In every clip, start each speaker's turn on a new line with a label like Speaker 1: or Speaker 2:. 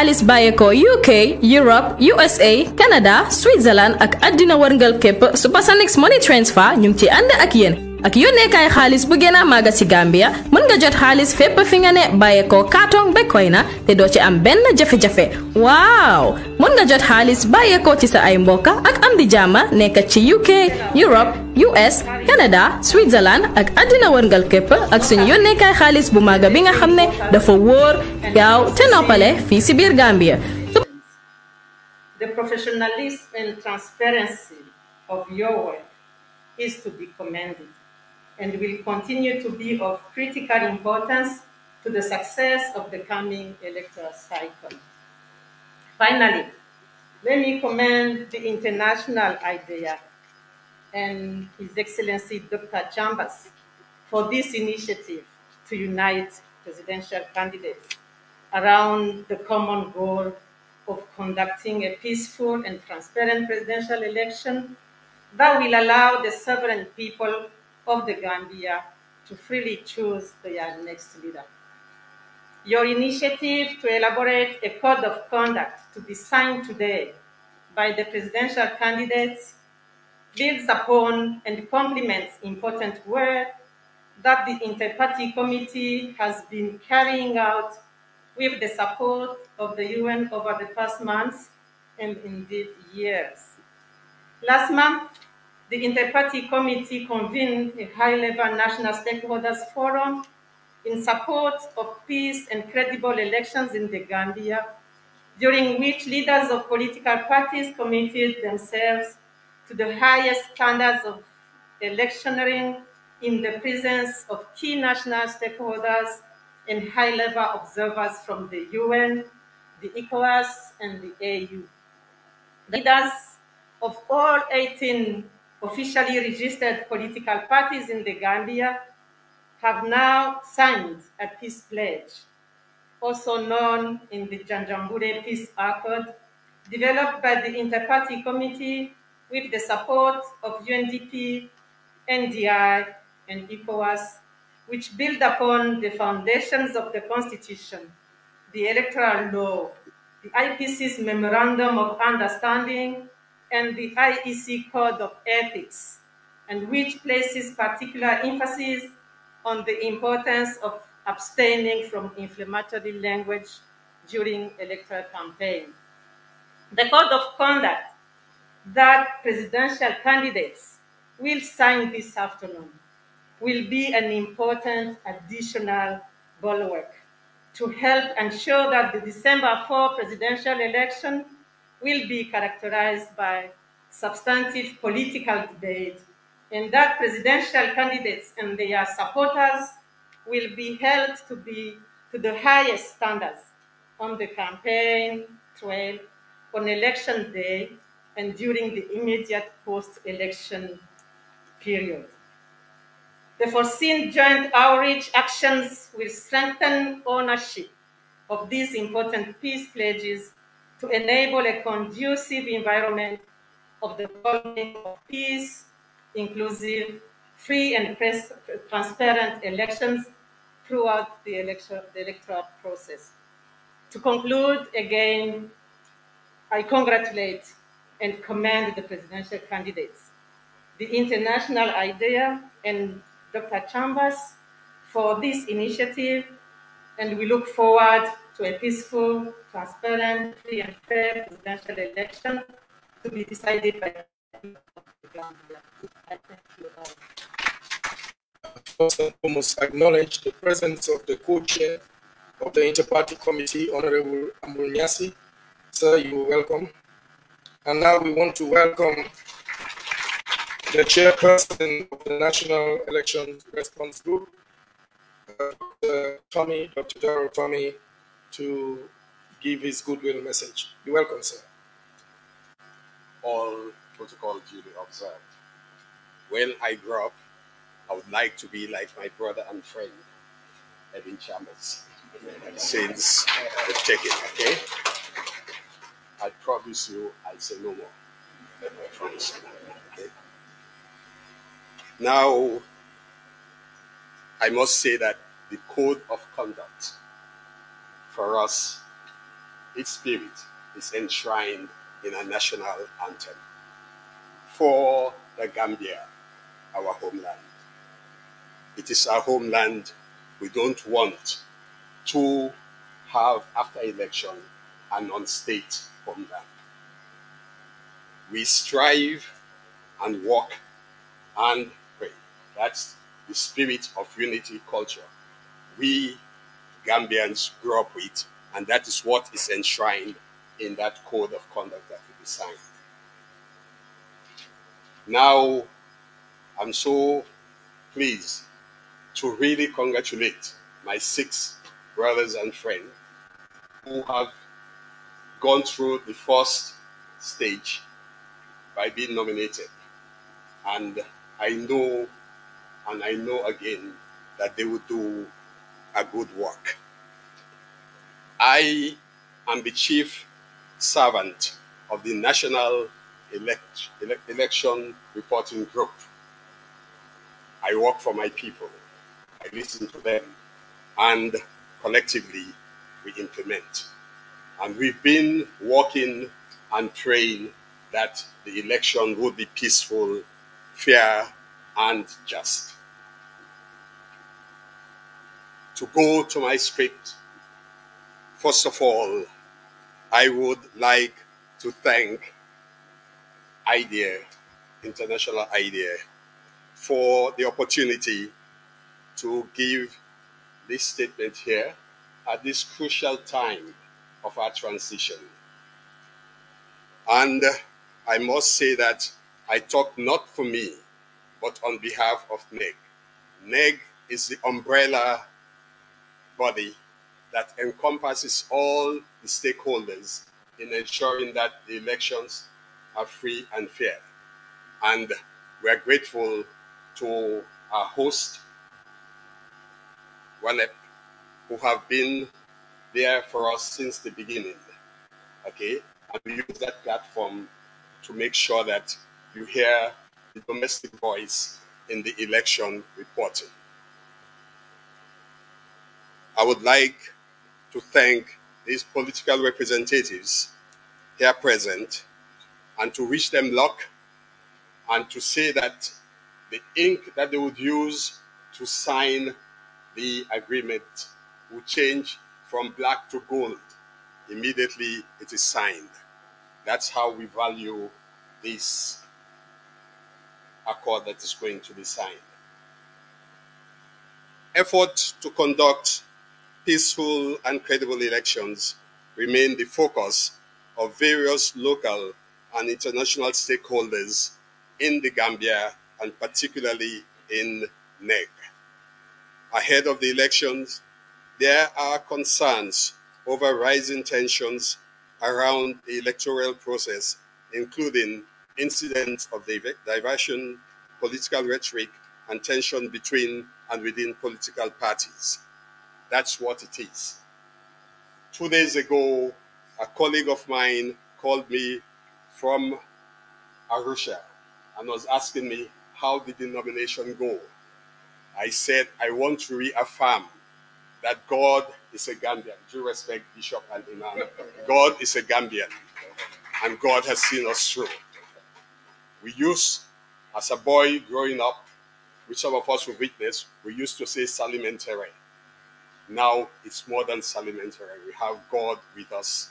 Speaker 1: xaalis bàyyeekoo UK Europe USA Canada Switzerland ak àddina wërngal képp Supersonix Money Transfer ñu ngi ci ànd ak yéen. ak yónneekaay xaalis bu gën a màgg ci Gambia mën nga jot xaalis fépp fi nga ne bàyyeekoo Kartong ba Koyna te doo ci am benn jafe-jafe waaw mën nga jot xaalis ci sa ay ak am di jàmma nekk ci UK Europe US Canada Switzerland ak àddina wërngal képp ak suñu yónneekaay xaalis bu màgg bi nga xam ne dafa wóor gaaw te noppale fii biir Gambia.
Speaker 2: The professionalism and transparency of your work is to be commended. and will continue to be of critical importance to the success of the coming electoral cycle. Finally, let me commend the international idea and His Excellency Dr. Chambers for this initiative to unite presidential candidates around the common goal of conducting a peaceful and transparent presidential election that will allow the sovereign people of the Gambia to freely choose their uh, next leader. Your initiative to elaborate a code of conduct to be signed today by the presidential candidates builds upon and complements important work that the Interparty Committee has been carrying out with the support of the UN over the past months and indeed years. Last month, the Inter-Party Committee convened a high-level national stakeholders forum in support of peace and credible elections in the Gambia, during which leaders of political parties committed themselves to the highest standards of electioneering in the presence of key national stakeholders and high-level observers from the UN, the ECOWAS, and the AU. Leaders of all 18 officially registered political parties in the Gambia have now signed a peace pledge, also known in the Janjambure Peace Accord, developed by the Interparty Committee with the support of UNDP, NDI, and ECOWAS, which build upon the foundations of the Constitution, the electoral law, the IPC's Memorandum of Understanding, and the IEC Code of Ethics, and which places particular emphasis on the importance of abstaining from inflammatory language during electoral campaign. The code of conduct that presidential candidates will sign this afternoon will be an important additional bulwark to help ensure that the December 4 presidential election will be characterized by substantive political debate and that presidential candidates and their supporters will be held to be to the highest standards on the campaign trail on election day and during the immediate post-election period. The foreseen joint outreach actions will strengthen ownership of these important peace pledges to enable a conducive environment of the development of peace, inclusive, free and transparent elections throughout the, election, the electoral process. To conclude, again, I congratulate and commend the presidential candidates, the international idea, and Dr. Chambers for this initiative, and we look forward to a peaceful, transparent, free and fair presidential election to be decided by the
Speaker 3: I thank you all.
Speaker 4: First and foremost, acknowledge the presence of the co-chair of the Interparty Committee, Honorable Ambunyasi. Sir, you are welcome. And now we want to welcome the chairperson of the National Election Response Group, uh, Dr. Tommy, Dr. Darrell Tommy, to give his goodwill message. You're welcome, sir.
Speaker 5: All protocol duly observed. When I grow up, I would like to be like my brother and friend, Edwin Chambers, since the taking, okay? I promise you, I'll say no more. I promise you. Okay? Now, I must say that the code of conduct for us, its spirit is enshrined in a national anthem for the Gambia, our homeland. It is our homeland we don't want to have, after election, a non-state homeland. We strive and work and pray. That's the spirit of unity culture. We Gambians grew up with, and that is what is enshrined in that code of conduct that will be signed. Now, I'm so pleased to really congratulate my six brothers and friends who have gone through the first stage by being nominated. And I know, and I know again, that they will do a good work. I am the chief servant of the National Elect Elect Election Reporting Group. I work for my people. I listen to them. And collectively, we implement. And we've been working and praying that the election would be peaceful, fair, and just to go to my script, first of all, I would like to thank IDEA, International IDEA, for the opportunity to give this statement here at this crucial time of our transition. And I must say that I talk not for me, but on behalf of NEG. NEG is the umbrella body that encompasses all the stakeholders in ensuring that the elections are free and fair. And we're grateful to our host, WANEP, who have been there for us since the beginning. Okay? And we use that platform to make sure that you hear the domestic voice in the election reporting. I would like to thank these political representatives here present and to wish them luck and to say that the ink that they would use to sign the agreement will change from black to gold immediately it is signed. That's how we value this accord that is going to be signed. Effort to conduct peaceful and credible elections remain the focus of various local and international stakeholders in the Gambia and particularly in NEC. Ahead of the elections, there are concerns over rising tensions around the electoral process, including incidents of diversion, political rhetoric, and tension between and within political parties. That's what it is. Two days ago, a colleague of mine called me from Arusha and was asking me, how did the nomination go? I said, I want to reaffirm that God is a Gambian. Do respect, Bishop and Imam. God is a Gambian, and God has seen us through. We used, as a boy growing up, which some of us who witnessed, we used to say Salimentere. Now it's more than salutary. We have God with us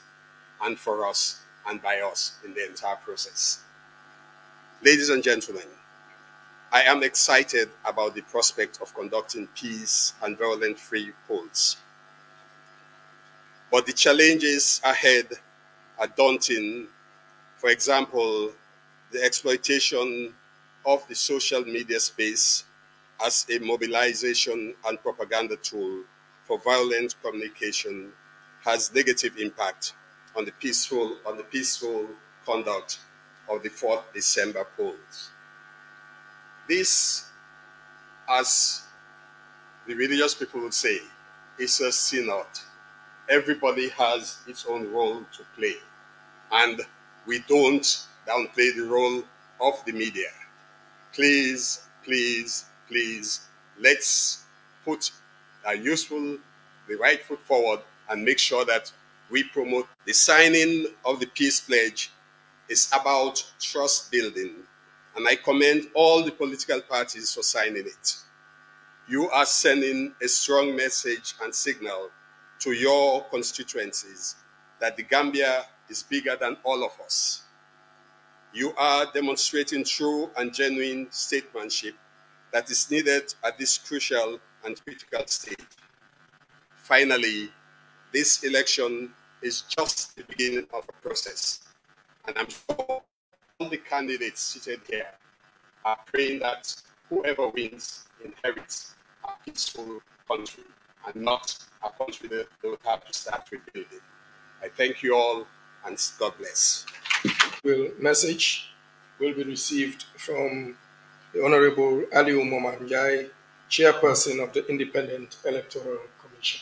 Speaker 5: and for us and by us in the entire process. Ladies and gentlemen, I am excited about the prospect of conducting peace and violent free polls. But the challenges ahead are daunting. For example, the exploitation of the social media space as a mobilization and propaganda tool for violent communication has negative impact on the peaceful, on the peaceful conduct of the 4th December polls. This, as the religious people would say, is a synod. Everybody has its own role to play. And we don't downplay the role of the media. Please, please, please, let's put are useful, the right foot forward, and make sure that we promote the signing of the peace pledge is about trust building. And I commend all the political parties for signing it. You are sending a strong message and signal to your constituencies that the Gambia is bigger than all of us. You are demonstrating true and genuine statesmanship that is needed at this crucial and critical state. Finally, this election is just the beginning of a process. And I'm sure all the candidates seated here are praying that whoever wins inherits a peaceful country and not a country that will have to start rebuilding. I thank you all and God bless.
Speaker 4: Will message
Speaker 5: will be received
Speaker 4: from the Honorable Ali Umar chairperson of the Independent Electoral
Speaker 6: Commission.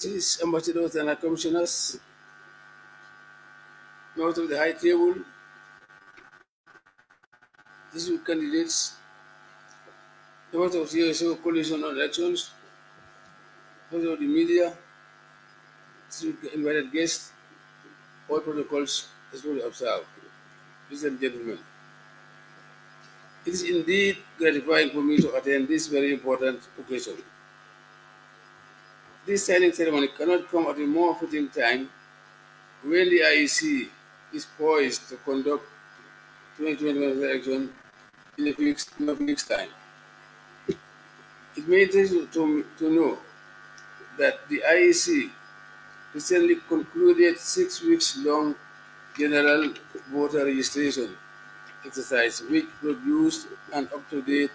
Speaker 6: These ambassadors and commissioners, members of the High Table, these candidates, members of the CSO Coalition on Elections, members of the media, invited guests, all protocols as well observed. Ladies and gentlemen, it is indeed gratifying for me to attend this very important occasion. This signing ceremony cannot come at a more fitting time when the IEC is poised to conduct 2021 election in a few weeks' time. It may interest you to, to know that the IEC recently concluded six weeks long general voter registration exercise which produced an up-to-date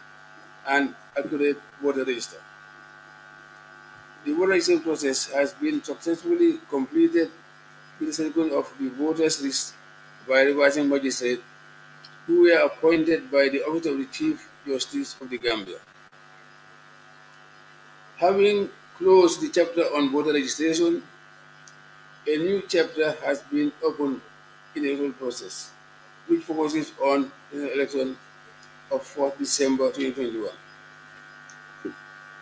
Speaker 6: and accurate water register. The water register process has been successfully completed in the circle of the voters list by revising magistrate who were appointed by the office of the Chief Justice of the Gambia. Having closed the chapter on voter registration, a new chapter has been opened in the electoral process which focuses on the election of 4th December 2021.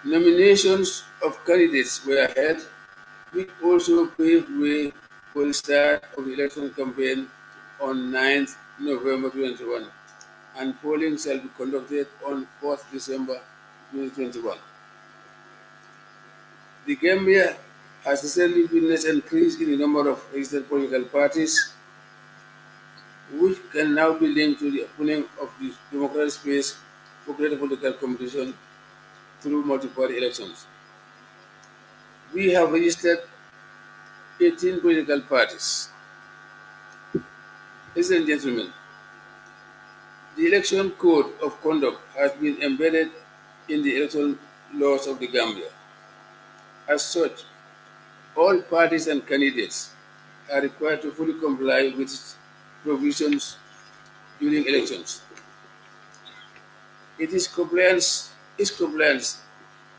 Speaker 6: Nominations of candidates were held, which also paved way for the start of the election campaign on 9th November 2021, and polling shall be conducted on 4th December 2021. The Gambia has recently witnessed an increase in the number of registered political parties which can now be linked to the opening of the democratic space for greater political competition through multi-party elections. We have registered 18 political parties. Ladies and gentlemen, the Election Code of Conduct has been embedded in the electoral laws of the Gambia. As such, all parties and candidates are required to fully comply with provisions during elections. It is compliance, its compliance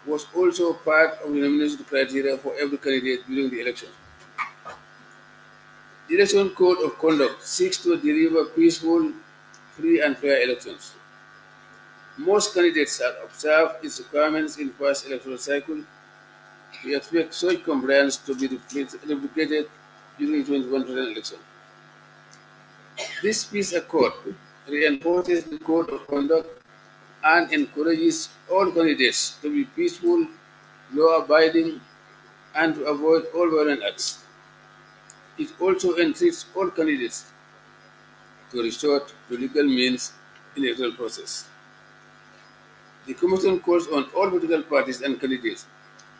Speaker 6: was also part of the nomination criteria for every candidate during the election. The Election Code of Conduct seeks to deliver peaceful, free and fair elections. Most candidates have observed its requirements in the past electoral cycle. We expect such compliance to be replicated during the 2021 election. This peace accord reinforces the code of conduct and encourages all candidates to be peaceful, law-abiding, and to avoid all violent acts. It also entreats all candidates to resort to legal means in electoral process. The Commission calls on all political parties and candidates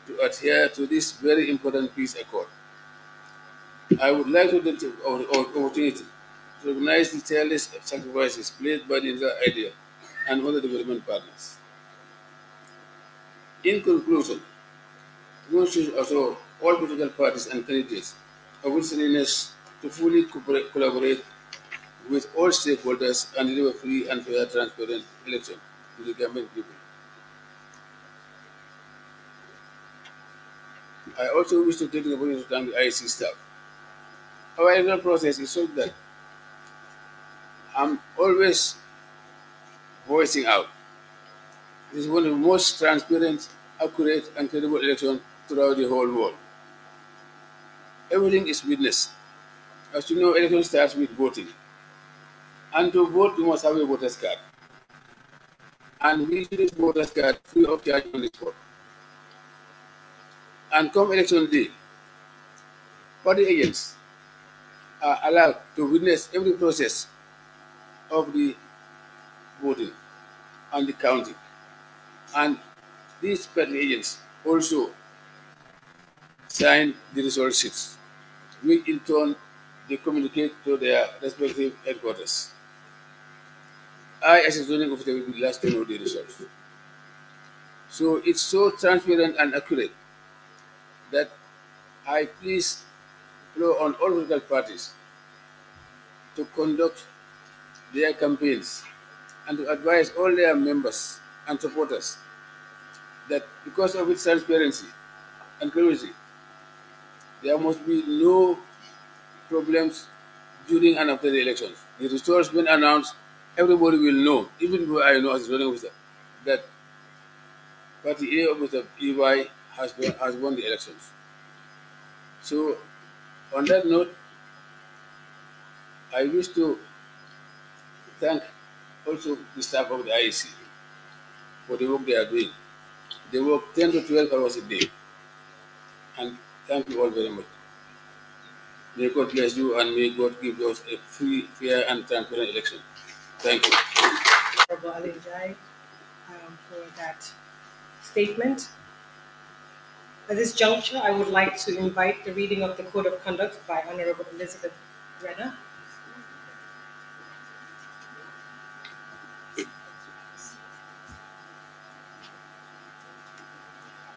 Speaker 6: to adhere to this very important peace accord. I would like to take the opportunity the tireless sacrifices placed by the Inter idea and other development partners. In conclusion, the Constitution also all political parties and candidates of willingness to fully collaborate with all stakeholders and deliver free and fair transparent election to the government. people. I also wish to take the opportunity to thank the IC staff. Our electoral process is such that I'm always voicing out. It is one of the most transparent, accurate, and credible elections throughout the whole world. Everything is witnessed. As you know, election starts with voting. And to vote, you must have a voter's card. And we use this voter's card free of charge on this vote. And come election day, party agents are allowed to witness every process of the voting and the county. And these patent agents also sign the results sheets, which in turn they communicate to their respective headquarters. I, as a zoning officer, will be the last to know the results. So it's so transparent and accurate that I please call on all political parties to conduct their campaigns and to advise all their members and supporters that because of its transparency and clarity, there must be no problems during and after the elections. The results be announced, everybody will know, even if I know as a running officer, that Party A officer EY has, been, has won the elections. So on that note, I wish to thank also the staff of the IEC for the work they are doing. They work 10 to 12 hours a day. And thank you all very much. May God bless you and may God give us a free, fair, and transparent election. Thank you.
Speaker 2: Um, for that statement. At this juncture, I would like to invite the reading of the Code of Conduct by Honorable Elizabeth Renner.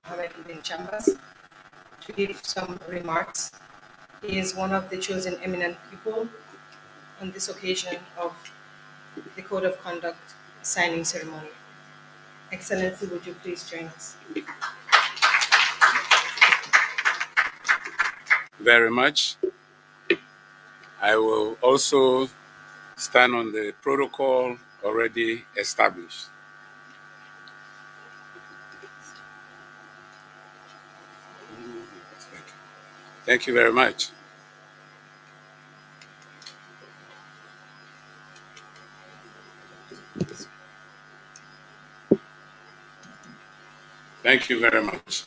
Speaker 2: Ahmed Chambers to give some remarks. He is one of the chosen eminent people on this occasion of the Code of Conduct signing ceremony. Excellency, would you please join us?
Speaker 7: Very much. I will also stand on the protocol already established. Thank you very much. Thank you very much.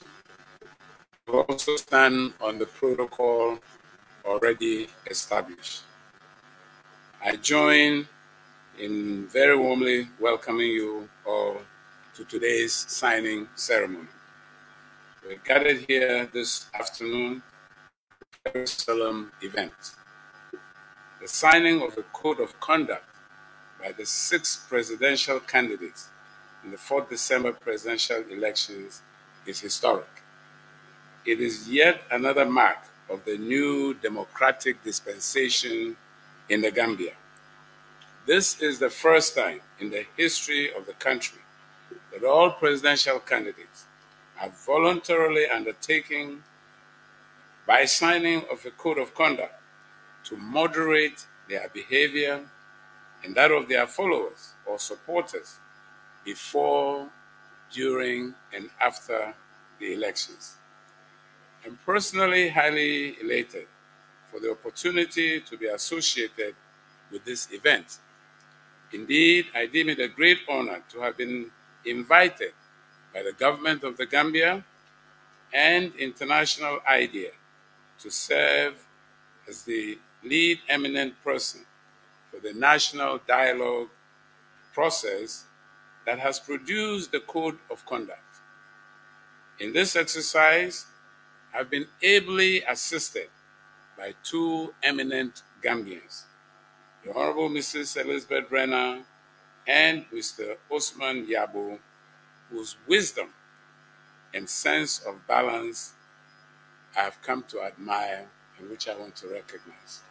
Speaker 7: We also stand on the protocol already established. I join in very warmly welcoming you all to today's signing ceremony. We're gathered here this afternoon Jerusalem event the signing of the Code of Conduct by the six presidential candidates in the 4th December presidential elections is historic. It is yet another mark of the new democratic dispensation in the Gambia. This is the first time in the history of the country that all presidential candidates have voluntarily undertaken by signing of a code of conduct to moderate their behavior and that of their followers or supporters before, during, and after the elections. I'm personally highly elated for the opportunity to be associated with this event. Indeed, I deem it a great honor to have been invited by the government of the Gambia and international IDEA to serve as the lead eminent person for the national dialogue process that has produced the Code of Conduct. In this exercise, I've been ably assisted by two eminent Gambians, the Honorable Mrs. Elizabeth Brenner and Mr. Osman Yabo, whose wisdom and sense of balance I have come to admire and which I want to recognize.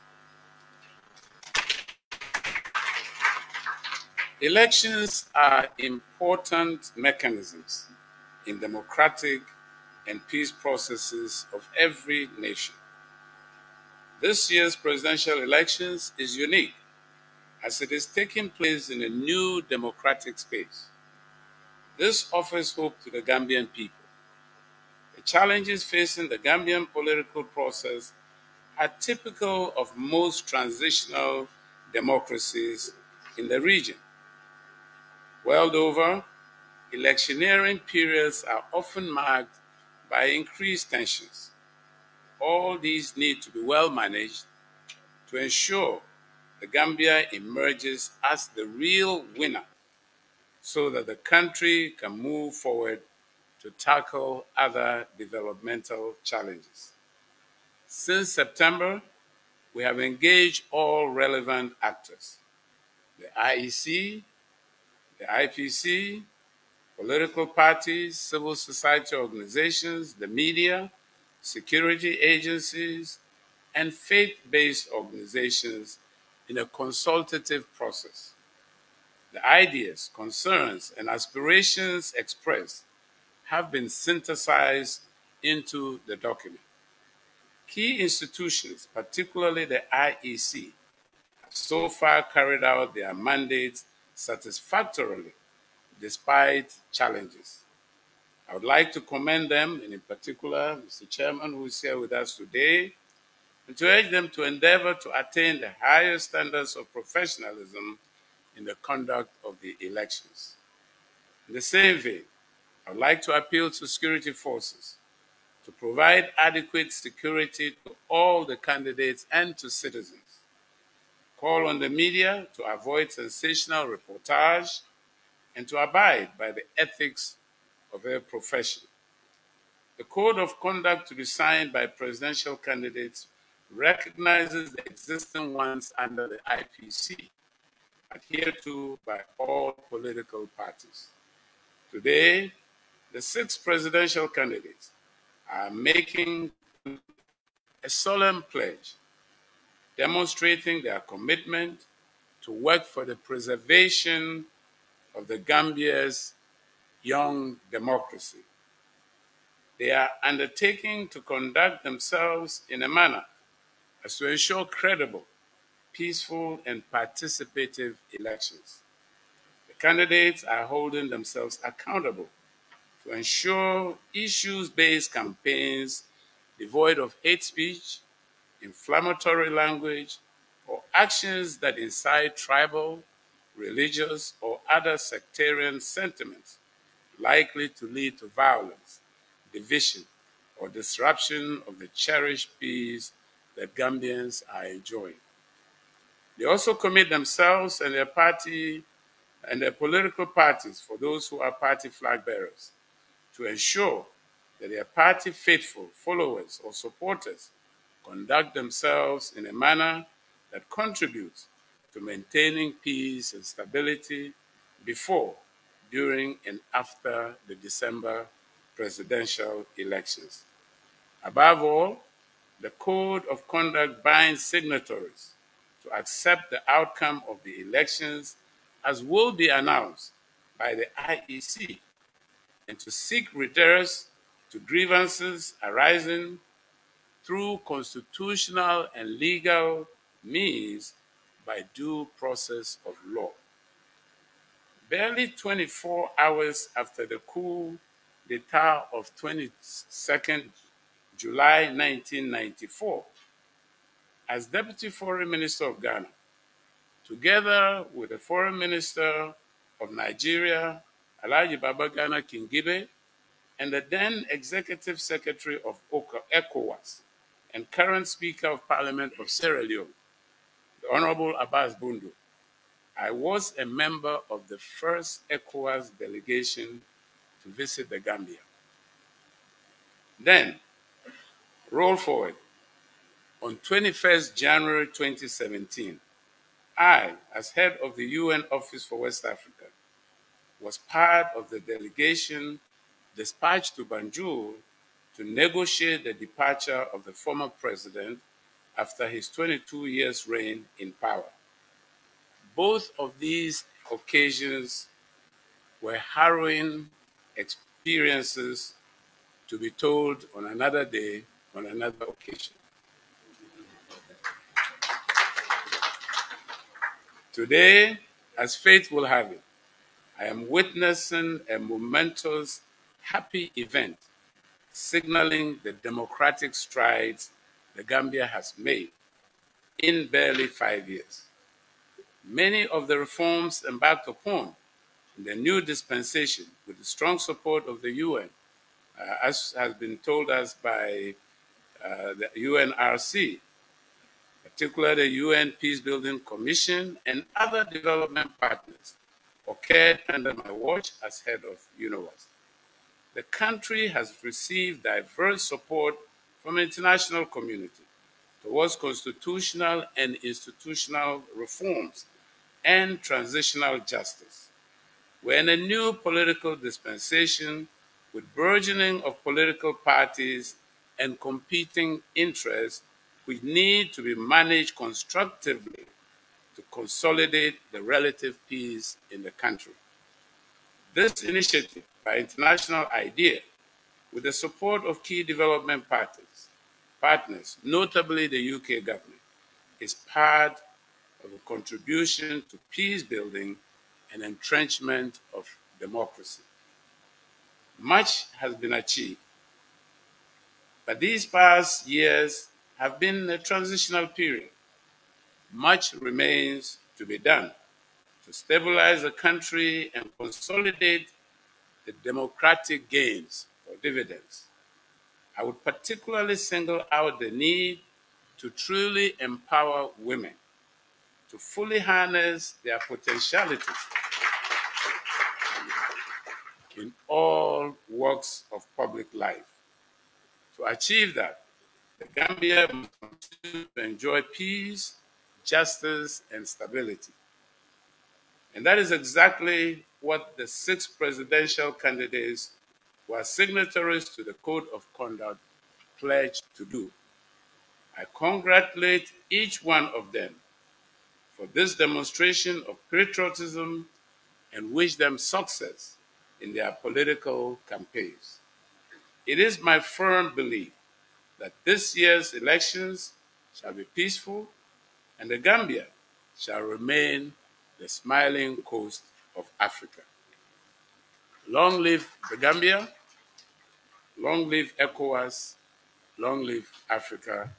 Speaker 7: Elections are important mechanisms in democratic and peace processes of every nation. This year's presidential elections is unique as it is taking place in a new democratic space. This offers hope to the Gambian people challenges facing the Gambian political process are typical of most transitional democracies in the region. World over, electioneering periods are often marked by increased tensions. All these need to be well managed to ensure the Gambia emerges as the real winner so that the country can move forward to tackle other developmental challenges. Since September, we have engaged all relevant actors, the IEC, the IPC, political parties, civil society organizations, the media, security agencies, and faith-based organizations in a consultative process. The ideas, concerns, and aspirations expressed have been synthesized into the document. Key institutions, particularly the IEC, have so far carried out their mandates satisfactorily despite challenges. I would like to commend them, and in particular, Mr. Chairman, who is here with us today, and to urge them to endeavor to attain the highest standards of professionalism in the conduct of the elections. In the same vein, I'd like to appeal to security forces to provide adequate security to all the candidates and to citizens. Call on the media to avoid sensational reportage and to abide by the ethics of their profession. The code of conduct to be signed by presidential candidates recognizes the existing ones under the IPC, adhered to by all political parties. Today, the six presidential candidates are making a solemn pledge demonstrating their commitment to work for the preservation of the Gambia's young democracy. They are undertaking to conduct themselves in a manner as to ensure credible, peaceful, and participative elections. The candidates are holding themselves accountable to ensure issues-based campaigns devoid of hate speech, inflammatory language, or actions that incite tribal, religious, or other sectarian sentiments likely to lead to violence, division, or disruption of the cherished peace that Gambians are enjoying. They also commit themselves and their party and their political parties for those who are party flag bearers to ensure that their party faithful followers or supporters conduct themselves in a manner that contributes to maintaining peace and stability before, during, and after the December presidential elections. Above all, the Code of Conduct binds signatories to accept the outcome of the elections as will be announced by the IEC and to seek redress to grievances arising through constitutional and legal means by due process of law. Barely 24 hours after the coup d'etat of 22nd July 1994, as Deputy Foreign Minister of Ghana, together with the Foreign Minister of Nigeria Alaji Babagana Kingibe, and the then Executive Secretary of ECOWAS and current Speaker of Parliament of Sierra Leone, the Honorable Abbas Bundu. I was a member of the first ECOWAS delegation to visit the Gambia. Then, roll forward. On 21st January 2017, I, as head of the UN Office for West Africa, was part of the delegation dispatched to Banjul to negotiate the departure of the former president after his 22 years reign in power. Both of these occasions were harrowing experiences to be told on another day, on another occasion. Today, as fate will have it, I am witnessing a momentous, happy event signaling the democratic strides the Gambia has made in barely five years. Many of the reforms embarked upon in the new dispensation, with the strong support of the UN, uh, as has been told us by uh, the UNRC, particularly the UN Peacebuilding Commission and other development partners, occurred under my watch as head of UNOWAS. The country has received diverse support from the international community towards constitutional and institutional reforms and transitional justice. We're in a new political dispensation with burgeoning of political parties and competing interests which need to be managed constructively to consolidate the relative peace in the country. This initiative, by international idea, with the support of key development partners, partners, notably the UK government, is part of a contribution to peace building and entrenchment of democracy. Much has been achieved, but these past years have been a transitional period much remains to be done to stabilize the country and consolidate the democratic gains or dividends. I would particularly single out the need to truly empower women, to fully harness their potentialities in all walks of public life. To achieve that, the Gambia must enjoy peace justice, and stability. And that is exactly what the six presidential candidates who are signatories to the Code of Conduct pledged to do. I congratulate each one of them for this demonstration of patriotism and wish them success in their political campaigns. It is my firm belief that this year's elections shall be peaceful and the Gambia shall remain the smiling coast of Africa. Long live the Gambia, long live ECOWAS, long live Africa,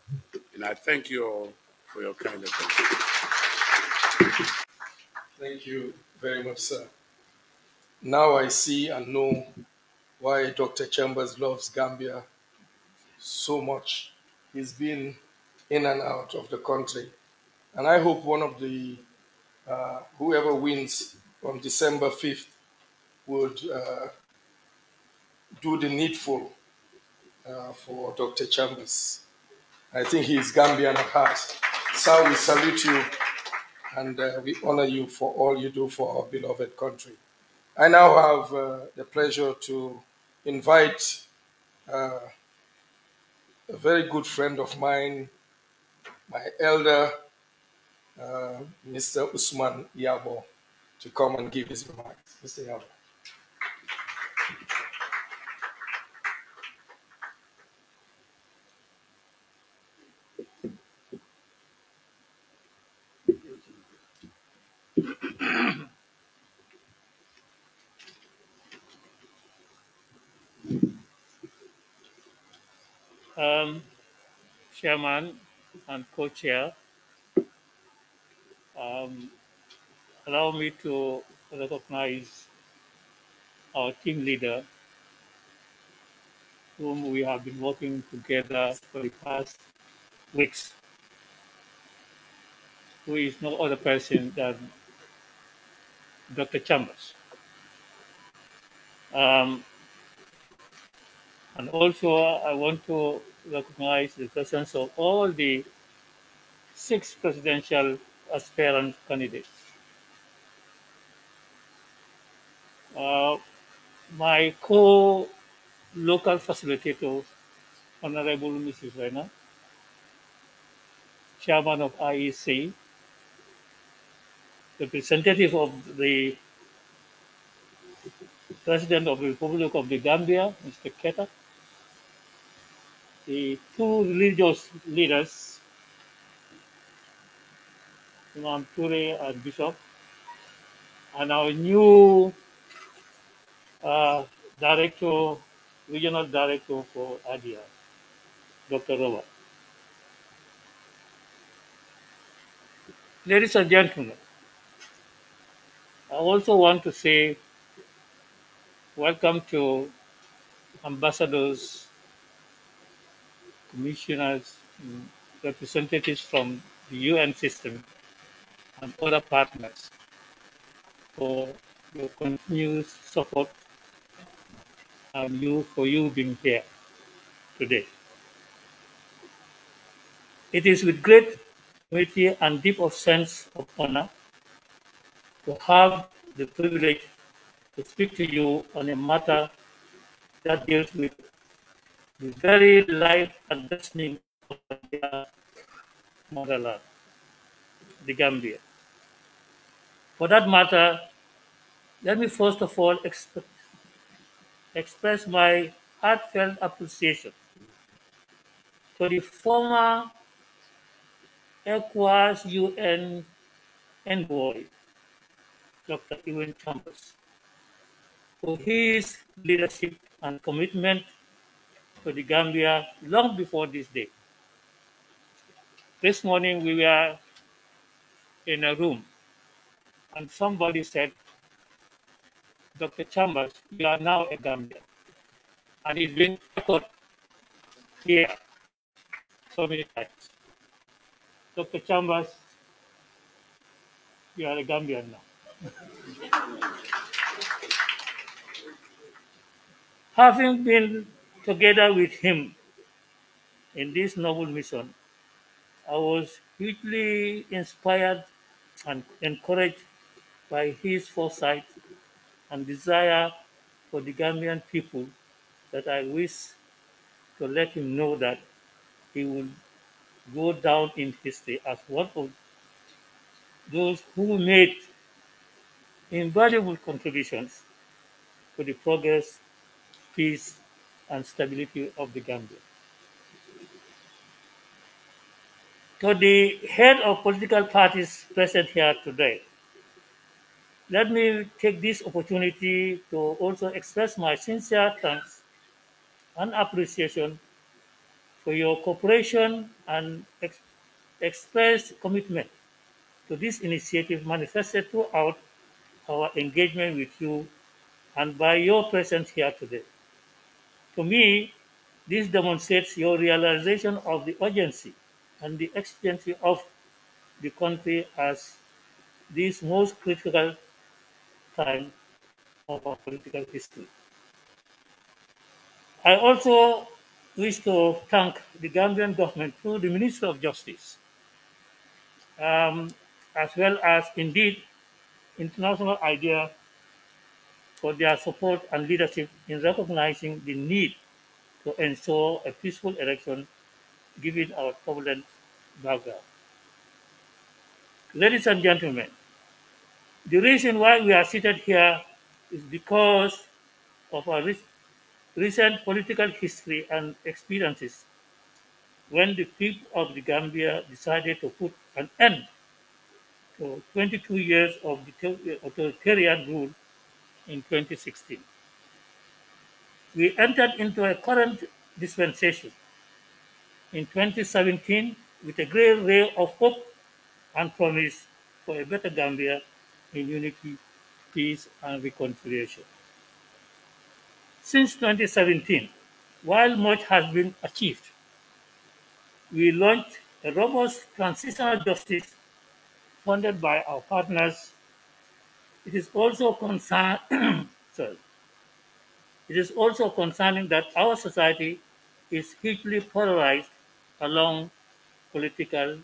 Speaker 7: and I thank you all for your kind attention. Thank you
Speaker 4: very much, sir. Now I see and know why Dr. Chambers loves Gambia so much. He's been in and out of the country and I hope one of the, uh, whoever wins on December 5th would uh, do the needful uh, for Dr. Chambers. I think he is Gambian at heart. So we salute you and uh, we honor you for all you do for our beloved country. I now have uh, the pleasure to invite uh, a very good friend of mine, my elder uh, Mr. Usman Yabo to come and give his remarks. Mr. Yabo.
Speaker 8: Um, chairman and co-chair, um, allow me to recognize our team leader, whom we have been working together for the past weeks, who is no other person than Dr. Chambers. Um, and also, I want to recognize the presence of all the six presidential aspirant candidates. Uh, my co-local facilitator, Honorable Mrs. Reina, chairman of IEC, representative of the President of the Republic of the Gambia, Mr. Keta, the two religious leaders Imam Ture as bishop, and our new uh, director, regional director for ADIA, Dr. Robert. Ladies and gentlemen, I also want to say welcome to ambassadors, commissioners, representatives from the UN system and other partners for your continuous support and you for you being here today. It is with great humility and deep of sense of honor to have the privilege to speak to you on a matter that deals with the very life and destiny of the motherland, the Gambia. For that matter, let me first of all exp express my heartfelt appreciation to the former ECOWAS UN envoy, Dr. Ewan Chambers, for his leadership and commitment to the Gambia long before this day. This morning we were in a room and somebody said, Dr. Chambers, you are now a Gambian. And he's been echoed here so many times. Dr. Chambers, you are a Gambian now. Having been together with him in this noble mission, I was hugely inspired and encouraged by his foresight and desire for the Gambian people that I wish to let him know that he will go down in history as one of those who made invaluable contributions to the progress, peace, and stability of the Gambia. To the head of political parties present here today, let me take this opportunity to also express my sincere thanks and appreciation for your cooperation and ex expressed commitment to this initiative manifested throughout our engagement with you and by your presence here today. To me, this demonstrates your realization of the urgency and the exigency of the country as this most critical of our political history. I also wish to thank the Gambian government through the Minister of Justice, um, as well as indeed international idea for their support and leadership in recognizing the need to ensure a peaceful election given our turbulent background. Ladies and gentlemen, the reason why we are seated here is because of our re recent political history and experiences when the people of the Gambia decided to put an end to 22 years of authoritarian rule in 2016. We entered into a current dispensation in 2017 with a great ray of hope and promise for a better Gambia in unity, peace, and reconciliation. Since 2017, while much has been achieved, we launched a robust transitional justice funded by our partners. It is also concerned, it is also concerning that our society is hugely polarized along political,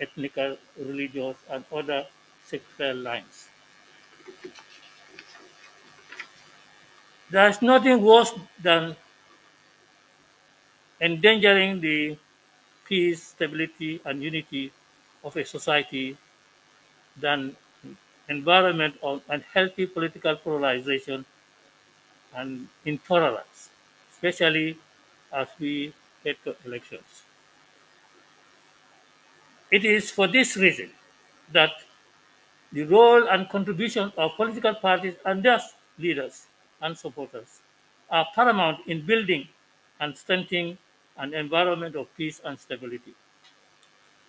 Speaker 8: ethnic, religious, and other sectoral lines. There is nothing worse than endangering the peace, stability, and unity of a society than environment of unhealthy political polarization and intolerance, especially as we head to elections. It is for this reason that the role and contributions of political parties and their leaders and supporters are paramount in building and strengthening an environment of peace and stability.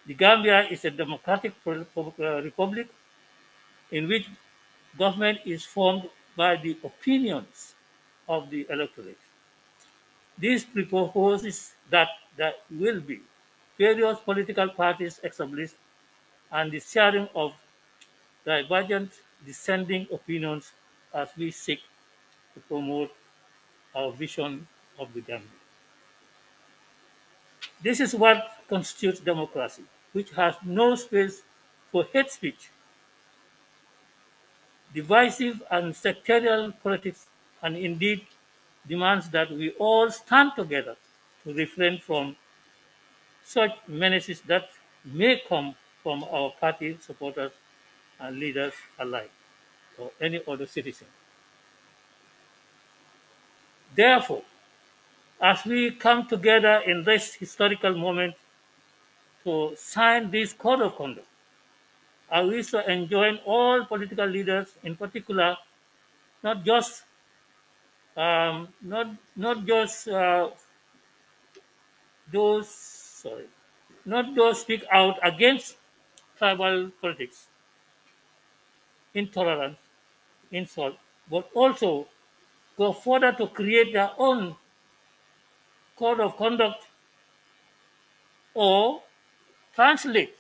Speaker 8: The Gambia is a democratic uh, republic in which government is formed by the opinions of the electorate. This proposes that there will be various political parties established and the sharing of divergent dissenting opinions as we seek to promote our vision of the Gambia. This is what constitutes democracy, which has no space for hate speech, divisive and sectarian politics, and indeed demands that we all stand together to refrain from such menaces that may come from our party supporters and leaders alike, or any other citizen. Therefore, as we come together in this historical moment to sign this code of conduct, I wish to enjoin all political leaders, in particular, not just um, not not just uh, those sorry, not those speak out against tribal politics, intolerance insult, but also go further to create their own code of conduct or translate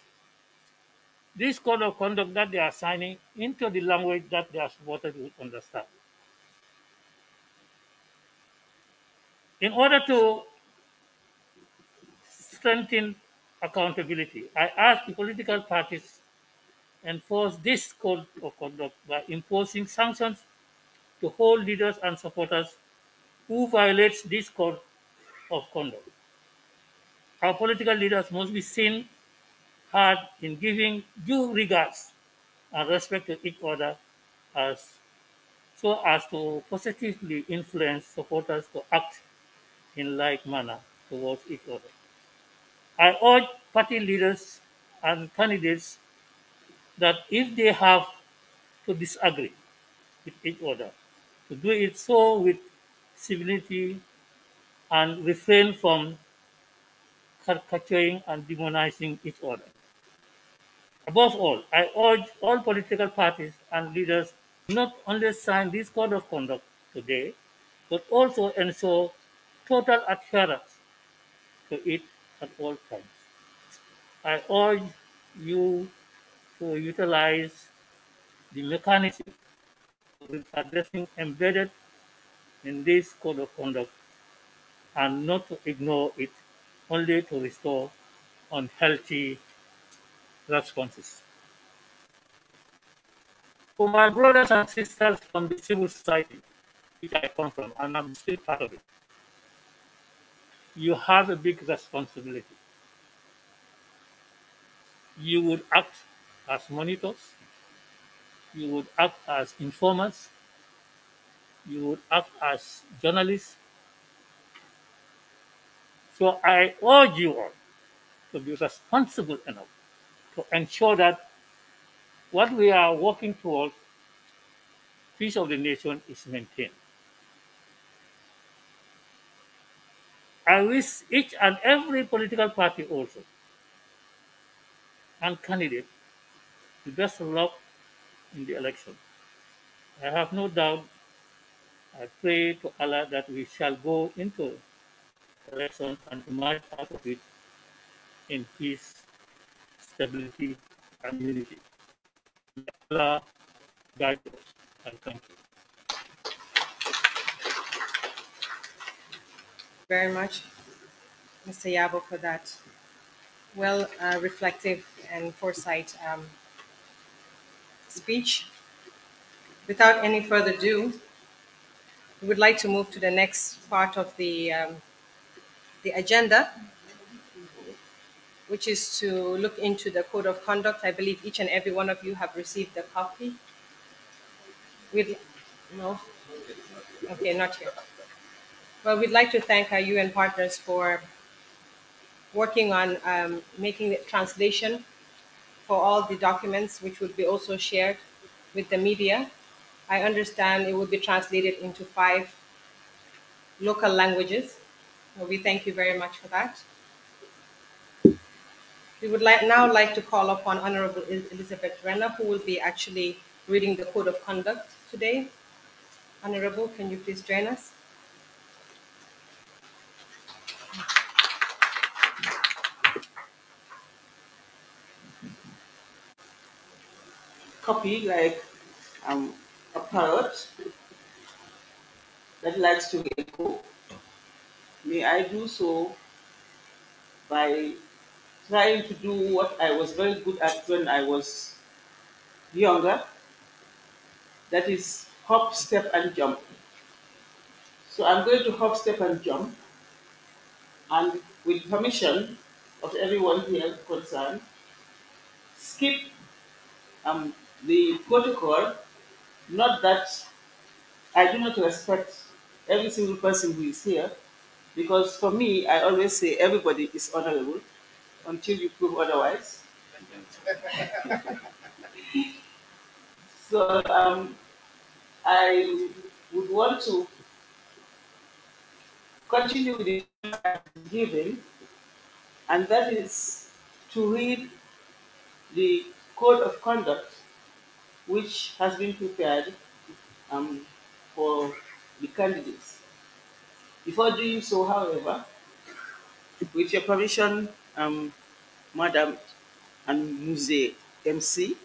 Speaker 8: this code of conduct that they are signing into the language that they are supported to understand. In order to strengthen accountability, I ask the political parties enforce this code of conduct by imposing sanctions to all leaders and supporters who violates this code of conduct. Our political leaders must be seen hard in giving due regards and respect to each other as so as to positively influence supporters to act in like manner towards each other. I urge party leaders and candidates that if they have to disagree with each other, to do it so with civility and refrain from caricaturing and demonizing each other. Above all, I urge all political parties and leaders not only sign this code of conduct today, but also ensure total adherence to it at all times. I urge you to utilize the mechanism of addressing embedded in this code of conduct and not to ignore it, only to restore unhealthy responses. For my brothers and sisters from the civil society, which I come from, and I'm still part of it, you have a big responsibility. You would act as monitors, you would act as informers, you would act as journalists. So I urge you all to be responsible enough to ensure that what we are working towards, peace of the nation, is maintained. I wish each and every political party also and candidate the best of luck in the election. I have no doubt, I pray to Allah that we shall go into election and emerge out of it in peace, stability, and unity. Allah guide us and you.
Speaker 2: Very much, Mr. Yabo, for that well uh, reflective and foresight um, speech. Without any further ado, we would like to move to the next part of the, um, the agenda, which is to look into the code of conduct. I believe each and every one of you have received a copy. We'd, no? Okay, not here. Well, we'd like to thank our UN partners for working on um, making the translation for all the documents which would be also shared with the media. I understand it would be translated into five local languages. we thank you very much for that. We would like, now like to call upon Honorable Elizabeth Renner, who will be actually reading the Code of Conduct today. Honorable, can you please join us?
Speaker 9: copy like um, a parrot that likes to echo. May I do so by trying to do what I was very good at when I was younger. That is hop, step, and jump. So I'm going to hop, step, and jump. And with permission of everyone here concerned, skip um, the protocol, not that I do not respect every single person who is here, because for me, I always say everybody is honorable until you prove otherwise. so um, I would want to continue with the giving, and that is to read the code of conduct which has been prepared um, for the candidates. Before doing so, however, with your permission, um, Madam and Muse MC,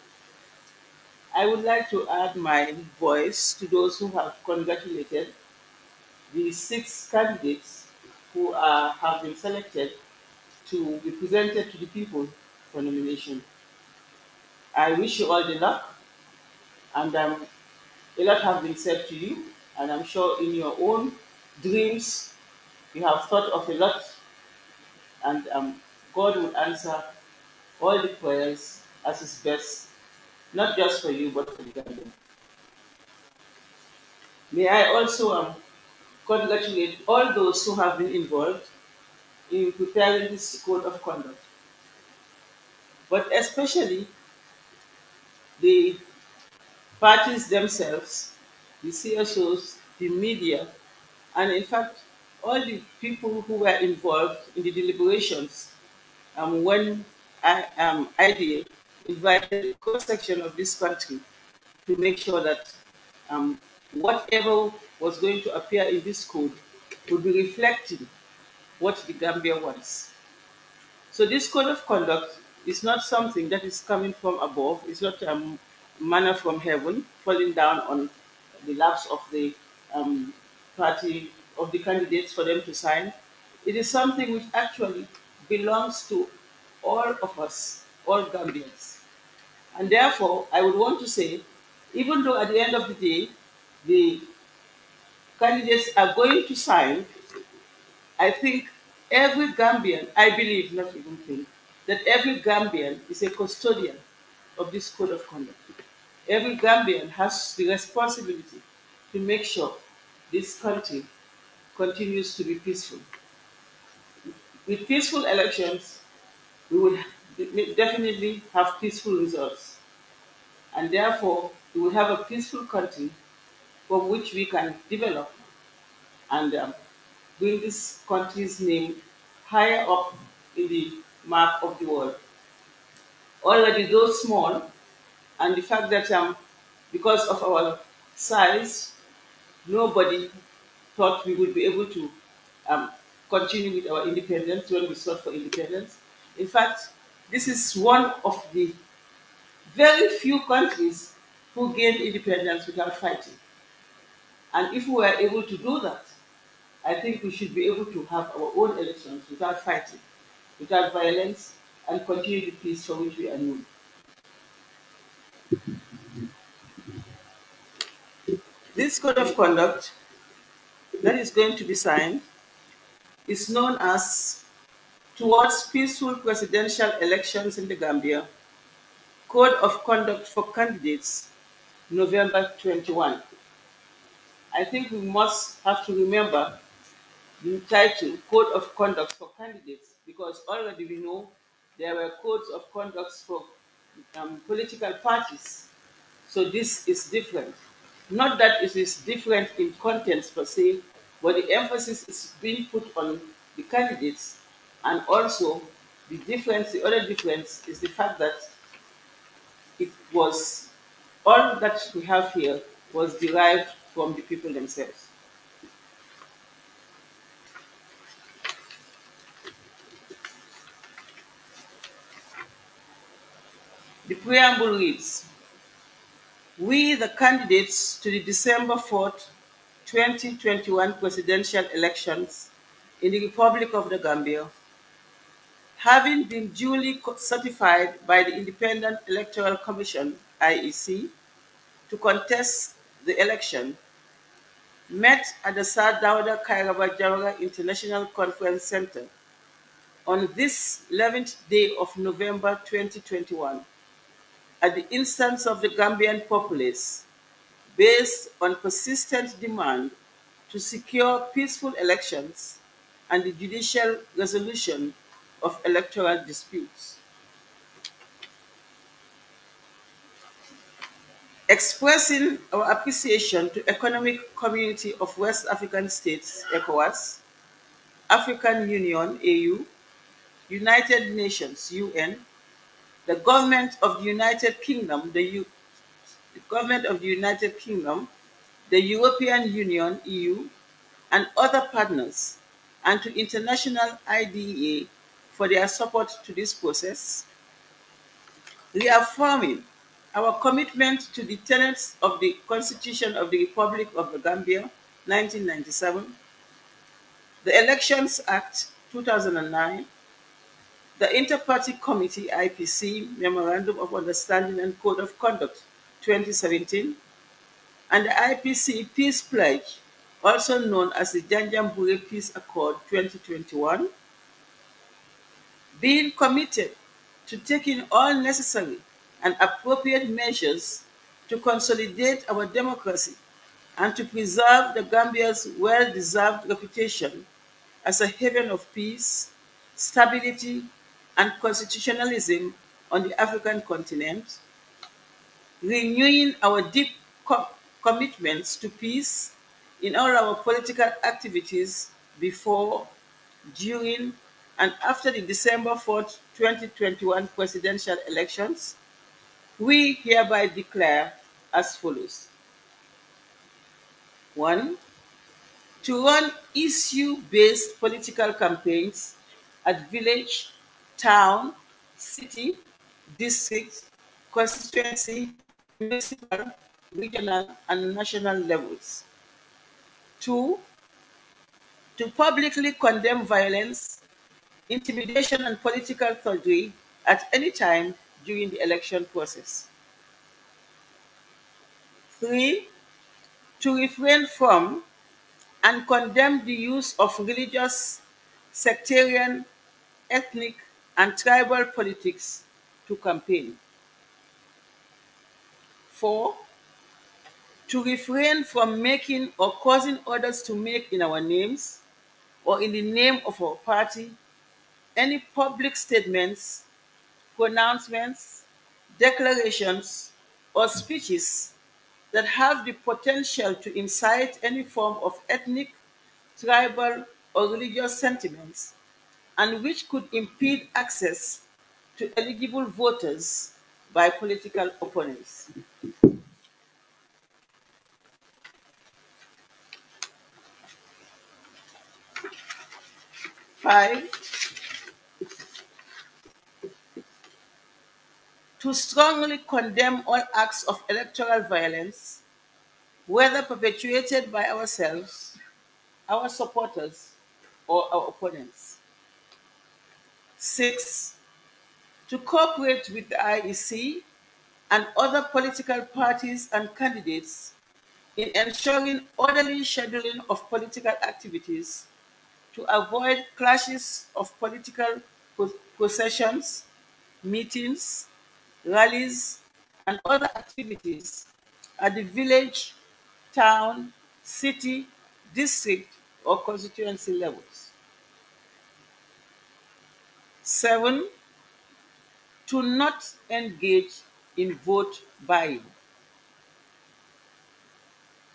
Speaker 9: I would like to add my voice to those who have congratulated the six candidates who are, have been selected to be presented to the people for nomination. I wish you all the luck and um, a lot has been said to you, and I'm sure in your own dreams you have thought of a lot, and um, God will answer all the prayers as His best, not just for you, but for the kingdom. May I also um, congratulate all those who have been involved in preparing this code of conduct, but especially the parties themselves, the CSOs, the media, and in fact, all the people who were involved in the deliberations um, when I, um, IDA invited the cross-section of this country to make sure that um, whatever was going to appear in this code would be reflecting what the Gambia wants. So this code of conduct is not something that is coming from above. It's not um, manna from heaven falling down on the laps of the um, party of the candidates for them to sign. It is something which actually belongs to all of us, all Gambians. And therefore, I would want to say, even though at the end of the day, the candidates are going to sign, I think every Gambian, I believe, not even think, that every Gambian is a custodian of this code of conduct every Gambian has the responsibility to make sure this country continues to be peaceful. With peaceful elections, we would definitely have peaceful results. And therefore, we will have a peaceful country from which we can develop and um, bring this country's name higher up in the map of the world. Already, though small, and the fact that um, because of our size, nobody thought we would be able to um, continue with our independence when we sought for independence. In fact, this is one of the very few countries who gained independence without fighting. And if we were able to do that, I think we should be able to have our own elections without fighting, without violence, and continue the peace for which we are known. This code of conduct that is going to be signed is known as Towards Peaceful Presidential Elections in the Gambia, Code of Conduct for Candidates, November 21. I think we must have to remember the title, Code of Conduct for Candidates, because already we know there were codes of conduct for um, political parties. So this is different. Not that it is different in contents per se, but the emphasis is being put on the candidates and also the difference, the other difference is the fact that it was all that we have here was derived from the people themselves. The preamble reads, we, the candidates to the December 4th, 2021 presidential elections in the Republic of the Gambia, having been duly certified by the Independent Electoral Commission, IEC, to contest the election, met at the Sir Dawda Kairaba Jawara International Conference Center on this 11th day of November 2021 at the instance of the Gambian populace based on persistent demand to secure peaceful elections and the judicial resolution of electoral disputes. Expressing our appreciation to Economic Community of West African States, ECOWAS, African Union, AU, United Nations, UN, the government of the United Kingdom, the, U the government of the United Kingdom, the European Union, EU, and other partners, and to international IDEA for their support to this process, reaffirming our commitment to the tenets of the Constitution of the Republic of the Gambia, 1997, the Elections Act, 2009, the Interparty Committee IPC Memorandum of Understanding and Code of Conduct 2017 and the IPC Peace Pledge, also known as the Janjambure Peace Accord 2021, being committed to taking all necessary and appropriate measures to consolidate our democracy and to preserve the Gambia's well-deserved reputation as a haven of peace, stability, and constitutionalism on the African continent, renewing our deep co commitments to peace in all our political activities before, during, and after the December 4, 2021 presidential elections, we hereby declare as follows. One, to run issue-based political campaigns at village, town, city, district, constituency, municipal, regional, and national levels. Two, to publicly condemn violence, intimidation, and political thuggery at any time during the election process. Three, to refrain from and condemn the use of religious, sectarian, ethnic, and tribal politics to campaign. Four, to refrain from making or causing others to make in our names or in the name of our party any public statements, pronouncements, declarations, or speeches that have the potential to incite any form of ethnic, tribal, or religious sentiments and which could impede access to eligible voters by political opponents. Five, to strongly condemn all acts of electoral violence, whether perpetuated by ourselves, our supporters, or our opponents. Six, to cooperate with the IEC and other political parties and candidates in ensuring orderly scheduling of political activities to avoid clashes of political processions, meetings, rallies, and other activities at the village, town, city, district, or constituency levels. Seven, to not engage in vote buying.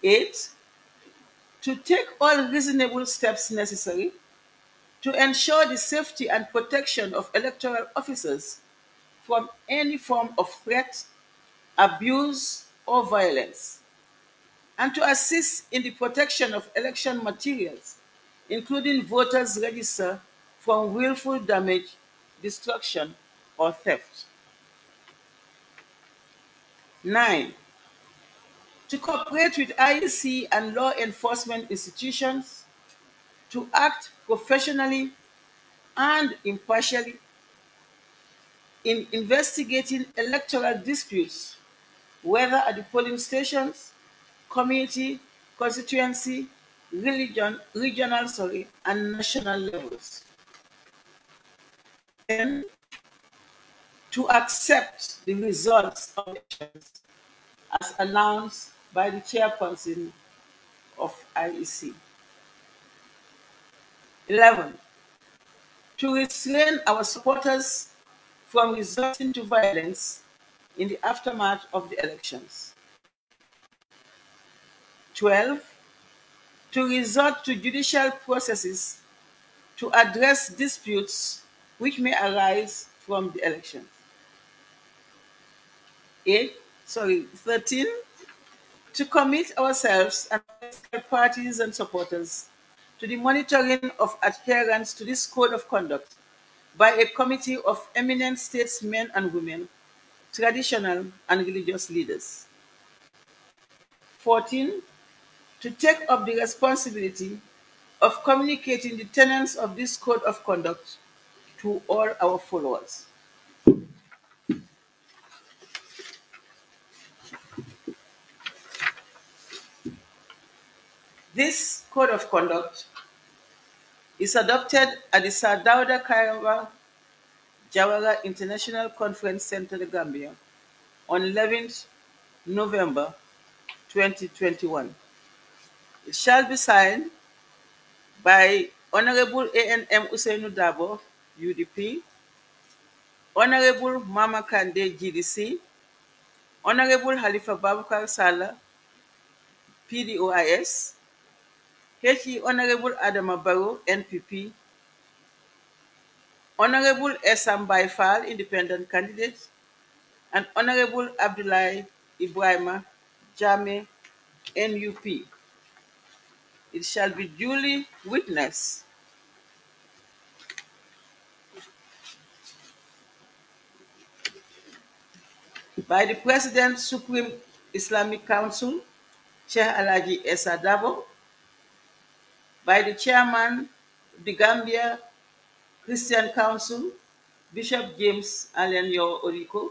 Speaker 9: Eight, to take all reasonable steps necessary to ensure the safety and protection of electoral officers from any form of threat, abuse, or violence, and to assist in the protection of election materials, including voters' register from willful damage destruction, or theft. 9. To cooperate with IEC and law enforcement institutions, to act professionally and impartially in investigating electoral disputes, whether at the polling stations, community, constituency, religion, regional, sorry, and national levels them to accept the results of elections as announced by the chairperson of IEC. 11. To restrain our supporters from resorting to violence in the aftermath of the elections. 12. To resort to judicial processes to address disputes which may arise from the election. Eight, sorry, 13, to commit ourselves and parties and supporters to the monitoring of adherence to this code of conduct by a committee of eminent statesmen and women, traditional and religious leaders. 14, to take up the responsibility of communicating the tenets of this code of conduct to all our followers. This code of conduct is adopted at the Sir Dauda Jawara International Conference Center, The Gambia, on 11th November 2021. It shall be signed by Honorable A.N.M. Usainu Dabo, UDP, Honorable Mama Kande GDC, Honorable Halifa Babu Sala, PDOIS, HE Honorable Adam Barrow, NPP, Honorable Esam Baifal, independent candidate, and Honorable Abdullahi Ibrahima Jame, NUP. It shall be duly witnessed by the President Supreme Islamic Council, Sheikh Alaji Essa Dabo, by the Chairman, the Gambia Christian Council, Bishop James Alenyo Oriko,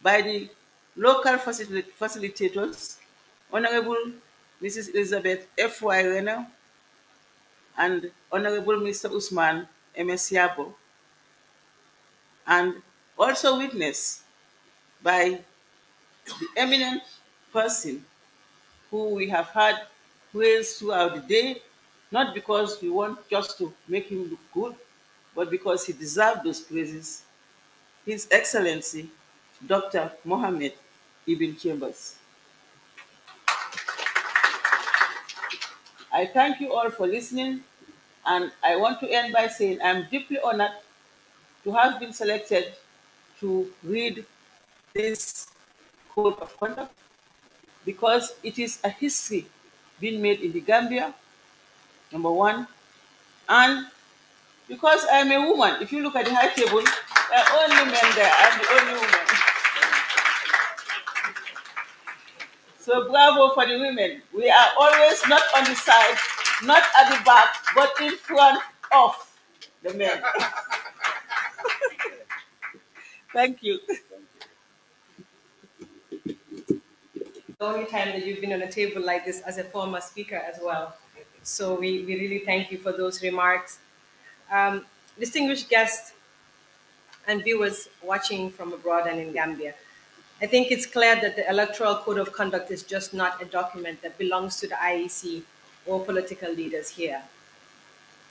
Speaker 9: by the local facilitators, Honorable Mrs. Elizabeth F. Y. Renner and Honorable Mr. Usman M. S. Yabo, and also witness by the eminent person who we have had praise throughout the day, not because we want just to make him look good, but because he deserved those praises, His Excellency, Dr. Mohammed Ibn Chambers. I thank you all for listening, and I want to end by saying I'm deeply honored to have been selected to read this code of conduct because it is a history being made in the Gambia, number one, and because I am a woman. If you look at the high table, there are only men there. I'm the only woman. So bravo for the women. We are always not on the side, not at the back, but in front of the men.
Speaker 2: Thank you. the only time that you've been on a table like this as a former speaker as well. So we, we really thank you for those remarks. Um, distinguished guests and viewers watching from abroad and in Gambia, I think it's clear that the Electoral Code of Conduct is just not a document that belongs to the IEC or political leaders here.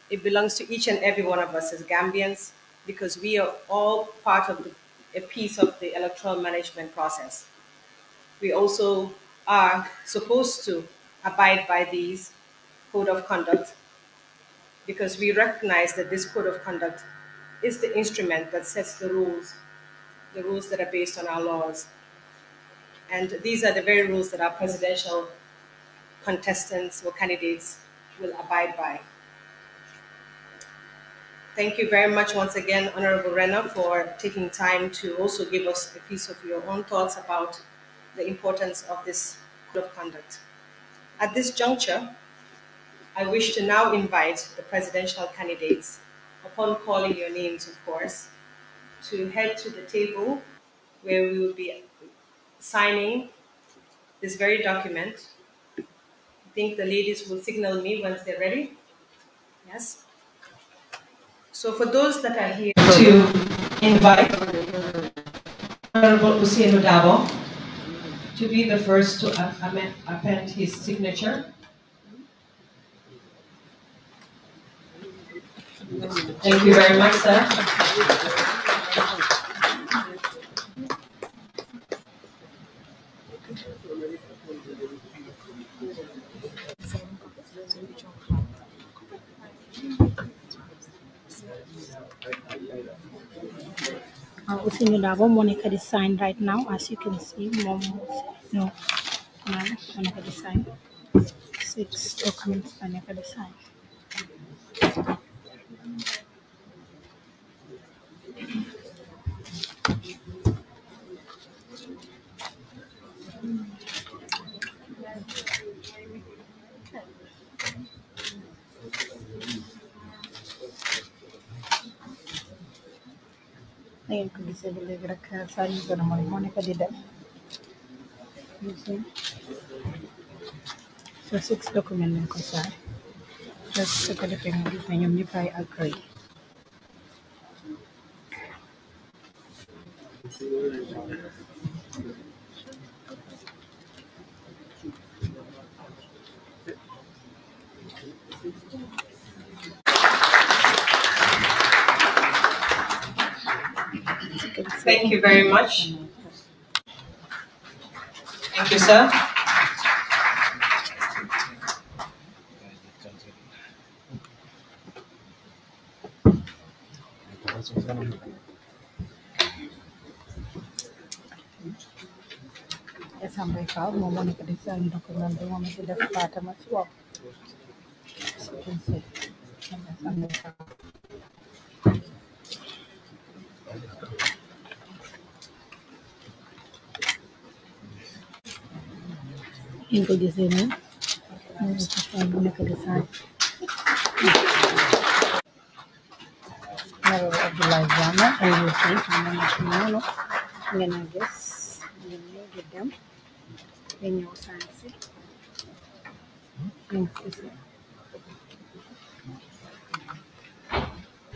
Speaker 2: It belongs to each and every one of us as Gambians because we are all part of the, a piece of the electoral management process we also are supposed to abide by these code of conduct because we recognize that this code of conduct is the instrument that sets the rules, the rules that are based on our laws. And these are the very rules that our presidential contestants or candidates will abide by. Thank you very much once again, Honorable Renner, for taking time to also give us a piece of your own thoughts about the importance of this code of conduct. At this juncture, I wish to now invite the presidential candidates, upon calling your names, of course, to head to the table where we will be signing this very document. I think the ladies will signal me once they're ready. Yes? So for those that are here to invite Honorable Usain Odabo, to be the first to append his signature. Thank you very much, sir.
Speaker 1: Sinodavo Monica design right now, as you can see, mom, no, no, Monica design, six documents oh, Monica design. Ayan, kung disable yung rakasal ko naman. Muna ka dida. So, six document lang ko sa. Tapos, sa kalipin mo, na yung nipay agree.
Speaker 3: Thank you.
Speaker 2: very much. Thank you, sir.
Speaker 1: sambaika mama nikadisa can ndomamasida kupata masiwa sikunse sambaika ni di sini,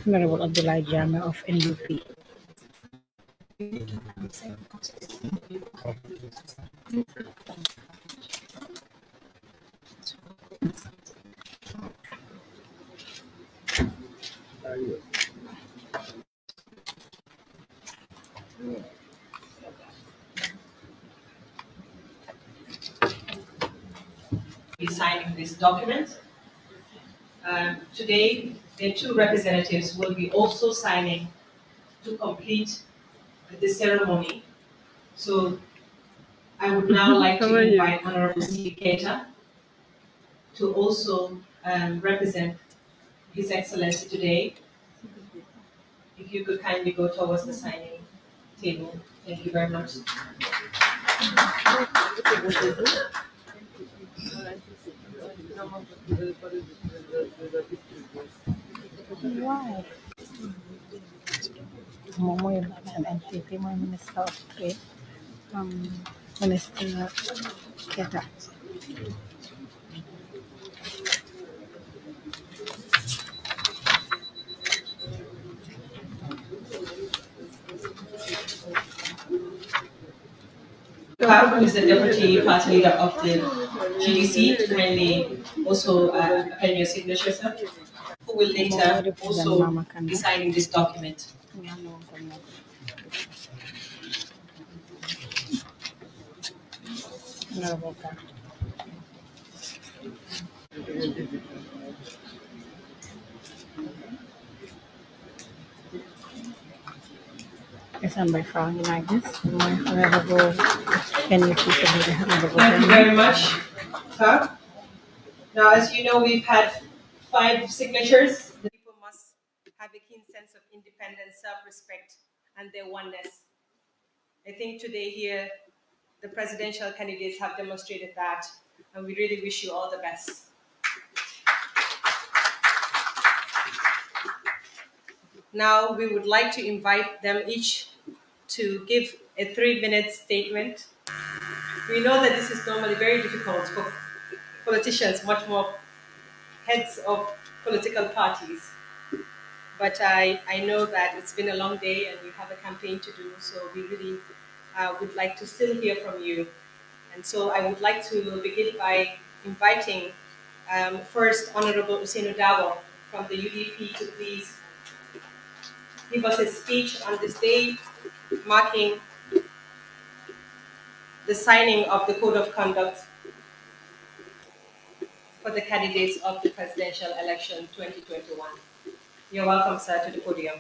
Speaker 1: Honorable Abdoulaye of NUP
Speaker 2: document. Um, today, the two representatives will be also signing to complete the ceremony. So I would now like to invite Honorable Siketa to also um, represent His Excellency today. If you could kindly go towards the signing
Speaker 3: table. Thank you very much.
Speaker 1: Wow. mga minister um, minister kita.
Speaker 2: who is the deputy party leader of the
Speaker 3: GDC when also uh,
Speaker 2: your signature, sir, who will later also be signing this document.
Speaker 1: frowning like this? can you please Thank you very much.
Speaker 2: Now, as you know, we've had five signatures. The people must have a keen sense of independence, self-respect, and their oneness. I think today here, the presidential candidates have demonstrated that, and we really wish you all the best. Now, we would like to invite them each to give a three-minute statement. We know that this is normally very difficult for politicians, much more heads of political parties. But I, I know that it's been a long day and you have a campaign to do, so we really uh, would like to still hear from you. And so I would like to begin by inviting um, first Honorable Usain Dawo from the UDP to please give us a speech on this day marking the signing of the Code of Conduct for the candidates of the presidential election 2021. You're welcome, sir, to the podium.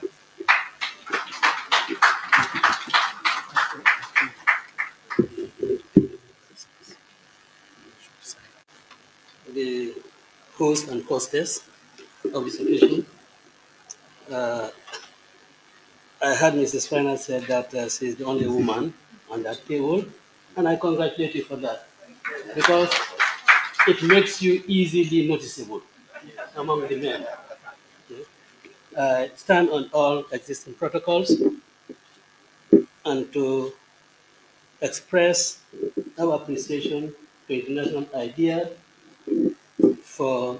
Speaker 10: The host and hostess of this occasion. Uh, I heard Mrs. Feiner said that uh, she's the only woman on that table, and I congratulate you for that. Because it makes you easily noticeable among the men. Uh, stand on all existing protocols and to express our appreciation to international idea for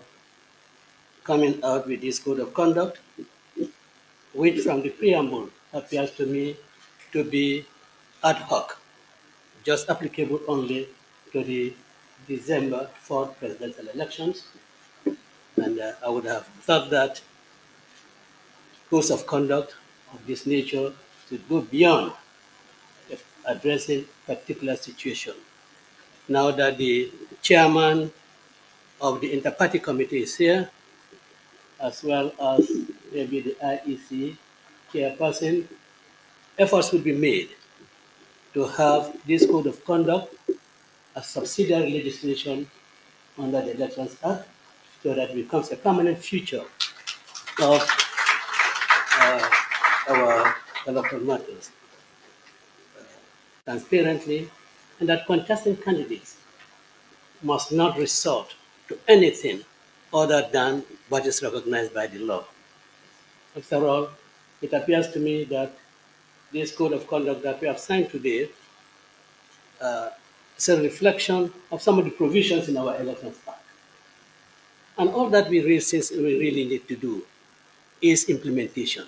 Speaker 10: coming out with this code of conduct, which from the preamble appears to me to be ad hoc, just applicable only to the December for presidential elections. And uh, I would have thought that codes of conduct of this nature should go beyond addressing particular situation. Now that the chairman of the inter-party committee is here, as well as maybe the IEC chairperson, efforts will be made to have this code of conduct a subsidiary legislation under the Elections Act so that becomes a permanent feature of uh, our electoral matters transparently and that contesting candidates must not resort to anything other than what is recognized by the law. After all, it appears to me that this code of conduct that we have signed today uh, it's a reflection of some of the provisions in our elections act, And all that we really, we really need to do is implementation.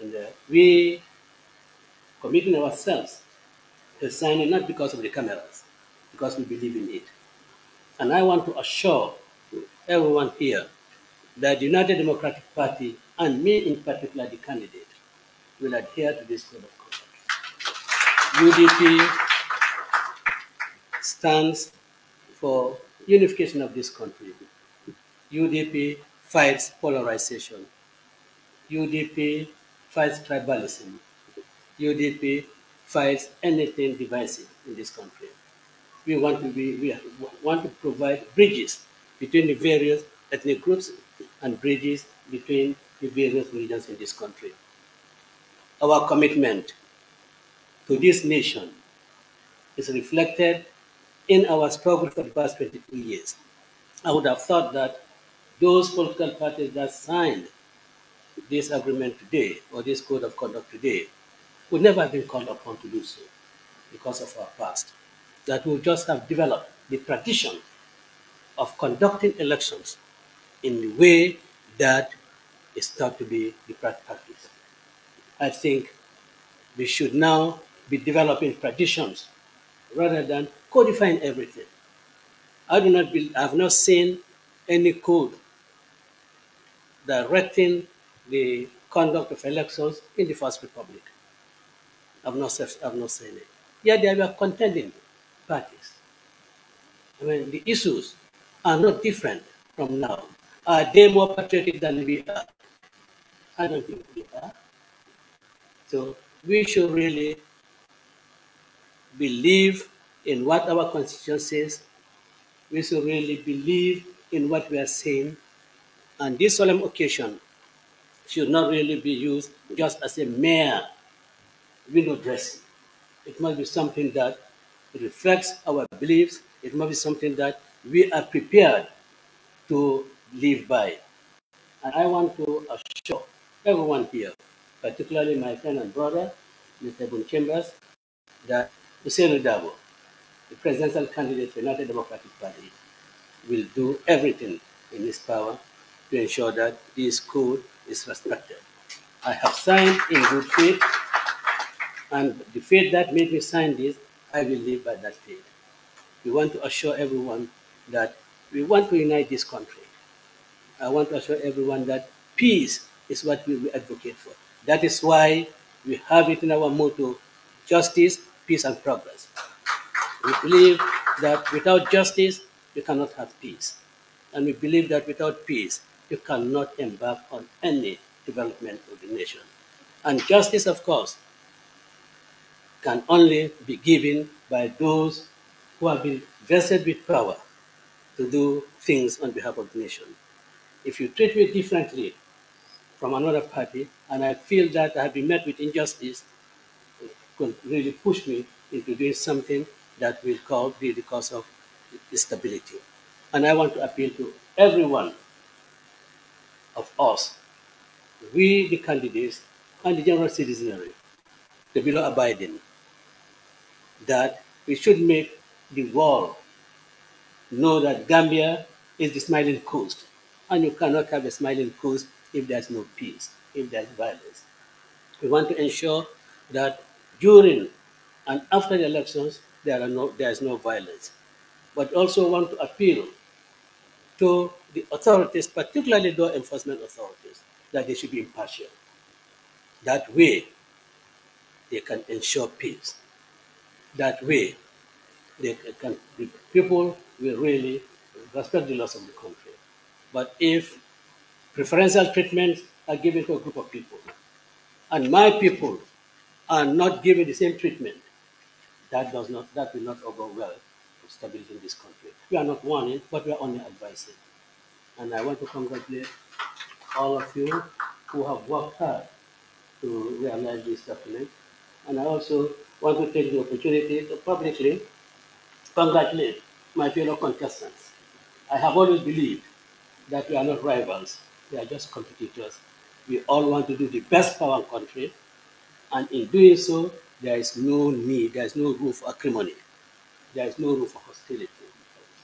Speaker 10: And uh, we committing ourselves to signing not because of the cameras, because we believe in it. And I want to assure everyone here that the United Democratic Party, and me in particular, the candidate, will adhere to this code of conduct. UDP stands for unification of this country. UDP fights polarization. UDP fights tribalism. UDP fights anything divisive in this country. We want to be, we want to provide bridges between the various ethnic groups and bridges between the various regions in this country. Our commitment to this nation is reflected in our struggle for the past 22 years. I would have thought that those political parties that signed this agreement today or this code of conduct today would never have been called upon to do so because of our past. That we just have developed the tradition of conducting elections in the way that is thought to be the practice. I think we should now be developing traditions rather than codifying everything. I do not I have not seen any code directing the conduct of elections in the First Republic. I've not, I've not seen it. Yet yeah, there were contending parties. I mean, the issues are not different from now. Are they more patriotic than we are? I don't think we are. So we should really believe in what our constitution says. We should really believe in what we are saying. And this solemn occasion should not really be used just as a mere window dressing. It must be something that reflects our beliefs. It must be something that we are prepared to live by. And I want to assure everyone here, particularly my friend and brother, Mr. Bun Chambers, that Hussein Dabo the presidential candidates, the United Democratic Party, will do everything in his power to ensure that this code is respected. I have signed in good faith, and the faith that made me sign this, I will live by that faith. We want to assure everyone that we want to unite this country. I want to assure everyone that peace is what we advocate for. That is why we have it in our motto, justice, peace, and progress. We believe that without justice, you cannot have peace. And we believe that without peace, you cannot embark on any development of the nation. And justice, of course, can only be given by those who have been vested with power to do things on behalf of the nation. If you treat me differently from another party, and I feel that I have been met with injustice, it could really push me into doing something that will cause, be the cause of stability. And I want to appeal to everyone of us, we the candidates and the general citizenry, the below abiding, that we should make the world know that Gambia is the smiling coast. And you cannot have a smiling coast if there's no peace, if there's violence. We want to ensure that during and after the elections, there, are no, there is no violence. But also want to appeal to the authorities, particularly law enforcement authorities, that they should be impartial. That way, they can ensure peace. That way, they can, the people will really respect the laws of the country. But if preferential treatment are given to a group of people, and my people are not given the same treatment, that does not, that will not augur well for stability in this country. We are not warning, but we are only advising. And I want to congratulate all of you who have worked hard to realize this document. And I also want to take the opportunity to publicly congratulate my fellow contestants. I have always believed that we are not rivals, we are just competitors. We all want to do the best for our country, and in doing so, there is no need, there is no room for acrimony. There is no room for hostility.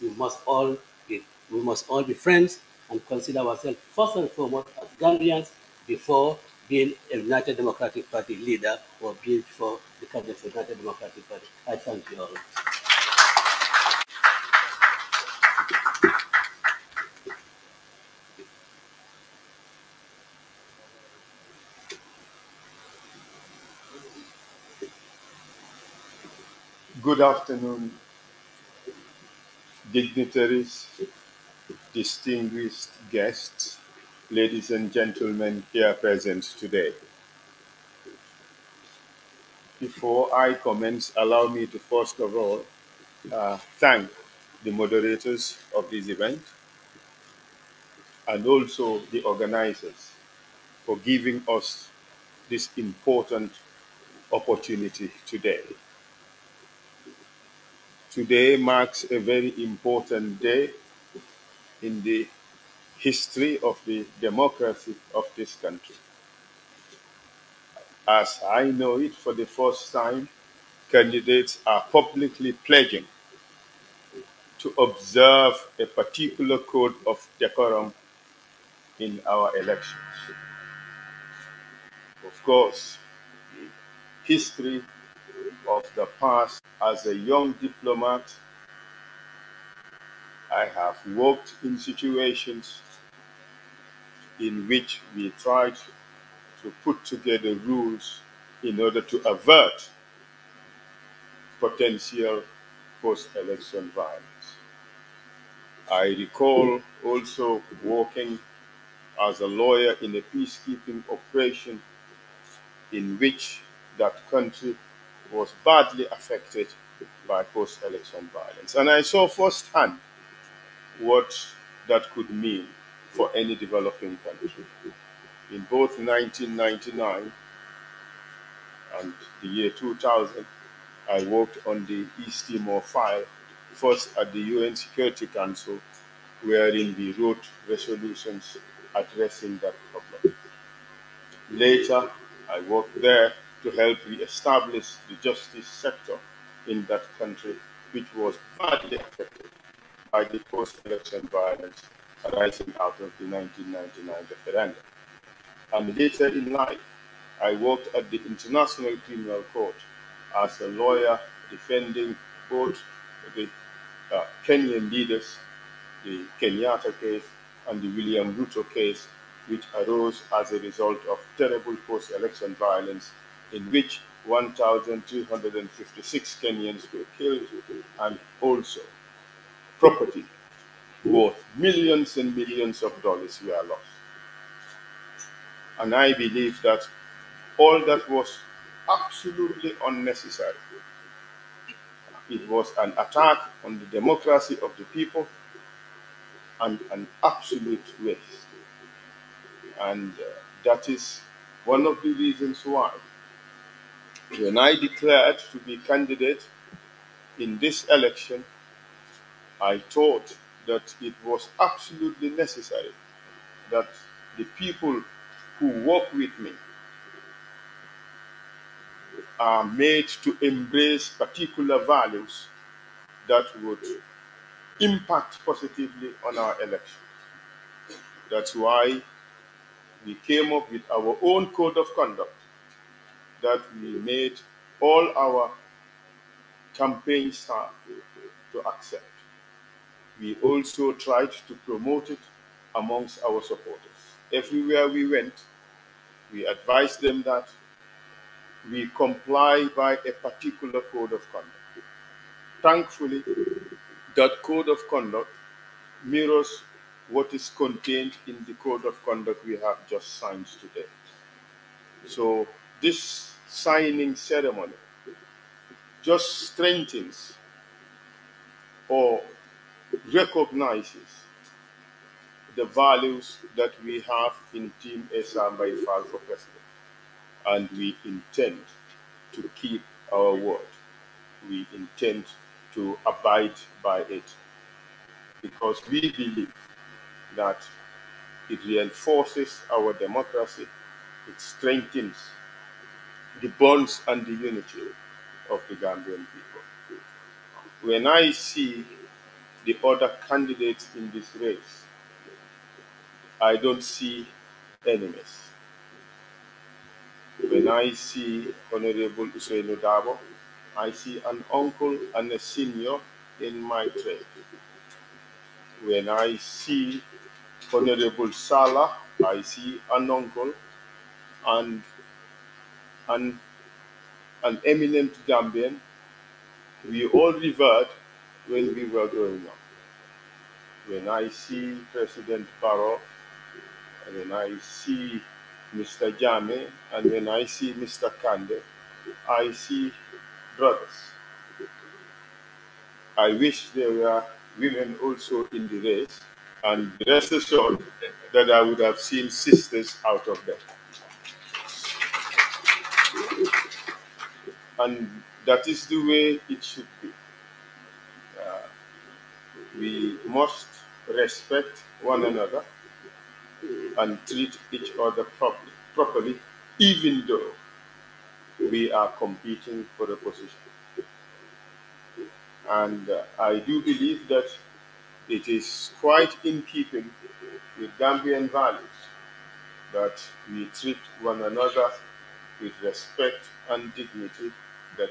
Speaker 10: We must all be, we must all be friends and consider ourselves first and foremost as Gambians before being a United Democratic Party leader or being for the cabinet United Democratic Party. I thank you all.
Speaker 11: Good afternoon, dignitaries, distinguished guests, ladies and gentlemen here present today. Before I commence, allow me to first of all uh, thank the moderators of this event and also the organizers for giving us this important opportunity today. Today marks a very important day in the history of the democracy of this country. As I know it, for the first time, candidates are publicly pledging to observe a particular code of decorum in our elections. Of course, history of the past as a young diplomat. I have worked in situations in which we tried to put together rules in order to avert potential post-election violence. I recall also working as a lawyer in a peacekeeping operation in which that country was badly affected by post-election violence. And I saw firsthand what that could mean for any developing country. In both 1999 and the year 2000, I worked on the East Timor file, first at the UN Security Council, wherein we wrote resolutions addressing that problem. Later, I worked there to help re-establish the justice sector in that country, which was badly affected by the post-election violence arising out of the 1999 referendum. And later in life, I worked at the International Criminal Court as a lawyer defending both the uh, Kenyan leaders, the Kenyatta case, and the William Ruto case, which arose as a result of terrible post-election violence in which 1,256 Kenyans were killed, and also property worth millions and millions of dollars were lost. And I believe that all that was absolutely unnecessary. It was an attack on the democracy of the people and an absolute waste. And uh, that is one of the reasons why when I declared to be candidate in this election, I thought that it was absolutely necessary that the people who work with me are made to embrace particular values that would impact positively on our election. That's why we came up with our own code of conduct that we made all our campaign staff to accept. We also tried to promote it amongst our supporters. Everywhere we went, we advised them that we comply by a particular code of conduct. Thankfully, that code of conduct mirrors what is contained in the code of conduct we have just signed today. So this signing ceremony just strengthens or recognizes the values that we have in Team Esamba Ifal for President. And we intend to keep our word. We intend to abide by it because we believe that it reinforces our democracy, it strengthens the bonds and the unity of the Gambian people. When I see the other candidates in this race, I don't see enemies. When I see Honorable Usainu Dabo, I see an uncle and a senior in my trade. When I see Honorable Salah, I see an uncle and and an eminent Gambian, we all revert when we were growing up. When I see President Barrow, when I see Mr. Jame, and when I see Mr. Kande, I see brothers. I wish there were women also in the race, and rest assured that I would have seen sisters out of them. and that is the way it should be. Uh, we must respect one another and treat each other properly, properly even though we are competing for a position. And uh, I do believe that it is quite in keeping with Gambian values that we treat one another with respect and dignity that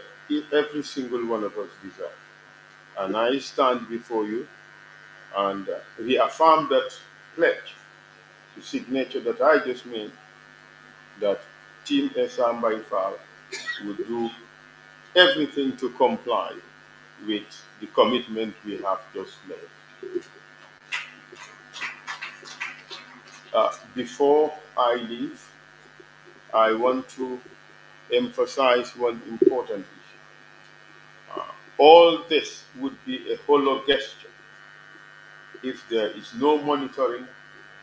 Speaker 11: every single one of us deserve. And I stand before you and uh, reaffirm that pledge, the signature that I just made, that Team far will do everything to comply with the commitment we have just made. Uh, before I leave, I want to emphasize one important issue. Uh, all this would be a hollow gesture if there is no monitoring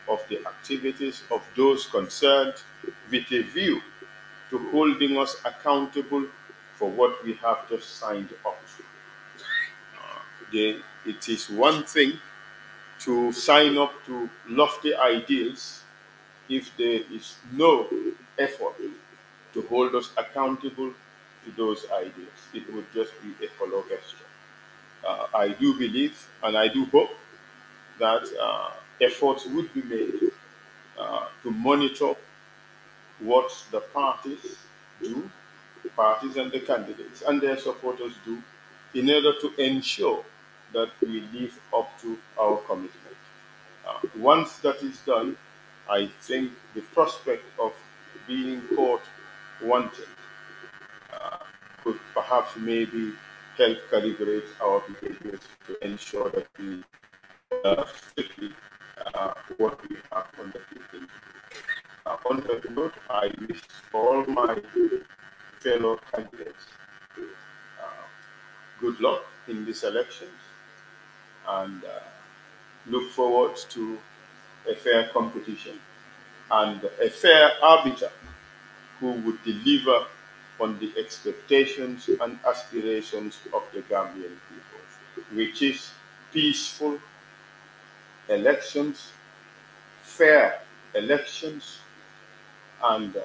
Speaker 11: of the activities of those concerned with a view to holding us accountable for what we have just signed up to. Uh, it is one thing to sign up to lofty ideals if there is no effort to hold us accountable to those ideas. It would just be a hollow gesture. Uh, I do believe and I do hope that uh, efforts would be made uh, to monitor what the parties do, the parties and the candidates and their supporters do, in order to ensure that we live up to our commitment. Uh, once that is done, I think the prospect of being caught wanted uh, could perhaps maybe help calibrate our behaviors to ensure that we uh, strictly uh, what we have on the table. Uh, on that note, I wish all my fellow candidates uh, good luck in these elections and uh, look forward to a fair competition and a fair arbiter who would deliver on the expectations and aspirations of the Gambian people, which is peaceful elections, fair elections, and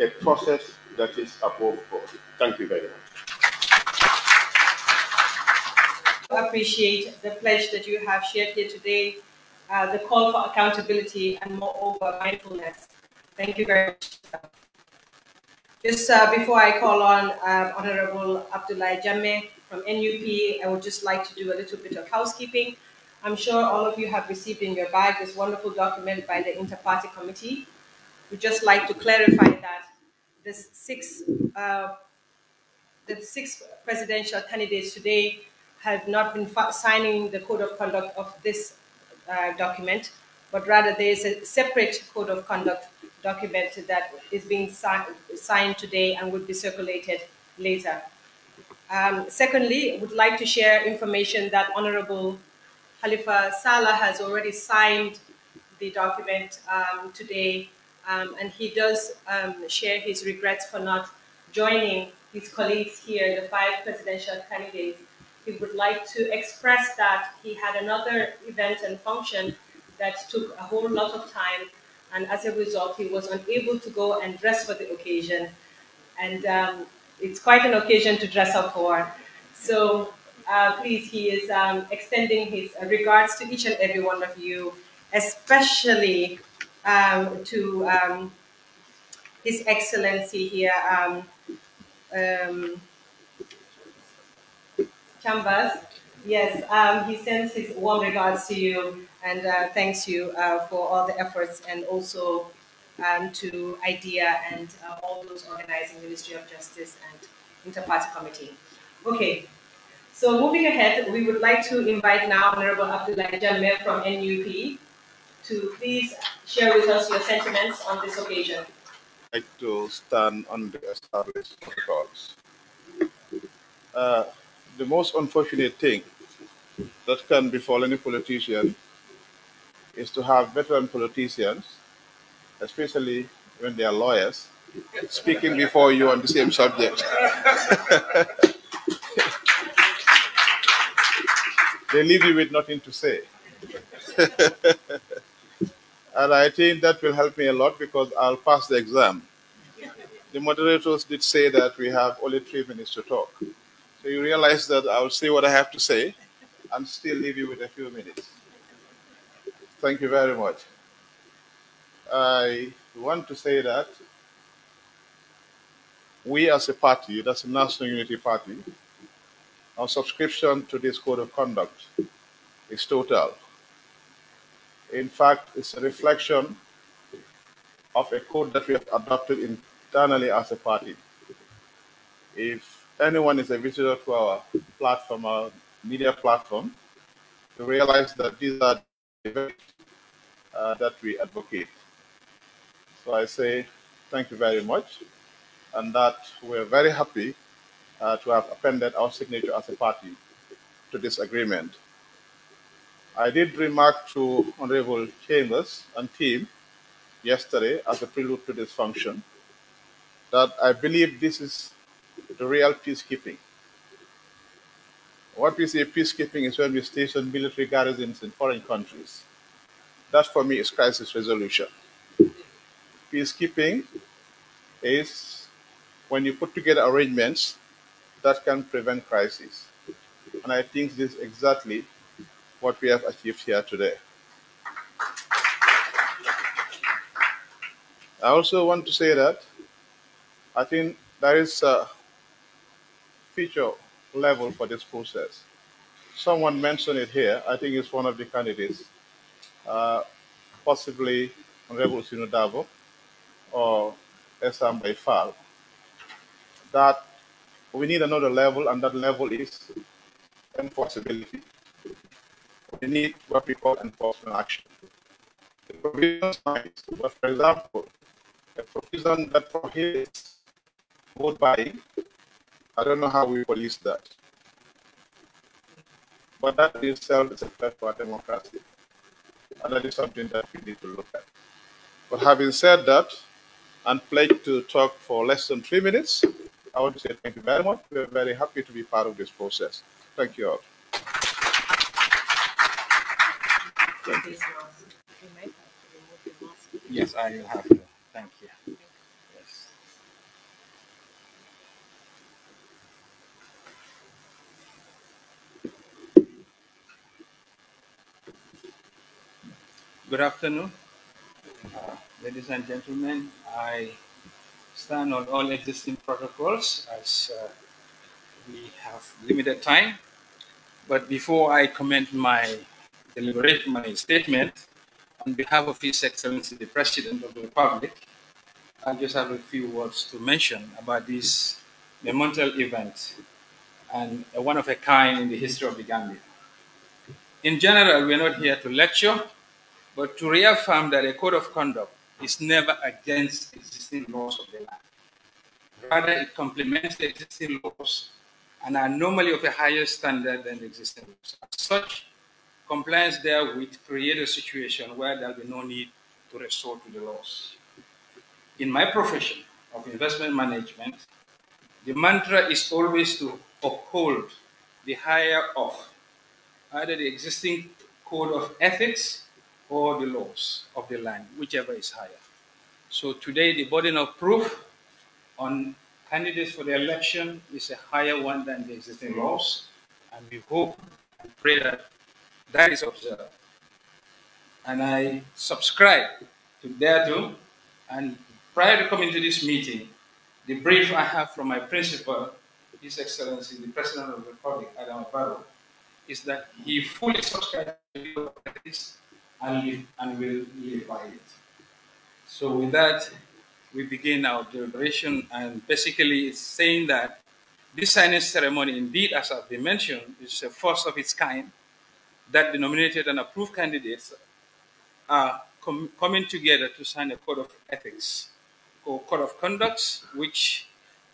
Speaker 11: a process that is above board. Thank
Speaker 3: you very much.
Speaker 2: I appreciate the pledge that you have shared here today, uh, the call for accountability, and moreover, mindfulness. Thank you very much. Just uh, before I call on uh, Honorable Abdullahi Jammeh from NUP, I would just like to do a little bit of housekeeping. I'm sure all of you have received in your bag this wonderful document by the Inter-Party Committee. We'd just like to clarify that the six, uh, the six presidential candidates today have not been signing the code of conduct of this uh, document, but rather there is a separate code of conduct documented that is being signed today and will be circulated later. Um, secondly, would like to share information that Honorable Khalifa Salah has already signed the document um, today, um, and he does um, share his regrets for not joining his colleagues here, the five presidential candidates. He would like to express that he had another event and function that took a whole lot of time and as a result, he was unable to go and dress for the occasion. And um, it's quite an occasion to dress up for. So uh, please, he is um, extending his uh, regards to each and every one of you, especially um, to um, His Excellency here, um, um, Chambers, Yes, um, he sends his warm regards to you and uh, thanks you uh, for all the efforts and also um, to IDEA and uh, all those organizing Ministry of Justice and Interparty Committee. Okay, so moving ahead, we would like to invite now Honorable Abdullah Jamil from NUP to please share with us your sentiments on this occasion.
Speaker 12: I'd like to stand on the established protocols. Uh, the most unfortunate thing that can befall any politician is to have veteran politicians, especially when they are lawyers, speaking before you on the same subject. they leave you with nothing to say. and I think that will help me a lot because I'll pass the exam. The moderators did say that we have only three minutes to talk. So you realize that I'll say what I have to say and still leave you with a few minutes. Thank you very much. I want to say that we as a party, that's the National Unity Party, our subscription to this code of conduct is total. In fact, it's a reflection of a code that we have adopted internally as a party. If anyone is a visitor to our platform, our media platform, to realize that these are the events uh, that we advocate. So I say thank you very much, and that we're very happy uh, to have appended our signature as a party to this agreement. I did remark to Honorable Chambers and team yesterday as a prelude to this function that I believe this is the real peacekeeping. What we say peacekeeping is when we station military garrisons in foreign countries. That for me is crisis resolution. Peacekeeping is when you put together arrangements that can prevent crises. And I think this is exactly what we have achieved here today. I also want to say that I think there is uh, feature level for this process. Someone mentioned it here. I think it's one of the candidates, uh, possibly Honorable Sinodavo or Esam Baifal, that we need another level, and that level is enforceability. We need what we call enforcement action. The provision for example, a provision that prohibits vote buying I don't know how we police that. But that itself is a threat to our democracy. And that is something that we need to look at. But having said that, and pledged to talk for less than three minutes, I want to say thank you very much. We're very happy to be part of this process. Thank you all.
Speaker 3: Thank you. Yes, I have to. Thank you.
Speaker 13: Good afternoon, uh, ladies and gentlemen. I stand on all existing protocols as uh, we have limited time. But before I comment my deliberate my statement, on behalf of His Excellency the President of the Republic, I just have a few words to mention about this monumental event and one of a kind in the history of the Gambia. In general, we're not here to lecture but to reaffirm that a code of conduct is never against existing laws of the land. Rather, it complements the existing laws and are normally of a higher standard than the existing laws. As such, compliance there would create a situation where there will be no need to resort to the laws. In my profession of investment management, the mantra is always to uphold the higher of either the existing code of ethics or the laws of the land, whichever is higher. So today the burden of proof on candidates for the election is a higher one than the existing laws, and we hope and pray that that is observed. And I subscribe to too. and prior to coming to this meeting, the brief I have from my principal, His Excellency, the President of the Republic, Adam Barrow, is that he fully subscribes to this and, live, and will live by it. So with that, we begin our deliberation and basically it's saying that this signing ceremony indeed, as I've been mentioned, is the first of its kind that the nominated and approved candidates are com coming together to sign a code of ethics or code of conducts, which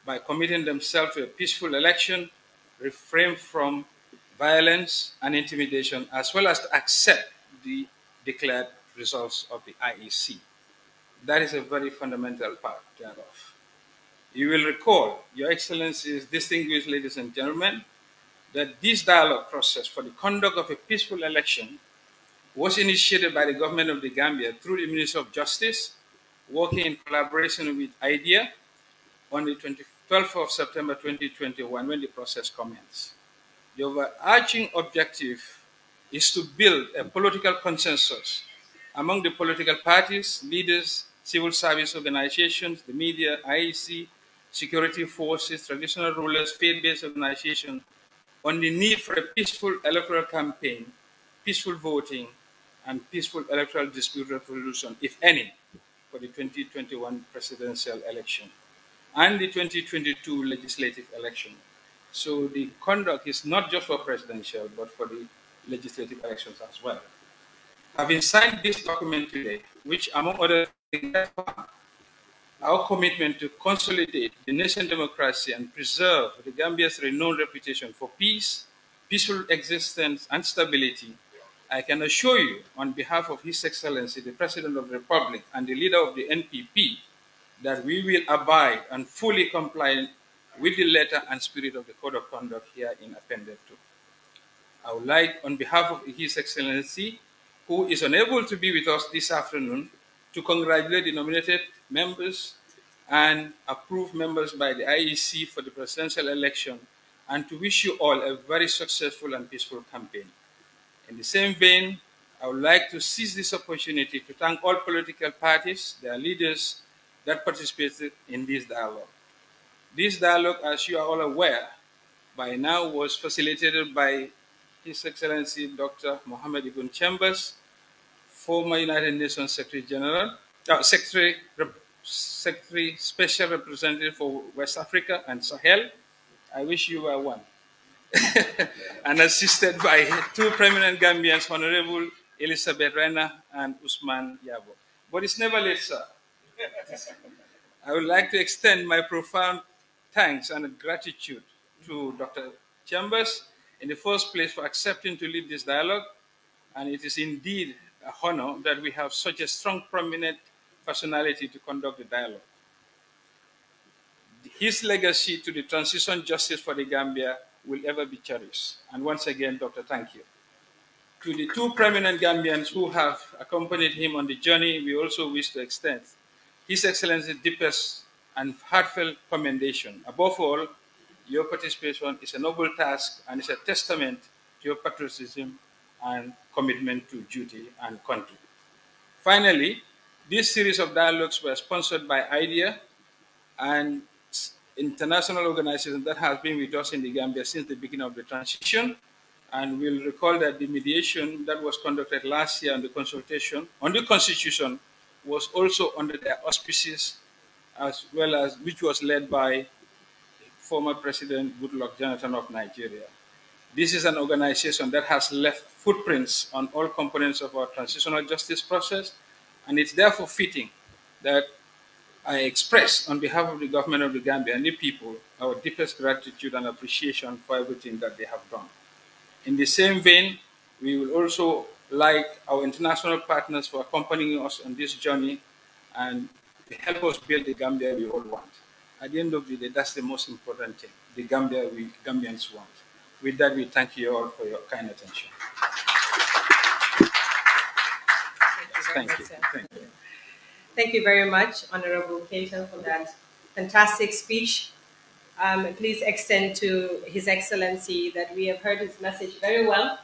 Speaker 13: by committing themselves to a peaceful election, refrain from violence and intimidation, as well as to accept the declared results of the IEC. That is a very fundamental part thereof. You will recall, Your Excellencies, distinguished ladies and gentlemen, that this dialogue process for the conduct of a peaceful election was initiated by the government of the Gambia through the Ministry of Justice, working in collaboration with IDEA on the 12th of September 2021 when the process commenced. The overarching objective is to build a political consensus among the political parties, leaders, civil service organizations, the media, IEC, security forces, traditional rulers, faith-based organizations on the need for a peaceful electoral campaign, peaceful voting, and peaceful electoral dispute resolution, if any, for the 2021 presidential election and the 2022 legislative election. So the conduct is not just for presidential, but for the legislative elections as well. Having signed this document today, which among other things, our commitment to consolidate the nation's democracy and preserve the Gambia's renowned reputation for peace, peaceful existence, and stability, I can assure you, on behalf of His Excellency, the President of the Republic and the leader of the NPP, that we will abide and fully comply with the letter and spirit of the Code of Conduct here in Appendix 2. I would like, on behalf of His Excellency, who is unable to be with us this afternoon, to congratulate the nominated members and approved members by the IEC for the presidential election and to wish you all a very successful and peaceful campaign. In the same vein, I would like to seize this opportunity to thank all political parties, their leaders that participated in this dialogue. This dialogue, as you are all aware, by now was facilitated by his Excellency Dr. Mohammed Ibn Chambers, former United Nations Secretary General, uh, Secretary, Secretary Special Representative for West Africa and Sahel. I wish you were one. and assisted by two prominent Gambians, Honorable Elizabeth Rena and Usman Yabo. But it's never late, sir. I would like to extend my profound thanks and gratitude to Dr. Chambers in the first place for accepting to lead this dialogue. And it is indeed a honor that we have such a strong, prominent personality to conduct the dialogue. His legacy to the transition justice for the Gambia will ever be cherished. And once again, Doctor, thank you. To the two prominent Gambians who have accompanied him on the journey, we also wish to extend His Excellency's deepest and heartfelt commendation. Above all, your participation is a noble task and is a testament to your patriotism and commitment to duty and country. Finally, this series of dialogues were sponsored by IDEA, an international organization that has been with us in the Gambia since the beginning of the transition. And we'll recall that the mediation that was conducted last year on the consultation on the constitution was also under their auspices, as well as which was led by former President Goodluck Jonathan of Nigeria. This is an organization that has left footprints on all components of our transitional justice process, and it's therefore fitting that I express on behalf of the government of the Gambia and the people our deepest gratitude and appreciation for everything that they have done. In the same vein, we will also like our international partners for accompanying us on this journey and help us build the Gambia we all want. At the end of the day, that's the most important thing the Gambia we Gambians want. With that, we thank you all for your kind attention. Thank you. Thank you.
Speaker 2: Thank you. very much, Honorable Keita, for that fantastic speech. Um, please extend to His Excellency that we have heard his message very well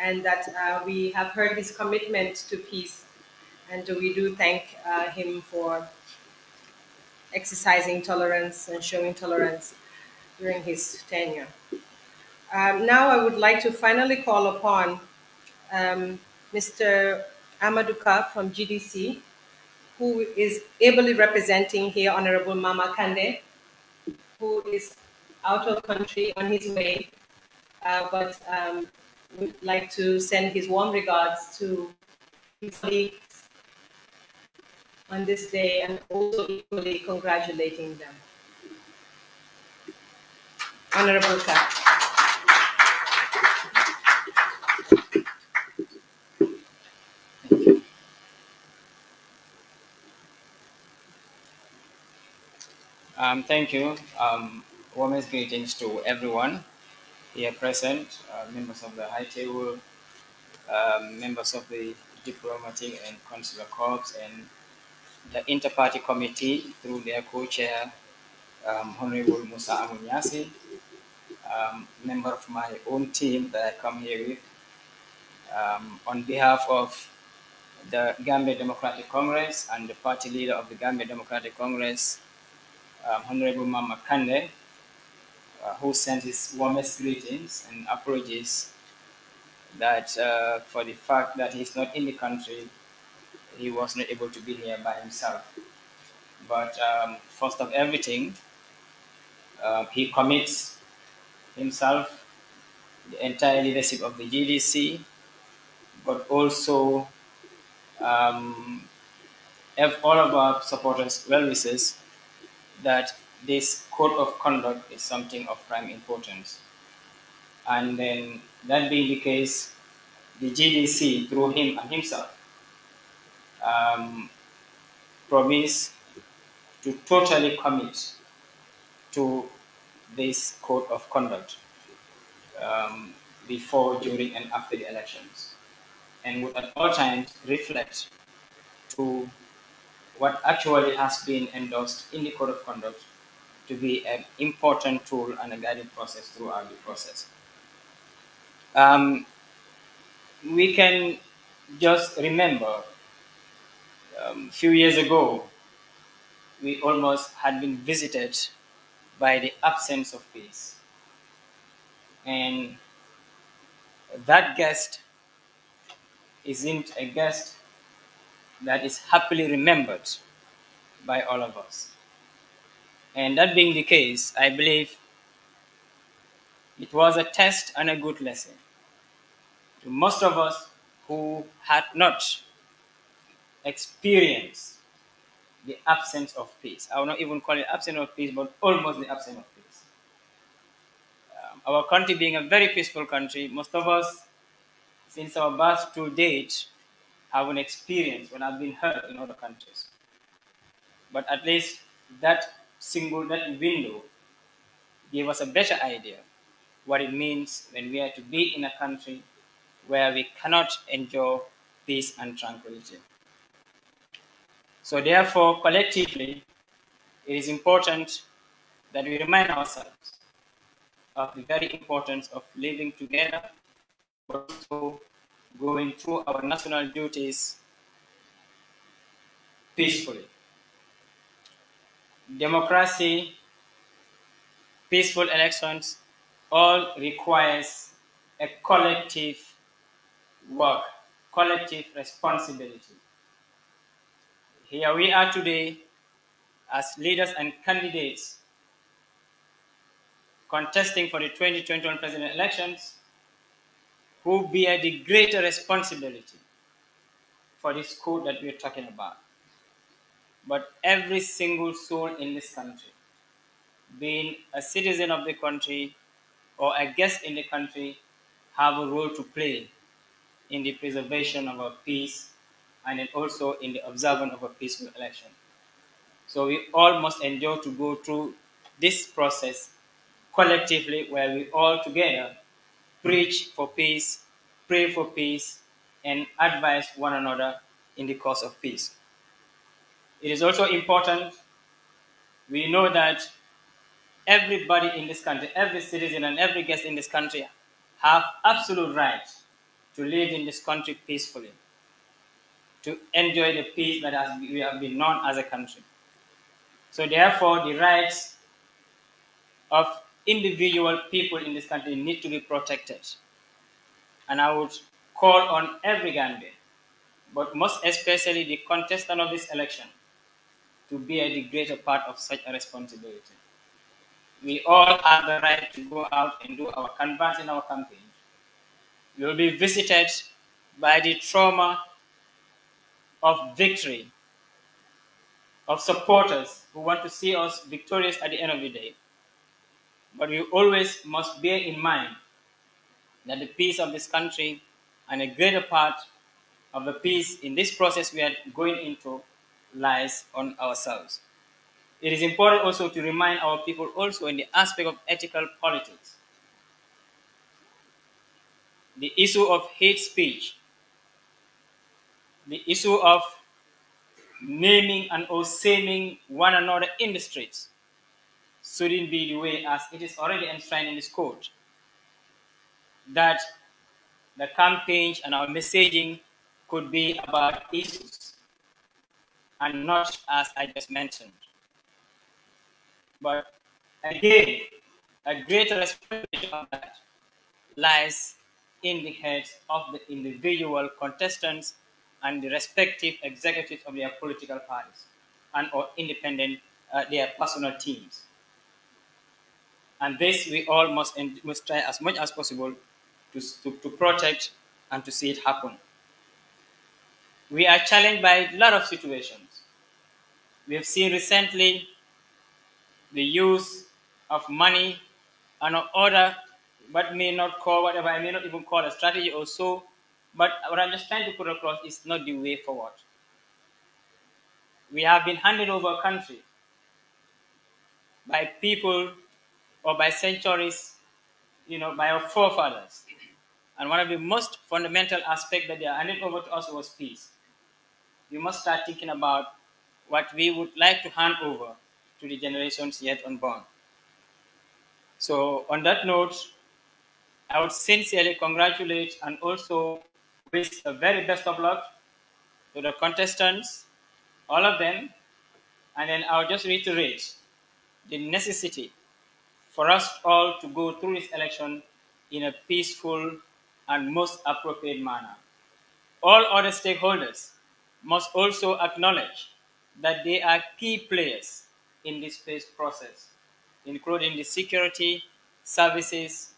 Speaker 2: and that uh, we have heard his commitment to peace. And we do thank uh, him for exercising tolerance and showing tolerance during his tenure. Um, now I would like to finally call upon um, Mr. Amaduka from GDC, who is ably representing here Honorable Mama Kande, who is out of country on his way, uh, but um, would like to send his warm regards to his colleague on this day and also equally congratulating them. Honorable Kat.
Speaker 14: Um, thank you. Um, warmest greetings to everyone here present, uh, members of the high table, um, members of the diplomatic and consular corps, and the Inter Party Committee through their co-chair, um, Honorable Musa Amunyasi, um, member of my own team that I come here with, um, on behalf of the Gambia Democratic Congress and the party leader of the Gambia Democratic Congress, um, Honorable Mama Kande, uh, who sent his warmest greetings and apologies that uh, for the fact that he's not in the country he was not able to be here by himself. But um, first of everything, uh, he commits himself, the entire leadership of the GDC, but also um, all of our supporters well wishes that this code of conduct is something of prime importance. And then that being the case, the GDC, through him and himself, um, promise to totally commit to this code of conduct um, before, during, and after the elections, and would at all times reflect to what actually has been endorsed in the code of conduct to be an important tool and a guiding process throughout the process. Um, we can just remember um, few years ago, we almost had been visited by the absence of peace. And that guest isn't a guest that is happily remembered by all of us. And that being the case, I believe it was a test and a good lesson to most of us who had not experience the absence of peace. I will not even call it absence of peace, but almost the absence of peace. Um, our country being a very peaceful country, most of us, since our birth to date, have an experience I've been hurt in other countries. But at least that single, that window gave us a better idea what it means when we are to be in a country where we cannot enjoy peace and tranquility. So therefore, collectively, it is important that we remind ourselves of the very importance of living together, but also going through our national duties peacefully. Democracy, peaceful elections, all requires a collective work, collective responsibility. Here we are today as leaders and candidates contesting for the 2021 president elections who bear the greater responsibility for this code that we're talking about. But every single soul in this country, being a citizen of the country or a guest in the country, have a role to play in the preservation of our peace and then also in the observance of a peaceful election. So we all must endure to go through this process collectively where we all together preach for peace, pray for peace, and advise one another in the cause of peace. It is also important we know that everybody in this country, every citizen and every guest in this country have absolute right to live in this country peacefully to enjoy the peace that has, we have been known as a country. So therefore, the rights of individual people in this country need to be protected. And I would call on every Gambian, but most especially the contestant of this election, to bear the greater part of such a responsibility. We all have the right to go out and do our canvas in our campaign. We will be visited by the trauma of victory, of supporters who want to see us victorious at the end of the day. But we always must bear in mind that the peace of this country and a greater part of the peace in this process we are going into lies on ourselves. It is important also to remind our people also in the aspect of ethical politics. The issue of hate speech the issue of naming and osaning one another in the streets shouldn't be the way as it is already enshrined in this code that the campaigns and our messaging could be about issues and not as I just mentioned. But again, a greater responsibility of that lies in the heads of the individual contestants and the respective executives of their political parties and or independent uh, their personal teams. And this we all must, must try as much as possible to, to, to protect and to see it happen. We are challenged by a lot of situations. We have seen recently the use of money and other what may not call whatever I may not even call a strategy or so but what I'm just trying to put across is not the way forward. We have been handed over a country by people or by centuries, you know, by our forefathers. And one of the most fundamental aspects that they are handed over to us was peace. We must start thinking about what we would like to hand over to the generations yet unborn. So, on that note, I would sincerely congratulate and also wish the very best of luck to the contestants, all of them. And then I'll just reiterate the necessity for us all to go through this election in a peaceful and most appropriate manner. All other stakeholders must also acknowledge that they are key players in this peace process, including the security services,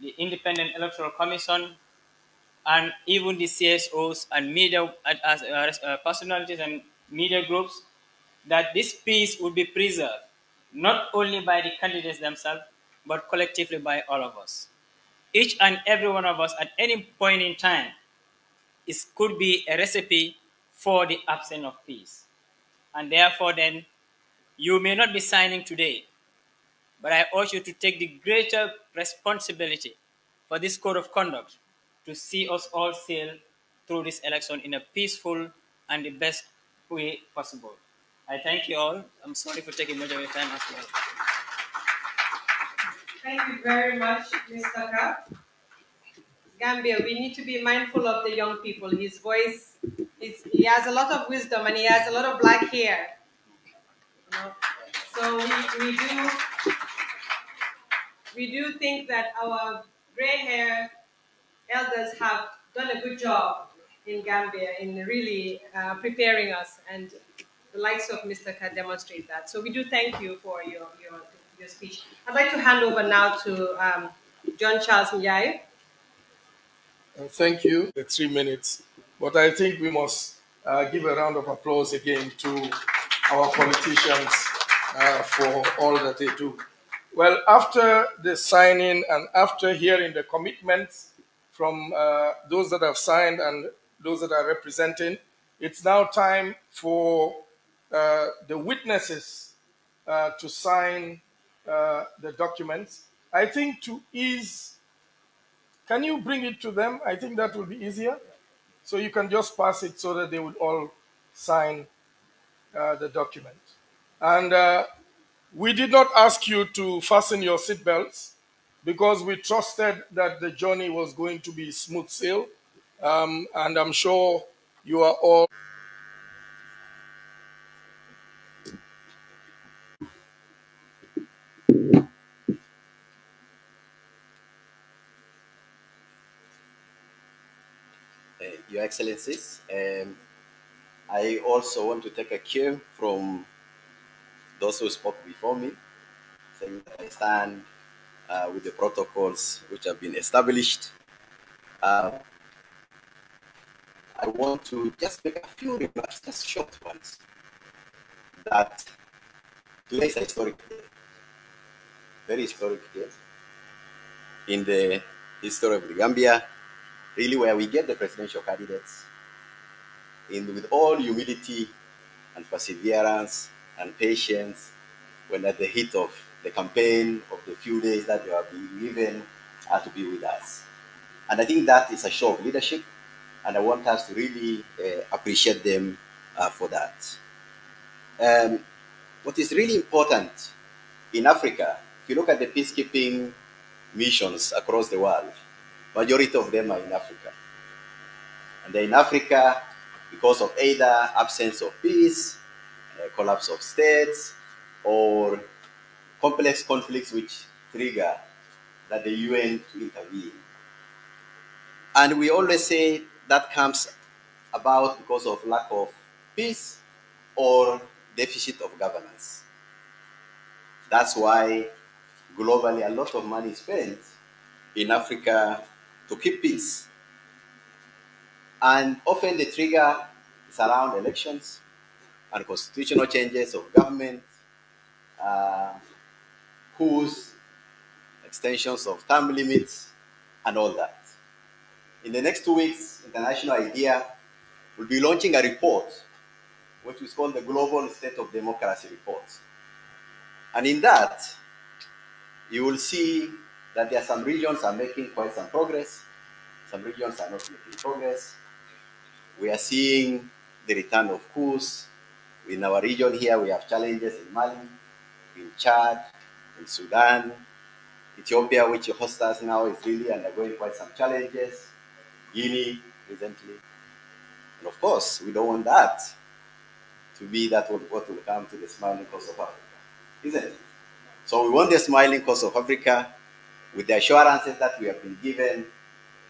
Speaker 14: the Independent Electoral Commission, and even the CSOs and media as uh, uh, personalities and media groups, that this peace would be preserved not only by the candidates themselves, but collectively by all of us. Each and every one of us at any point in time is, could be a recipe for the absence of peace. And therefore, then, you may not be signing today, but I urge you to take the greater responsibility for this code of conduct to see us all sail through this election in a peaceful and the best way possible. I thank you all. I'm sorry for taking much of your time as well.
Speaker 2: Thank you very much, Mr. Kapp. Gambia, we need to be mindful of the young people. His voice, he has a lot of wisdom and he has a lot of black hair. So we, we, do, we do think that our gray hair elders have done a good job in Gambia in really uh, preparing us, and the likes of Mr. Ka demonstrate that. So we do thank you for your, your, your speech. I'd like to hand over now to um, John Charles Njai.
Speaker 4: Uh, thank you, the three minutes. But I think we must uh, give a round of applause again to our politicians uh, for all that they do. Well, after the signing and after hearing the commitments from uh, those that have signed and those that are representing. It's now time for uh, the witnesses uh, to sign uh, the documents. I think to ease, can you bring it to them? I think that will be easier. So you can just pass it so that they would all sign uh, the document. And uh, we did not ask you to fasten your seatbelts because we trusted that the journey was going to be smooth sail. Um, and I'm sure you are all.
Speaker 15: Uh, Your Excellencies, um, I also want to take a cue from those who spoke before me, saying that I stand uh, with the protocols which have been established. Uh, I want to just make a few remarks, just short ones, that today is a historic day, very historic day in the history of the Gambia, really where we get the presidential candidates and with all humility and perseverance and patience when at the heat of the campaign of the few days that you have been given are to be with us. And I think that is a show of leadership, and I want us to really uh, appreciate them uh, for that. Um, what is really important in Africa, if you look at the peacekeeping missions across the world, majority of them are in Africa. And they're in Africa because of either absence of peace, uh, collapse of states, or complex conflicts which trigger that the UN to intervene. And we always say that comes about because of lack of peace or deficit of governance. That's why globally a lot of money is spent in Africa to keep peace. And often the trigger is around elections and constitutional changes of government, uh, pools, extensions of time limits, and all that. In the next two weeks, International IDEA will be launching a report, which is called the Global State of Democracy Report. And in that, you will see that there are some regions are making quite some progress, some regions are not making progress. We are seeing the return of coups. In our region here, we have challenges in Mali, in Chad, in Sudan, Ethiopia, which hosts us now, is really undergoing quite some challenges. Guinea recently. And of course, we don't want that to be that what will come to the smiling coast of Africa, isn't it? So we want the smiling coast of Africa with the assurances that we have been given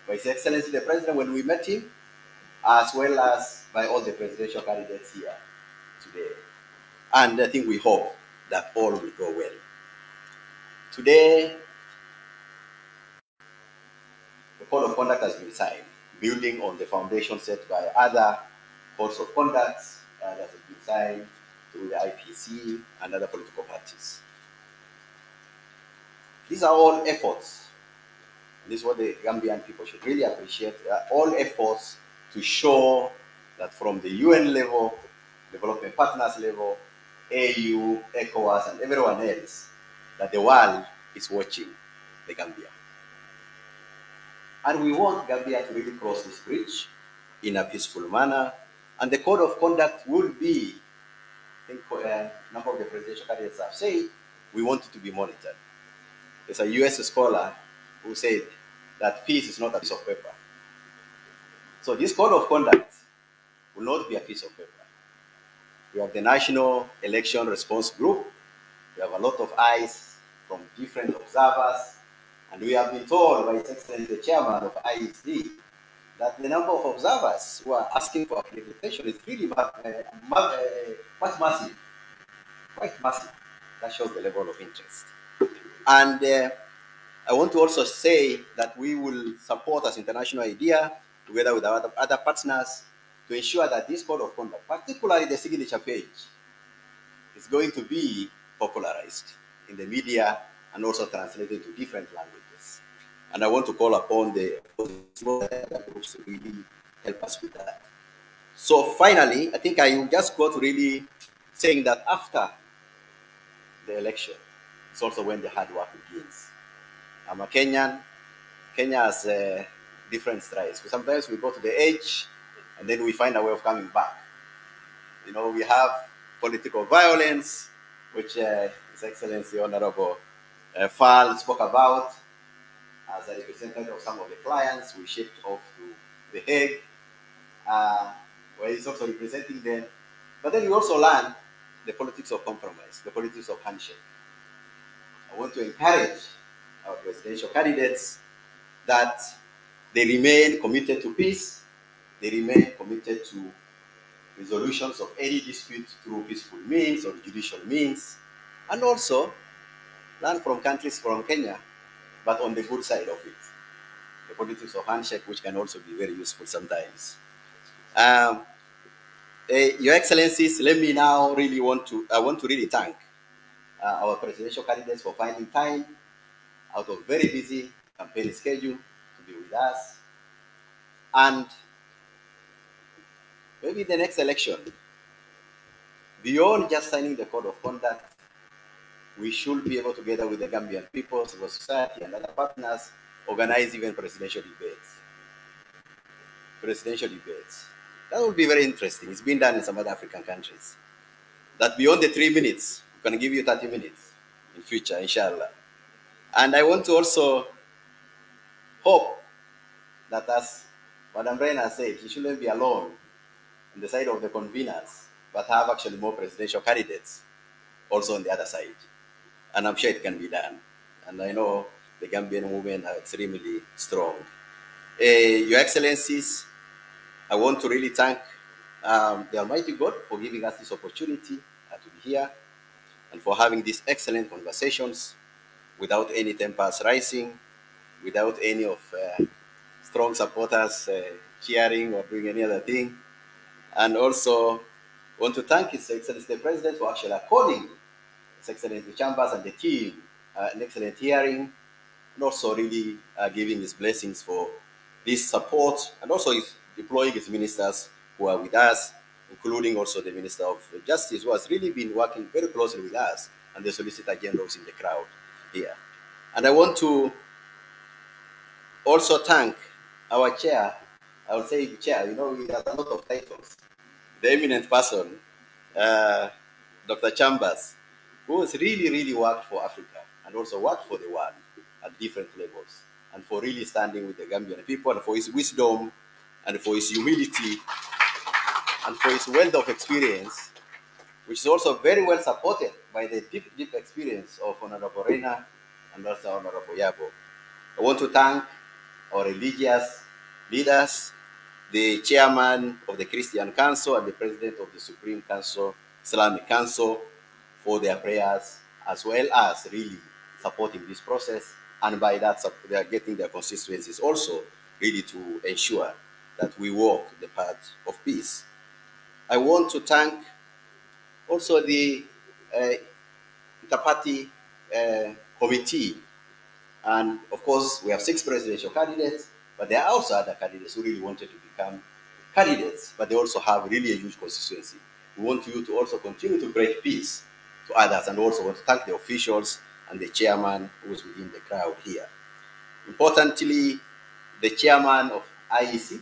Speaker 15: by His Excellency the President when we met him, as well as by all the presidential candidates here today. And I think we hope that all will go well. Today, the code of conduct has been signed, building on the foundation set by other codes of conduct uh, that have been signed through the IPC and other political parties. These are all efforts. And this is what the Gambian people should really appreciate. all efforts to show that from the UN level, development partners level, AU, ECOWAS, and everyone else, that the world is watching the Gambia. And we want Gambia to really cross this bridge in a peaceful manner. And the code of conduct will be, I think uh, a number of the presidential candidates have said, we want it to be monitored. There's a US scholar who said that peace is not a piece of paper. So this code of conduct will not be a piece of paper. We have the National Election Response Group we have a lot of eyes from different observers, and we have been told by His Excellency the Chairman of IEC that the number of observers who are asking for accreditation is really uh, uh, quite massive, quite massive. That shows the level of interest. And uh, I want to also say that we will support as international idea together with our other partners to ensure that this code of conduct, particularly the signature page, is going to be popularized in the media and also translated to different languages. And I want to call upon the groups to really help us with that. So finally, I think I will just to really saying that after the election, it's also when the hard work begins. I'm a Kenyan. Kenya has uh, different strides. Sometimes we go to the edge and then we find a way of coming back. You know, we have political violence, which uh, His Excellency Honorable uh, spoke about. As a representative of some of the clients, we shipped off to The Hague, uh, where he's also representing them. But then you also learn the politics of compromise, the politics of handshake. I want to encourage our presidential candidates that they remain committed to peace, they remain committed to resolutions of any dispute through peaceful means or judicial means, and also learn from countries from Kenya, but on the good side of it, the politics of handshake, which can also be very useful sometimes. Um, uh, Your Excellencies, let me now really want to, I want to really thank uh, our presidential candidates for finding time out of very busy campaign schedule to be with us. And maybe the next election, beyond just signing the code of conduct, we should be able, together with the Gambian people, civil society, and other partners, organize even presidential debates. Presidential debates. That would be very interesting. It's been done in some other African countries. That beyond the three minutes, we can give you 30 minutes in future, inshallah. And I want to also hope that as Madam Reina said, she shouldn't be alone on the side of the conveners, but have actually more presidential candidates also on the other side. And I'm sure it can be done. And I know the Gambian women are extremely strong. Uh, Your Excellencies, I want to really thank um, the Almighty God for giving us this opportunity uh, to be here and for having these excellent conversations without any tempers rising, without any of uh, strong supporters uh, cheering or doing any other thing. And also want to thank His Excellency the President for actually calling His Excellency Chambers and the team uh, an excellent hearing and also really uh, giving his blessings for this support and also his deploying his ministers who are with us, including also the Minister of Justice, who has really been working very closely with us and the Solicitor Generals in the crowd here. And I want to also thank our chair, I would say, Chair, you know, he has a lot of titles. The eminent person, uh, Dr. Chambers, who has really, really worked for Africa and also worked for the world at different levels and for really standing with the Gambian people and for his wisdom and for his humility and for his wealth of experience, which is also very well supported by the deep, deep experience of Honorable Rena and also Honorable Yabo. I want to thank our religious leaders the chairman of the Christian Council and the president of the Supreme Council, Islamic Council, for their prayers, as well as really supporting this process. And by that, they are getting their constituencies also really to ensure that we walk the path of peace. I want to thank also the uh, interparty uh, committee. And of course, we have six presidential candidates, but there are also other candidates who really wanted to become candidates, but they also have really a huge constituency. We want you to also continue to break peace to others and also want to thank the officials and the chairman who is within the crowd here. Importantly, the chairman of IEC,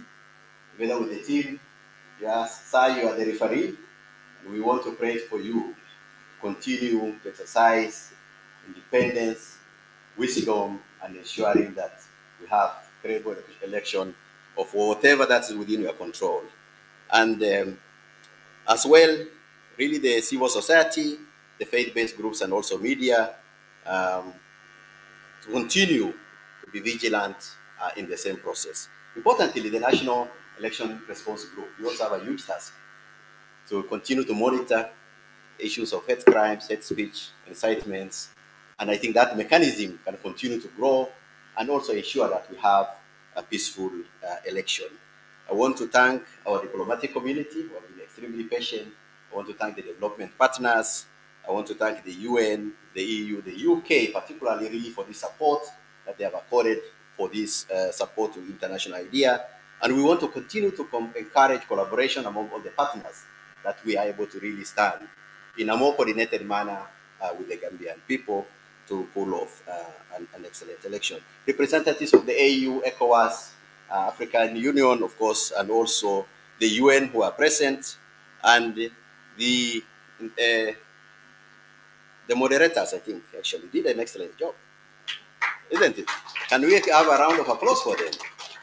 Speaker 15: together with the team, yes, sir, you are the referee, and we want to pray for you. Continue to exercise independence, wisdom, and ensuring that we have credible election of whatever that is within your control. And um, as well, really the civil society, the faith-based groups, and also media um, to continue to be vigilant uh, in the same process. Importantly, the National Election Response Group, we also have a huge task to continue to monitor issues of hate crimes, hate speech, incitements, and I think that mechanism can continue to grow and also ensure that we have a peaceful uh, election. I want to thank our diplomatic community who have been extremely patient. I want to thank the development partners. I want to thank the UN, the EU, the UK, particularly really for the support that they have accorded for this uh, support to international idea. And we want to continue to encourage collaboration among all the partners that we are able to really stand in a more coordinated manner uh, with the Gambian people to pull off uh, an, an, excellent election. Representatives of the AU, ECOWAS, uh, African Union, of course, and also the UN who are present, and the uh, the moderators, I think, actually did an excellent job, isn't it? Can we have a round of applause for them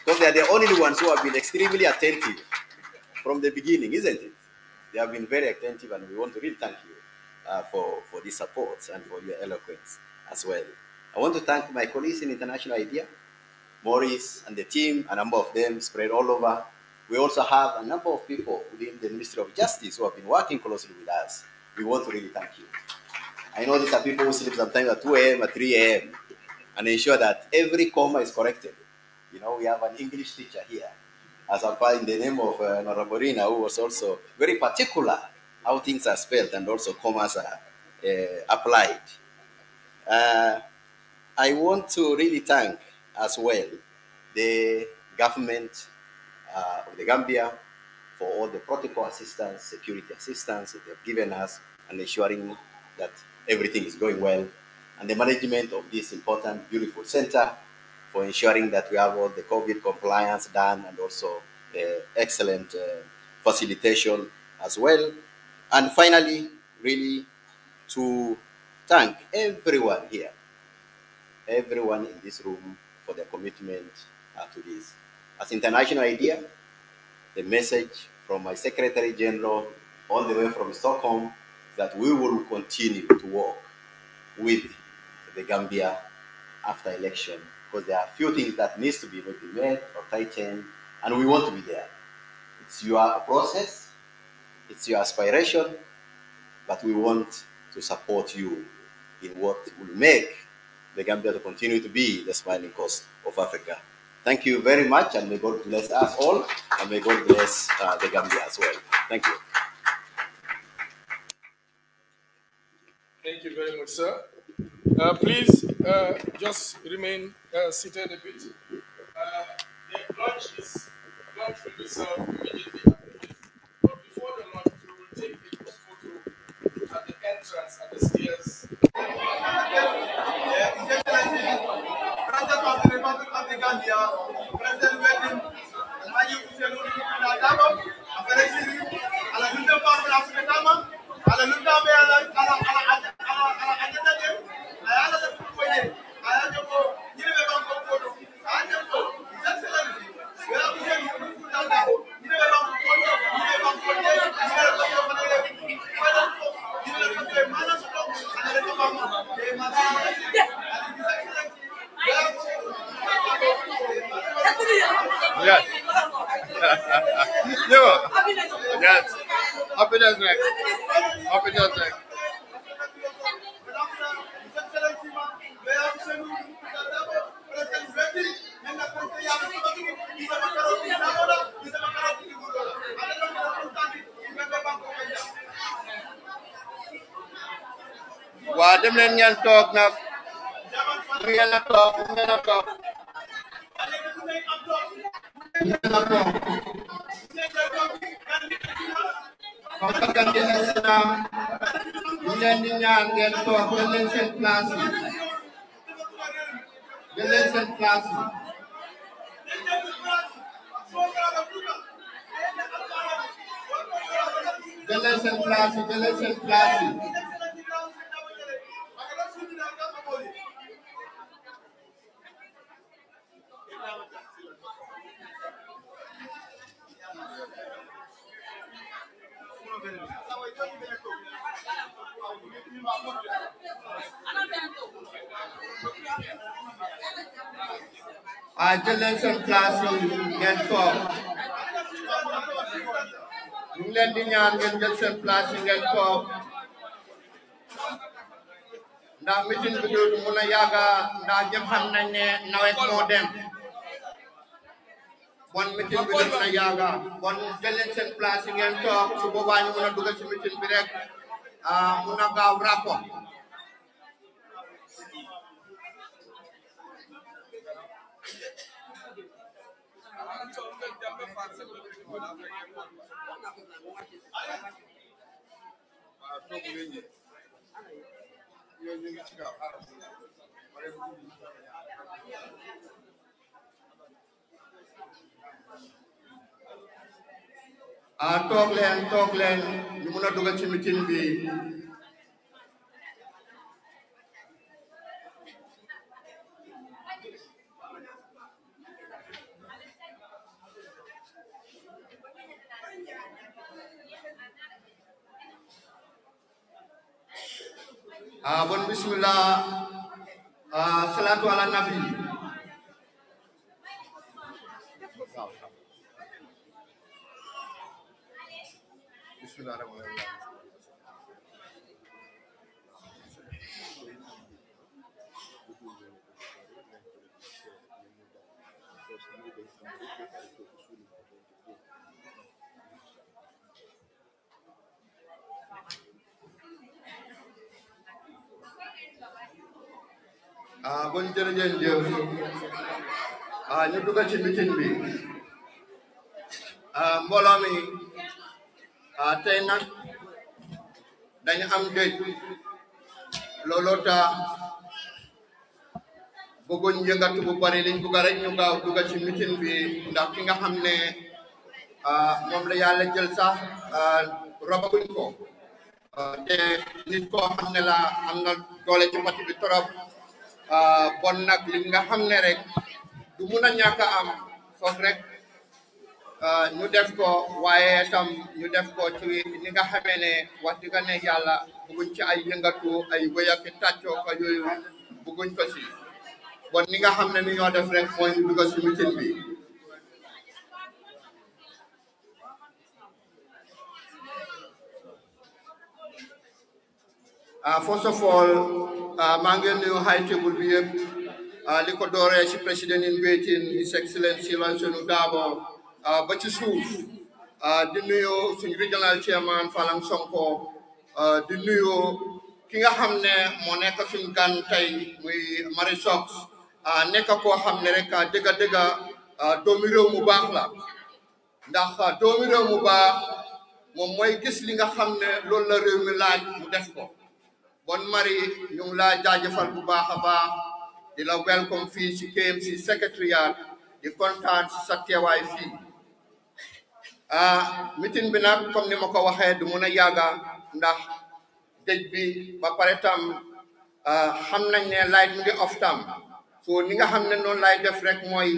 Speaker 15: because they are the only ones who have been extremely attentive from the beginning, isn't it? They have been very attentive, and we want to really thank you uh, for for this support and for your eloquence as well. I want to thank my colleagues in International IDEA, Maurice and the team, a number of them spread all over. We also have a number of people within the Ministry of Justice who have been working closely with us. We want to really thank you. I know these are people who sleep sometimes at 2 a.m., at 3 a.m., and ensure that every comma is corrected. You know, we have an English teacher here, as I find the name of uh, Noraborina, who was also very particular how things are spelled and also commas are uh, applied. Uh, I want to really thank as well the government uh, of the Gambia for all the protocol assistance, security assistance that they've given us, and ensuring that everything is going well, and the management of this important, beautiful center for ensuring that we have all the COVID compliance done and also the excellent uh, facilitation as well. And finally, really to thank everyone here, everyone in this room for their commitment uh, to this. As international idea, the message from my Secretary General all the way from Stockholm that we will continue to work with the Gambia after election because there are a few things that needs to be maybe made or tightened and we want to be there. It's your process, it's your aspiration, but we want to support you in what will make the Gambia to continue to be the smiling coast of Africa. Thank you very much, and may God bless us all, and may God bless uh, the Gambia as well. Thank you. Thank you very much, sir. Uh, please uh, just remain
Speaker 4: uh, seated a bit. Uh, the lunch is lunch will be served immediately. But before the lunch, we will take a photo at the entrance.
Speaker 16: ngeen toog nag ngeen a toog ngeen a toog
Speaker 3: ngeen a toog comme que gan gi agsi na ñu
Speaker 16: leen di ñaan ngeen toog jël leen seen place yi jël leen seen place yi jël leen seen place yi jël leen seen place yi leen di ñaan ngeen jël seen place ngeen toog ndax meeting bi dootu mun a yàgga ndax ñëpp xam nañ ne nawet moo dem bon meeting bi dootu mun a yàgga bon jël leen seen place ngeen toog su boobaa mun a dugg ci meeting bi rek ah, mun a gaaw rapport a ah, toog leen toog leen ñu mun a dugal ci mitin bi Uh, bon bismillah.
Speaker 15: Uh, salatu ala nabi.
Speaker 3: Bismillahirrahmanirrahim. a ah, bon jërëjëf
Speaker 16: ah, ñu dugg ci bi ah mbooloo mi ah, tey nag dañu am dëj looloo tax bëggoon yëngatu bu bari liñ bëgg rek bi ndax ki nga xam ne ah moom la yàlla jël sax ah robaguñ ko te nit koo xam ne la am na doole ci parti bi trop. Ah, bon nag li nga xam ne rek du na a am foog rek ah, ñu def ko waaye tam ñu def ko ci ni nga xamee ne wax dëgg ne yàlla bëgguñ ci ay yëngatu ay wéyaki tàccoo ko yooyu bëgguñ ko si bon ni nga xam ne ni ñoo def rek mooy ñu dugg si bi Uh, first of Ah, maa ngeen nuyu high table bi yëpp ah, li ko dooree si président in waiting his excellency Lansana Darboe ah, ba ci suuf di nuyu suñu regional chairman Falang Sonko di nuyu ki nga xam ne moo nekk suñu gan tey muy Marie Sox nekk koo xam ne rek dëgga dëgga doomi mu baax la ndax doomi mu baax moom mooy gis li nga xam ne loolu la réew mi laaj mu def ko bon Marie ñu ngi laa jaajëfal bu baax a baax di la welcome fii ci KMC secrétariat di kontaan ci sa teewaay fii ah meeting bi nag ni ma ko waxee du mun a yàgga ndax dëj bi ba pare tam ah, xam nañ ne light mu ngi off tam so ni nga xam ne noonu lay def rek mooy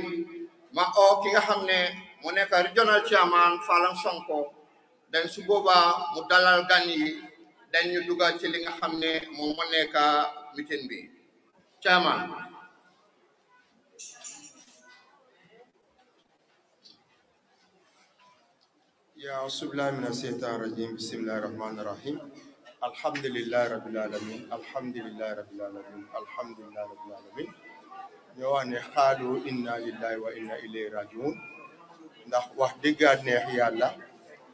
Speaker 16: ma oo ki nga xam ne mu nekk regional chairman Falang Sonko den su mu dalal gan dañ ñu dugal ci li nga xam ne moom moo nekk meeting bi chairman
Speaker 17: يا أعوذ بالله من الشيطان الرجيم بسم الله الرحمن الرحيم الحمد لله رب العالمين الحمد لله رب العالمين الحمد لله رب العالمين يوان خالو إنا لله وإنا إليه راجعون نخ wax dëggaat neex yàlla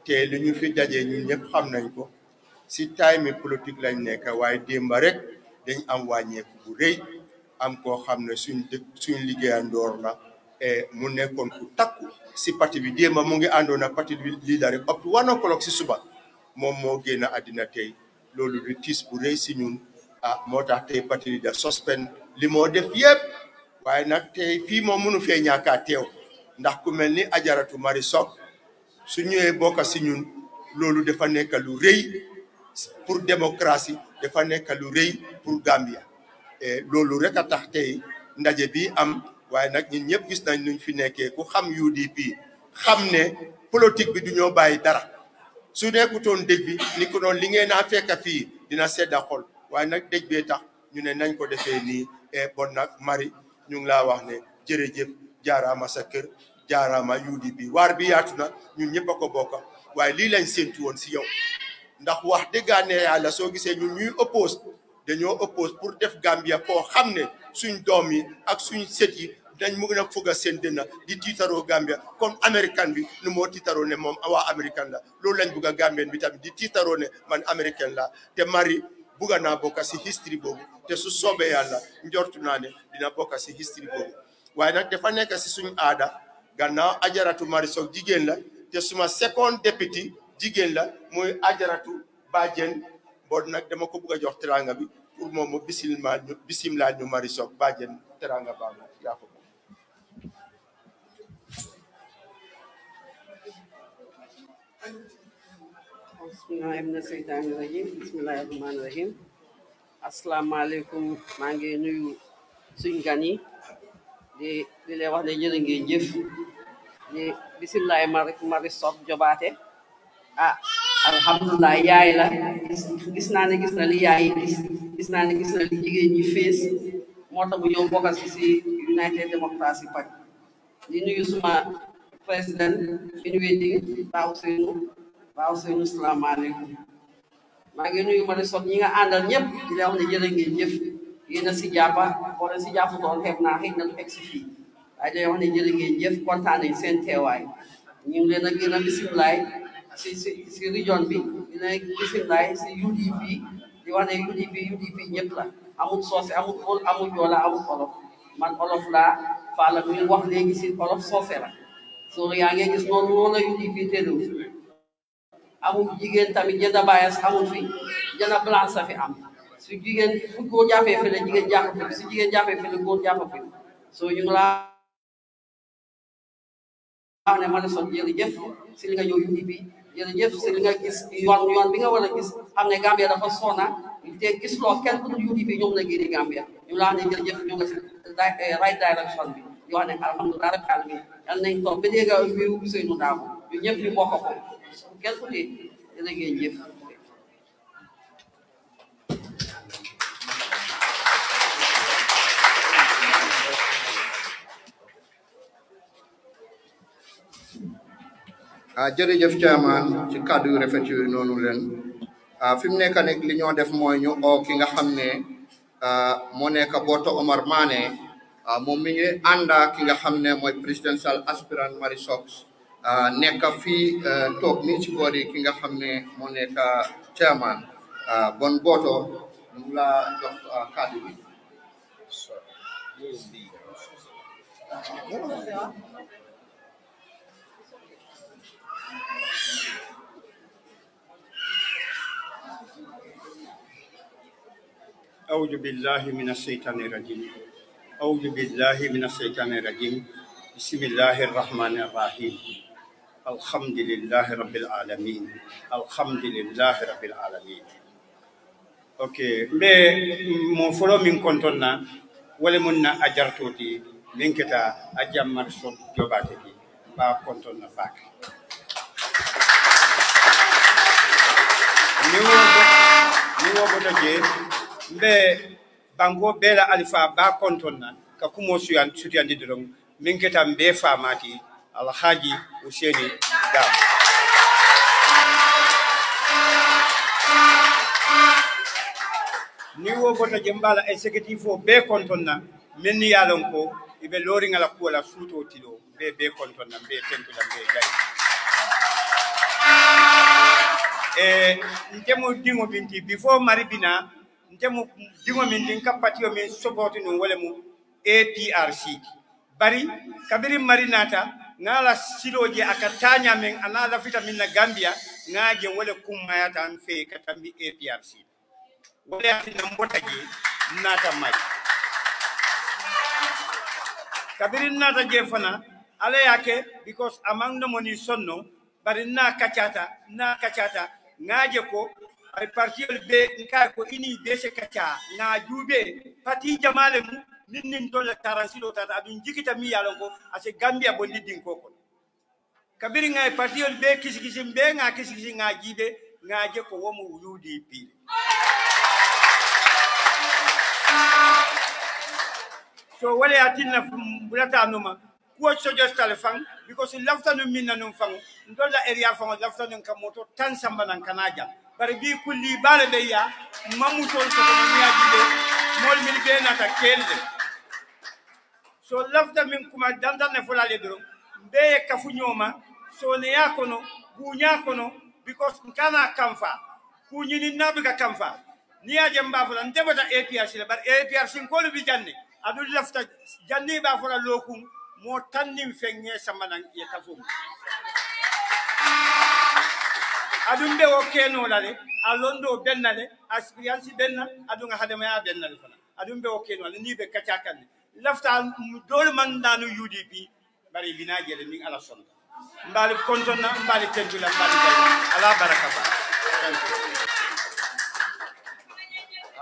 Speaker 17: te lu ñu fi daje ñun ñëpp xam nañ si time politique lañ nekk waaye démba rek dañ am wàññeeku bu rëy am koo xam ne suñ dëkk suñ liggéeyandoor la mu nekkoon ku takku si parti bi démba mu ngi àndoon ak parti bi leader rek up to one si suba moom moo génn àddina tey loolu du tiis bu si ñun ah moo tax tey parti leader sospen li moo def yëpp waaye nag tey fii moom mënu fee ñàkkaa teew ndax ku mel ni ajaratu mari sok su ñëwee bokka si ñun loolu dafa nekk lu rëy pour démocratie dafa nekk lu rëy pour Gambia et loolu rek a tax tey ndaje bi am waaye nag ñun ñëpp gis nañ nuñ fi nekkee ku xam UDP xam ne polotique bi du ñoo bàyyi dara su nekkutoon dëj bi ni ko noonu li ngeen naa fekk fii dina sedda xol waaye nag dëj bee tax ñu ne nañ ko defee nii e bon nag mari ñu ngi laa wax ne jërëjëf jaaraama sa kër jaaraama UDP waar bi yaatu na ñun ñëpp ko bokk waaye lii lañ séntu woon si yow ndax wax dëggaane yàlla soo gisee ñu ñuy oppose dañoo oppose pour def Gambia koo xam ne suñ doom yi ak suñ sët yi dañ mu na a fugg seen dënna di tiitaroo Gambia comme américain bi nu moo tiitaroo ne moom waa américain la loolu lañ bugg a Gambien bi tamit di tiitaroo ne man américain la te Marie bugg naa bokk si history boobu te su soobee yàlla njortu naa ne dina bokk si history boobu waaye nag defa nekk si suñ aada gannaaw ajaratu Marie Sock jigéen la te suma second député jigéen la muy ajaratu bàjjen bon nag dama ko bëgg jox teranga bi pour moom mu bisimilaa ñu ñu mari soog bàjjen teranga baa yaa ko
Speaker 18: bismillahi mina maa ngi nuyu suñ gan wax ne jërë ngeen jëf di mari mari soog ah alhamdulilah gis naa ne gis na li yaay gis gis naa ne gis na li jigéen ñi fees moo tax mu ñëw si United Democracy Party di nuyu suma président in waiting baaw seenu baaw seenu salaamaaleykum maa ngi nuyu ma ne soog ñi nga àndal ñëpp di la wax ne jëf yéen a si jàppa wala si jàpp doon xeeb naa xëy na du egg si fii waaye jëf kontaan nañ teewaay ñu ngi leen a gën a bisimilaay si si si région bi dina gisin naay si UDP di wax ne UDP UDP ñëpp la amul soose amul joola amul olof man olof laa faala muy wax léegi si olof soose la soo yaa ngi gis noonu noonu la UDP tëddee amul jigéen tamit jënda bias amul fi jënda blanche fi am su jigéen fu góor jàppee fële jigéen fi su soo ñu ngi laa wax ne ma ne son jërëjëf si li nga ñëw UDP jërëjëf si li nga gis yoon yoon bi nga war a gis xam ne Gambia dafa soona te gis loo kenn ku dul UDP ñoom la génne Gambia ñu laa ne jërëjëf ñu nga si right direction bi ñu wax ne alhamdulilah rabbil alamin yal nañ toog ba dégg wiwu Ousseynou Dabo ñu ñëpp ñu bokk ko kenn ku ne dina ngeen
Speaker 16: ah jërëjëf caamaan ci kàddu yu rafet noonu leen ah fi mu nekk nag li ñoo def mooy ñu oo ki nga xam ne ah, moo nekk Boto Omar Mané ah, moom mi ngi ki nga xam ne mooy presidential aspirant Mary Socks ah, nekk fii eh, toog ni ci boor ki nga xam ne moo nekk caamaan bon Boto ñu ngi laa jox
Speaker 19: أعوذ بالله من الشيطان الرجيم أعوذ بالله من الشيطان الرجيم بسم الله الرحمن الرحيم الحمد لله رب العالمين الحمد لله رب العالمين ok mbe mo folo min kontonna wala mun na a jartoti min keta a jammar so jobate ɗi ba kontonna baake mi woboto mi woboto je mbe bango bela alifa ba konton na ka kumo suyan sutiyandi dorong min keta mbe famati alhaji useni da ni wo bota jembala executive o be konton na min yalon ko ibe lori ngala la suto tilo be be konton na be tentu da be gay e eh, ntemo dingo binti before maribina ntemu diŋo min din ka patiyo miŋ sobooti nuŋ wo le mu aprc bari kabiri mari naata ŋa a la siloo je a ka taaña meŋ a na gambiya ŋa wole je wo le kummayata n ka tambi aprc wo le na mbota je naata mari kabiri naata je fana ala ye a ke because a maŋ nomo sonno bari naa kacata naa kacata ŋa ko ay partiol be nka ko ini be se kacha na jube fati jamale mu nin nin dolla taransilo tata adun jikita mi yalon ko ase gambia bondi din ko ko kabiri ngai partiol be kisikisi be nga kisikisi nga jibe nga je ko womu UDP so wale atinna bulata numa kuwa sojo stale fang because lafta no minna no fang ndolla area fang lafta no kamoto tan samba nan kanaja bari bi kulli bala be ya mamutol sokono miyaji de mol min be nata kelde so lafta min kuma dandan ne fulale doron mbe ye kafu ñooma soneya kono guña kono because nkana kanfa kuñinin nabi ka kanfa ni ya je mba fula ntebota aprc le bari aprc nkolu bi janne adu lafta janni ba fula lokum mo tannin feŋ ye samanan ye kafum aɗum ɓe o kenolale a londo bennale expérience benna aɗum hadamaya bennale fana aɗum ɓe o kenolale ni ɓe kacca kanne lafta dole mandanu udp bari binajele min ala sonda mbaali kontonna mbaali tentula mbaali ala baraka ba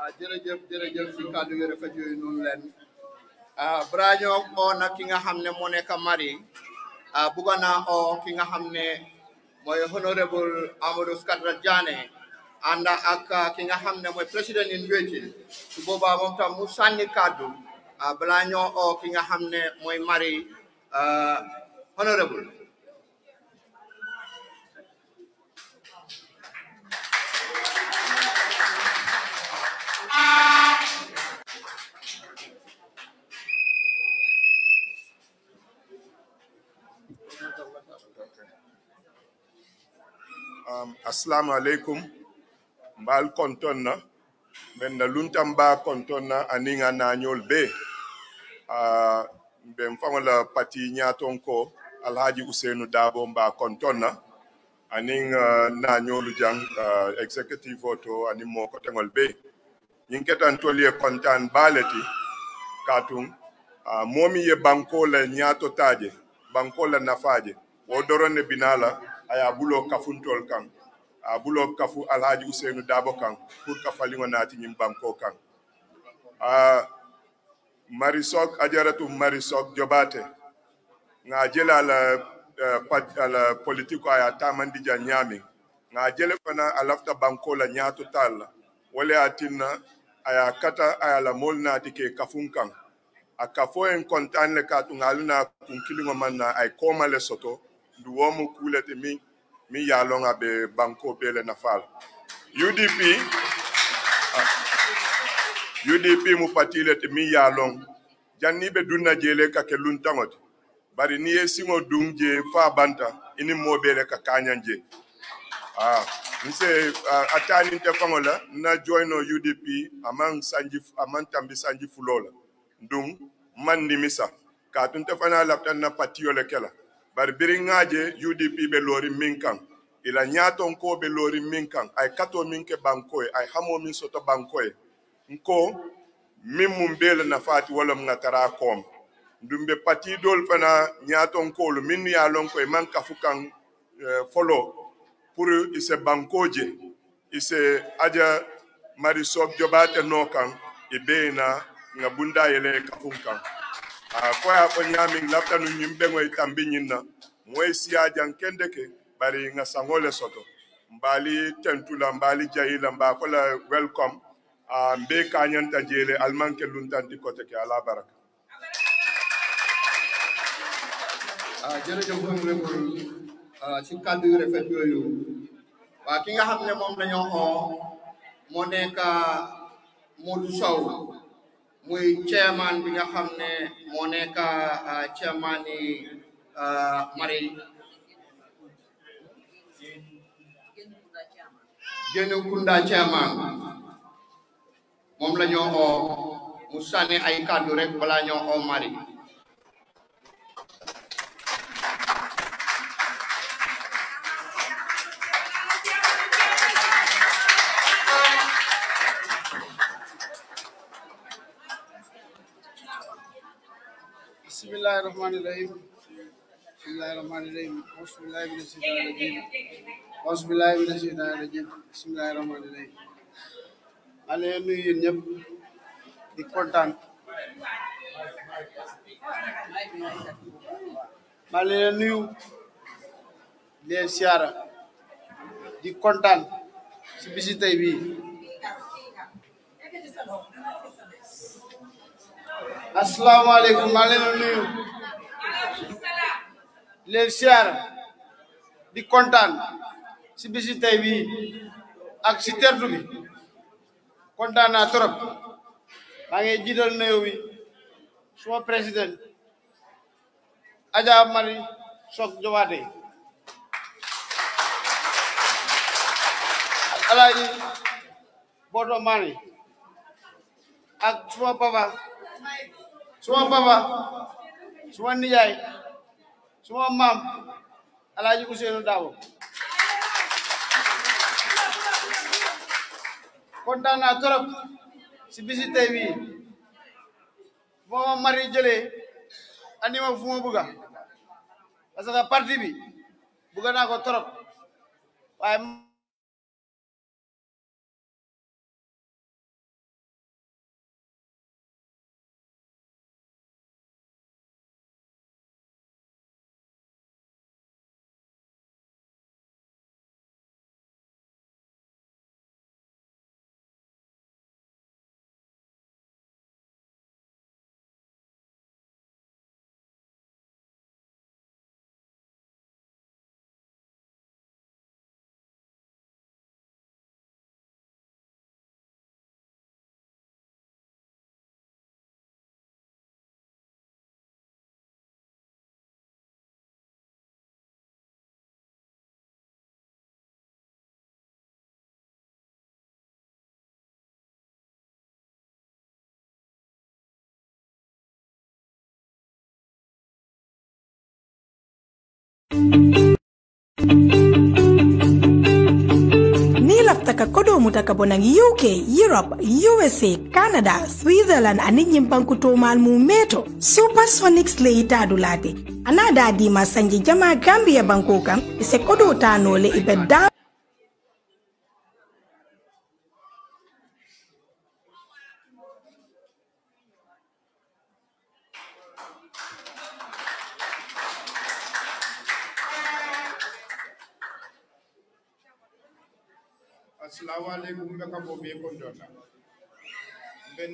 Speaker 16: ah, jërëjëf jërëjëf si kàddu yu rafet yooyu noonu leen ah, Brajok moo nag ki nga xam ne moo nekk mari ah, bëgg naa oo ki nga xam ne mooy honorable Amadou Skadra Diané ànd ak ki nga xam ne mooy président in waiting su boobaa moom tam mu sànni kàddu ah, balaa ñoo oo ki nga xam ne mooy mari ah, honorable
Speaker 20: um, assalamu alaikum mbal na men na luntam ba kontonna aninga nañol be uh, be la pati nyaton ko alhaji useinu dabo mba kontonna aning uh, nanyolu jang uh, executive voto anin mo kotengol be yinketan tolie kontan baleti katun uh, momi ye banko la nyato taje banko la nafaje wodoron ne binala aya bulo kafuntol kan a bulo kafu alhaji useinu dabo kan pour kafaliŋo naati ñiŋ banko kan a marisok ajaratu marisok jobate ŋa jele la pat eh, la politiko aya tamandi ja nyami nga jele fana alafta banko la ñaato taal la atina aya kata aya la molna naati kafun kan kaŋ a kafo en kontane le kaatu kunkilingo manna ay komale soto ndu wo mu kuulete miŋ miŋ ye a loŋ a be bankoo bee le nafaa la udp uh, ah, udp mu patii le ti miŋ ye a loŋ jaŋ niŋ be duŋ na jee le ka ke luntaŋo ti bari niŋ ye siŋo duŋ jee fo a banta i niŋ moo bee le ka kaañaŋ jee uh, ah, nse uh, a taaniŋ te faŋo la nna joyinoo udp a maŋ sanji a maŋ tambi sanji fuloo la nduŋ maŋ nimisa kaatu nte fanaŋ lafita nna patiyo le ke la bari biriŋaje udp be lori min kaŋ ila ɲatonko be lori min kan a ye kato min ke bankoye ye a ye hamo min soto bankoye nko min mun be le nafaati wala ŋa tara a kɔm be pati dol fana ɲaton kolu minnu ye a lɔn ko i man kafu kan eh, fɔlɔ pour ise banko je ise aja mari sɔb jɔbaa tɛ nɔ kan i be ŋa na nka bunda yɛlɛ kafun kaŋ akoya ko ñamin labta nu ñim ɓeŋoy tambi ñin moy siya jan bari ŋa saŋole soto mbali tentula mbali jahila mba la welcome a uh, mbe kañanta jeele almanke luntanti kote ke ala baraka
Speaker 16: ko jërëjëf ko a ci kàddu refet yoyu wa ki nga xam ne moom la ñoo xoo moo nekk Modou Sow muy chairman bi nga xam ne moo nekk ah, mari yi ah, Marine Jenu Kunda chairman moom la ñoo oo mu ay kàddu rek balaa ñoo
Speaker 21: Bismillahirrahmanirrahim. Bismillahirrahmanirrahim. Bismillahirrahmanirrahim. Bismillahirrahmanirrahim. maa ngi leen nuyu yéen di kontaan. maa ngi leen nuyu di kontaan si bisita tey
Speaker 3: asalaamaaleykum maa ngi leen nuyu
Speaker 21: leen siyaar di kontaan si bisi tey bi ak si tertu bi kontaan naa trop maa ngi suma président Adja Marie Sock Jobaate ak Bodo Maane ak suma papa suma baba suma nijaay suma maam alaaji Ousseynou Daabo kontaan naa trop si visite mari jëlee andi ma fu parce que parti bi bëgga naa ko trop
Speaker 9: waaye
Speaker 1: ni muta kodomu taka bonan uk europe usa canada switzerland ani ñimbanku tomal mum meto supersonic ley taadulate ana anada dima sanji jama gambia banko kan ise kodo tanole ibe
Speaker 22: assalamualeykum eh, mbe kam o mbiye kon donna mbin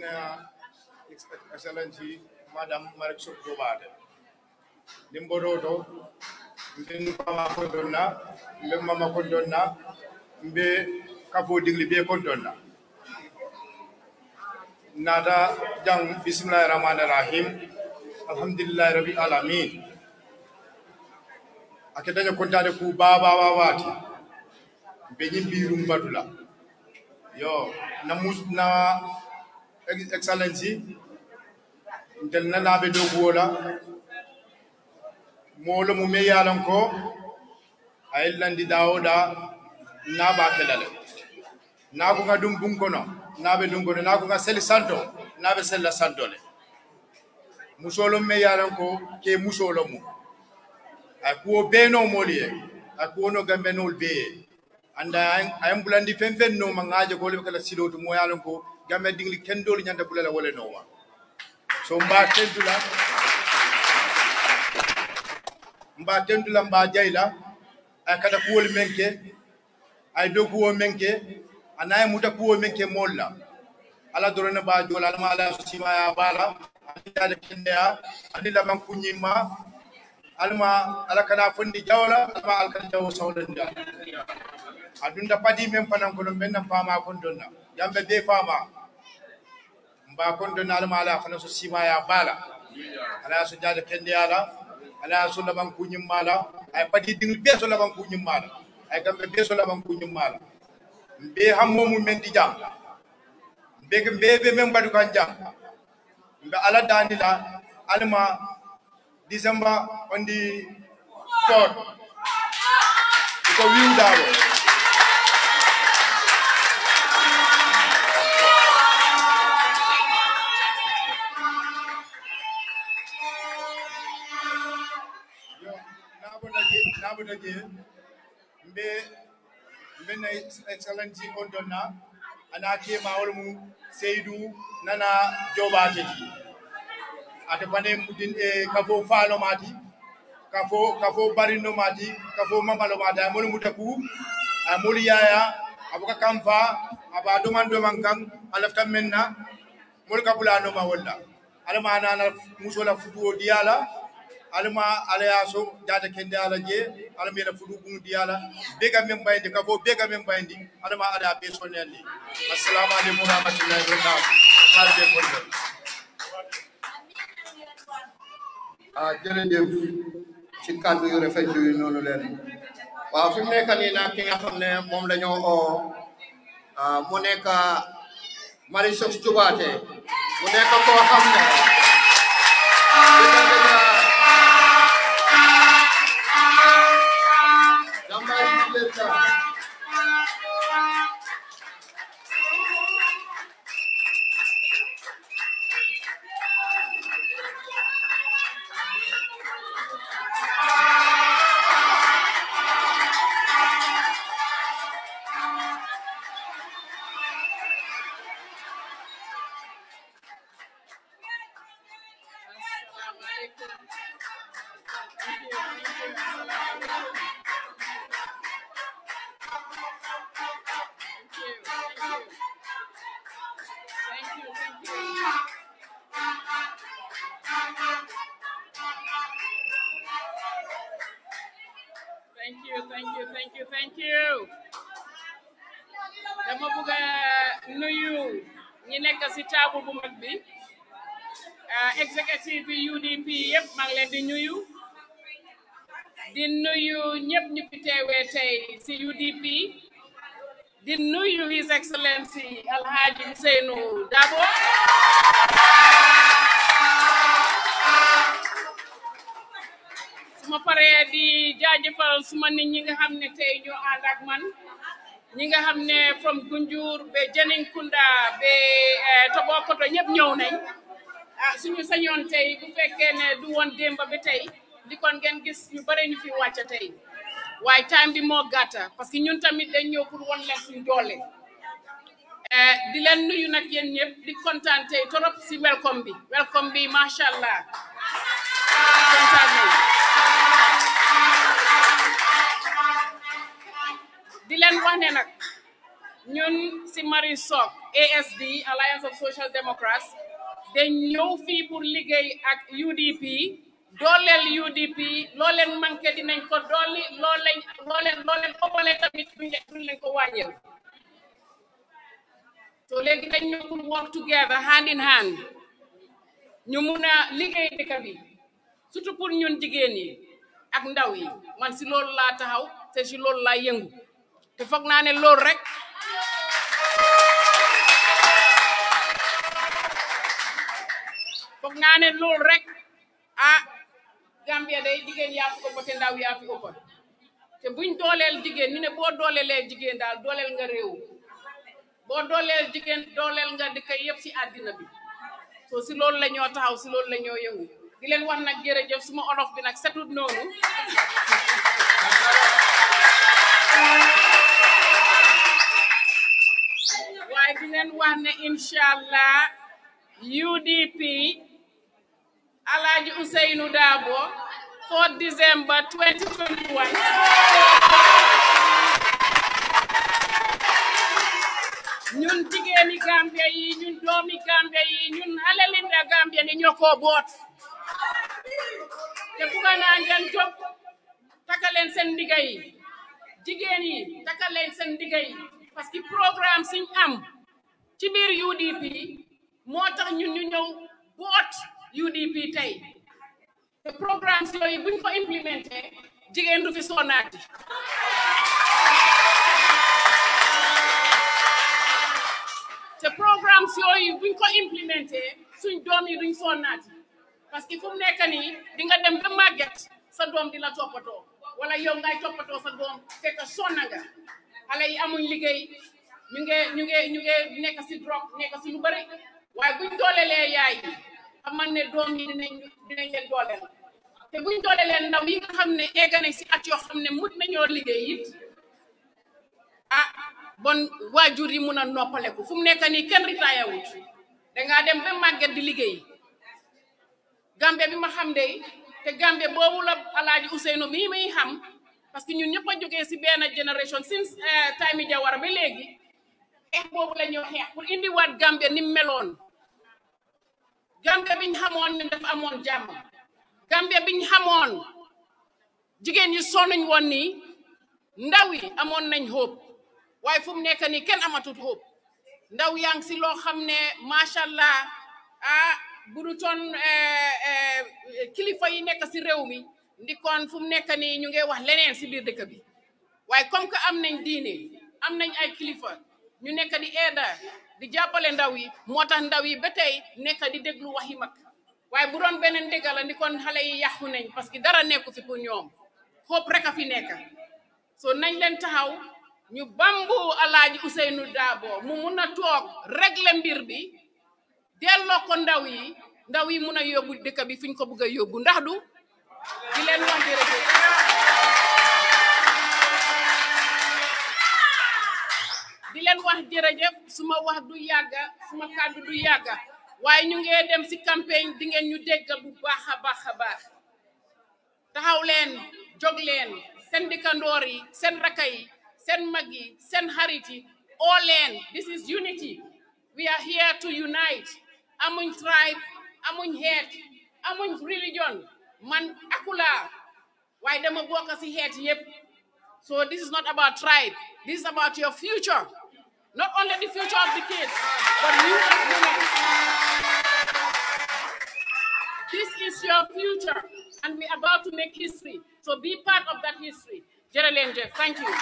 Speaker 22: excellenci madame marek sok jobade ndin mboɗo to mbin mama kon donna mbe mama kon donna mbe kafo digli mbiye kon donna nata jang bisimillahi rahmani rahim alhamdulillahi rabi alamin ake daña kontade ku baba wawati mbe ñimbi rumbadula yo na mus na excellency ntel na laaɓe dow guwola moolo mume yalanko a yellandi dawoɗa naaɓa kelale naakoga ɗum ɓunkono naaɓe ɗunkono naakoga seli santo naaɓe sella santole musolom me yalanko ke musolo mum a kuwo beenomoolu ye a kuwono gambenol beeye anda ayam di fenfen no mangaje gole kala silo to moyalon ko gamme dingli kendol nyanda bulala wala no ma so mba tendula mba tendula mba jayla ay kada kuwol menke ay do kuwo menke anay muta kuwo menke molla ala dorona ba jola ala mala sima ya bala ala kende ya ani laban kunyima alma ala kana fundi jawla al alkan jawo sawdanda adunda padi men fanan kono men nan fama kondonna yambe be fama mba kondonna alma ala fana so sima ya bala ala so jada kende ala ala so laban kunyum mala ay padi dingul be so laban kunyum mala ay gambe be so laban kunyum mala mbe hammo mum men di jam mbe mbe be men badu kan jam mbe ala danila alma december on the 3rd ko wiwdaaro joogi mbe mbenna calanti on donna ana kee mawol mum seydou nana joɓateji ata bane muɗin e ka fo faalomati ka fo ka fo barinnomati ka fo mamalomati a molimu taku a moli yaya abo ka kam fa aba doman doman kan a laftan men na moli ka ɓulanoma wolla alamana musola futuo diyala alma alayaso jada kende ala je alama yana fudu gun di ala bega men bayndi ka fo bega men bayndi alama ada be sonne ande assalamu alaikum wa rahmatullahi wa barakatuh
Speaker 16: halbe kolbe a ci kàddu yu rafet yu noonu leen waaw fi mu nekk nii nag ne moom la ñoo oo mu nekk Marie Sox Jubaate mu
Speaker 18: nekk koo xam ne
Speaker 23: PDP UDP yëpp maa leen di nuyu di nuyu ñëpp ñu fi teewee si UDP di nuyu His Excellency Alhaji Ousseynou Dabo su ma paree di jaajëfal suma nit ñi nga xam ne tey ñoo ànd man ñi nga xam ne from Gunjur ba Janinkunda ba eh, Tobokoto ñëpp ñëw nañ ah suñu sañoon tey bu fekkee ne du woon démb bi tey di kon ngeen gis ñu bare ñu fi wàcc tey waaye time bi moo gàtta parce que ñun tamit dañ ñëw pour won leen suñu doole eh, di leen nuyu nag yéen ñëpp di kontaan tey torop si welcome bi welcome bi macha allah di leen wax ne nag ñun si Marie Sock ASD Alliance of Social Democrats dañ ñëw fii pour liggéey ak UDP dooleel UDP loo leen manqué dinañ ko dooli loo leen loo leen tamit duñ leen ko wàññil so léegi dañ ñëw pour work together hand in ñu mun a liggéey dëkk bi surtout pour ñun jigéen yi ak ndaw yi man si loolu laa taxaw te si loolu laa yëngu te foog naa ne loolu rek foog naa loolu rek ah Gambia day jigéen yaa fi ëpp te ndaw yaa fi ëpp te buñ dooleel jigéen ñu ne boo dooleelee jigéen daal dooleel nga réew boo dooleel jigéen dooleel nga dëkk yëpp ci àddina bi so si loolu la ñoo taaw si loolu la ñoo yëngu di leen wax nag jërëjëf suma olof bi nag setut noonu waaye di leen wax ne incha UDP Alhaji Ousseynou Dabo 4 December 2021. ñun jigéeni Gambia ñun doomi Gambia yi ñun xale linda Gambia ni ñoo ko boot te bugga naa ngeen jóg taka leen seen ndigga yi parce que programme siñ am ci biir UDP moo tax ñun ñu ñëw boot UDP tey te programmes yooyu buñ ko implémenté jigéen du fi soonaati te programmes yooyu buñ ko implémenté suñ doom yi duñ soonaati parce que fu mu nekk di nga dem ba màgget sa doom dina toppatoo wala yow ngay toppatoo sa doom fekk sonn nga amuñ liggéey ñu nge ñu nge ñu nge nekk si drogue nekk si lu bëri waaye buñ doolelee yaay xam man ne doom yi dinañ dinañ leen doole la te buñ doole leen ndaw yi nga xam ne egg nañ si at yoo xam ne mut nañoo liggéey it ah bon waajur yi mun a noppaleku fu mu nekk nii kenn ritaaya wut dangaa dem ba màgget di liggéey Gambie bi ma xam de te Gambie boobu la alaaji Ousseynou bii muy xam parce que ñun ñëpp a jógee si benn génération since eh, time yi Jawara ba léegi xeex boobu la ñoo xeex pour indiwaat Gambie ni mu meloon gambe biñ xamoon ñun dafa amoon jàmm gambe biñ xamoon jigéen yu sonnuñ woon nii ndaw yi amoon nañ hope waaye fu mu nekk ni kenn amatut hope ndaw yaa ngi si loo xam ne macha allah ah bu du eh, eh, kilifa yi nekk si réew mi ndikoon fu mu nekk nii ñu ngi wax leneen si biir dëkk bi waaye comme que am nañ diine am nañ ay kilifa ñu nekk di aida di jàppale ndaw yi moo tax ndaw yi ba tey nekk di déglu wax yi mag waaye bu doon beneen dégg la ni kon xale yi yàqu nañ parce que dara nekku fi pour ñoom xoop rek a fi nekk soo nañ leen taxaw ñu bambu alaaji Ousseynou Dabo mu mun a toog régler mbir bi delloo ko ndaw yi ndaw yi mun a yóbbu dëkk bi fi ko bëgg a yóbbu ndax du di leen wax jërëjëf di leen wax jërëjëf suma wax du yàgga suma kàddu du yàgga waaye ñu ngi dem si campagne di ngeen ñu dégg bu baax a baax taxaw leen jóg len yi this is unity we are here to unite amuñ tribe amuñ xeet amuñ religion man akula, waaye dama bokk yep. so this is not about tribe this is about your future Not only the future of the kids, but you as women. This is your future, and we're about to make history. So be part of that history. Geraldine Jeff, thank you.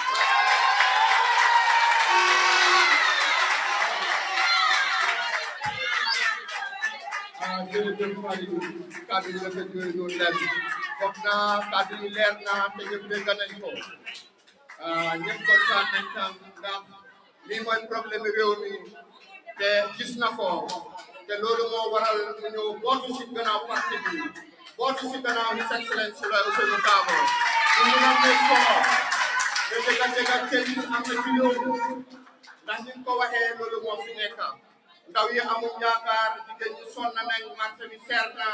Speaker 16: lii mooy problème réew mi te gis na te loolu moo waral mu bootu si gannaaw parti bi bootu si gannaaw His Excellence Ousainou Darboe ñu mun a nekk solo te dëgg dëgg tey am na ci loolu ndax ni ko waxee loolu fi nekk ndaw yi amul yaakaar jigéen ñi sonn nañ marché bi seer na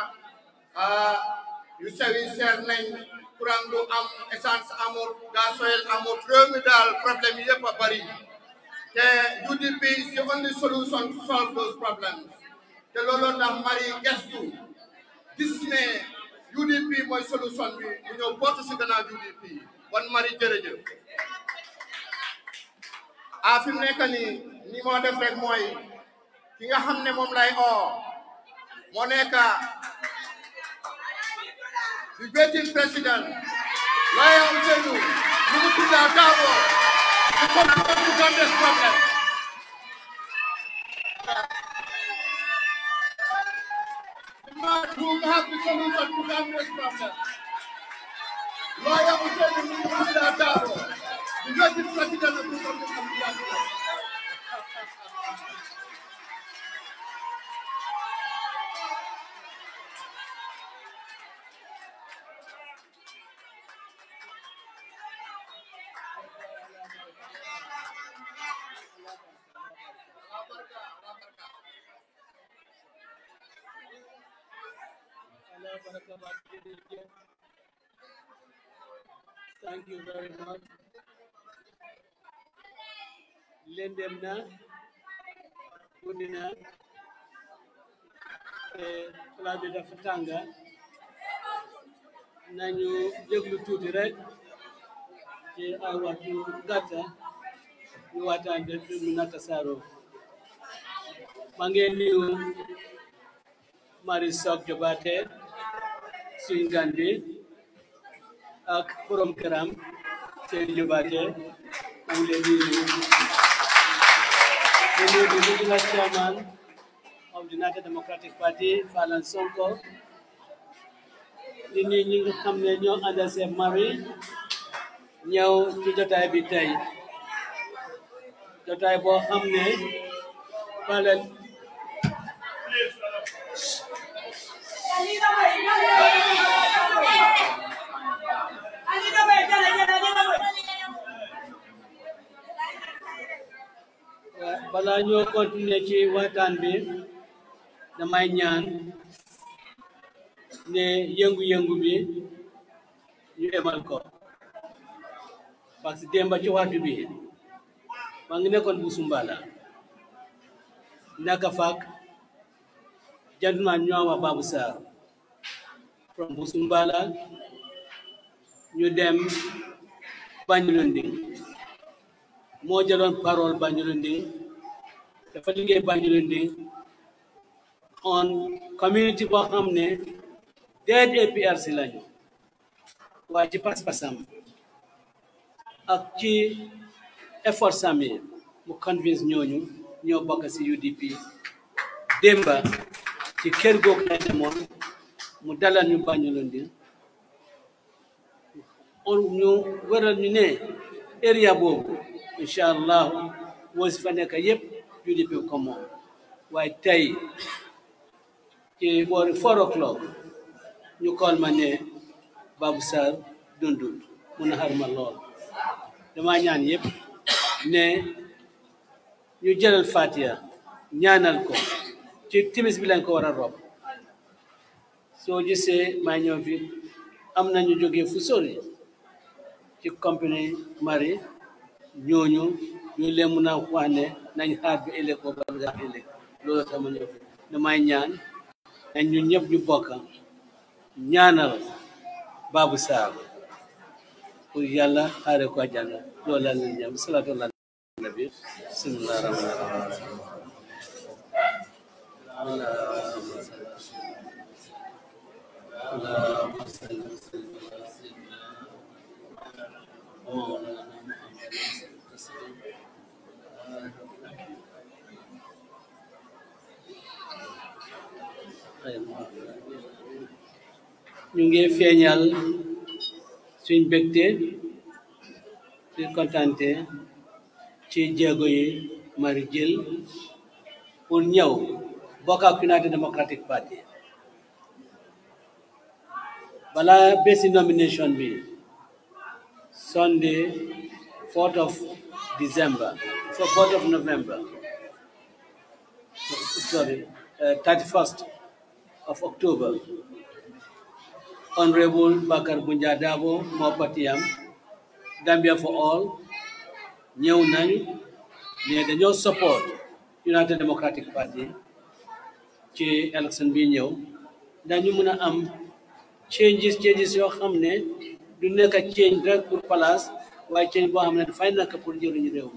Speaker 16: yu sew yi seer nañ du am essence amul gasoil amul réew mi daal problème yi bari The UDP is the only solution to solve those problems. The Lolo UDP my solution be in your water signal UDP. One Marie Jerejo. Afim ah, Nekani, Nimo de Fred Moy, Kinga Hamne Momlai O, Moneka, debating president, Lawyer Uchenu, Mumukuda
Speaker 23: What do you done this problem? Not who have the solution to done this problem.
Speaker 3: Lawyer Hussein Muhammad Adabo, the Deputy President
Speaker 23: of the Republic of India.
Speaker 3: def fu tànga nañu jéglu tuuti rek ci ay waxtu
Speaker 10: gàtta ñu waxtaan def mu nata saaroo maa nuyu Mari sok Jobaate suñ gan bi ak borom këram seen Jobaate ngi leen di nuyu di nuyu di nuyu chairman of the Democratic Party Falan Sonko di nuyu ñi ñoo ànd mari ñëw ci bi tey jotaay boo xam ne Falan ñoo continuer ci waxtaan bi damay ñaan ne yëngu-yëngu bi ñu emal ko parce que démba ci waxtu bi maa ngi nekkoon bu Sumbala naka faak gentleman ñooma Babou Sarr from bu ñu dem Banjulunding moo jëloon parole Banjulunding dafa liggéey Banjulunding kon community boo xam ne déet APRC lañu waaye ci pas-pasam ak ci effort mu convince ñooñu ñoo bokk UDP démba ci kër googu la demoon mu dalal ñu Banjulundi ñu wéral ñu ne area boobu incha allahu woo si fa UDP ko waaye tey ci boori four o'clock ñu kool ma babu Babou Sarr dundul mu naxar ma lool dama ñaan yëpp ne ñu jëlal Fatiha ñaanal ko ci timis bi lañ ko war a rob soo gisee may ñëw am na ñu jógee fu sori ci compagnie mari ñooñu ñu leen mun a wax ne nañ xaar bi ëllëg ko ba nga ëllëg loolu sama ñaan te ñun ñëpp ñu bokk ñaanal Babou Sarr pour yàlla xaare ko àjjana loolu laa leen ñaan salaatu nabi bismillah rahmaan
Speaker 3: allahumma salli
Speaker 10: ñu ngi feeñal suñ bégte suñ kontante ci jéego yi mari jël pour ñëw bokk ak United Democratic Party bala bési nomination bi Sunday 4 of December so of November sorry 31 uh, of October. Honorable Bakar Bunja Dabo Mopatiam Gambia for All ñëw nañ ne dañoo support United Democratic Party ci élection bi ñëw dañu mën a am changes changes yoo xam ne du nekk change rek pour place waaye change boo xam ne dafay nekk pour njëriñu réew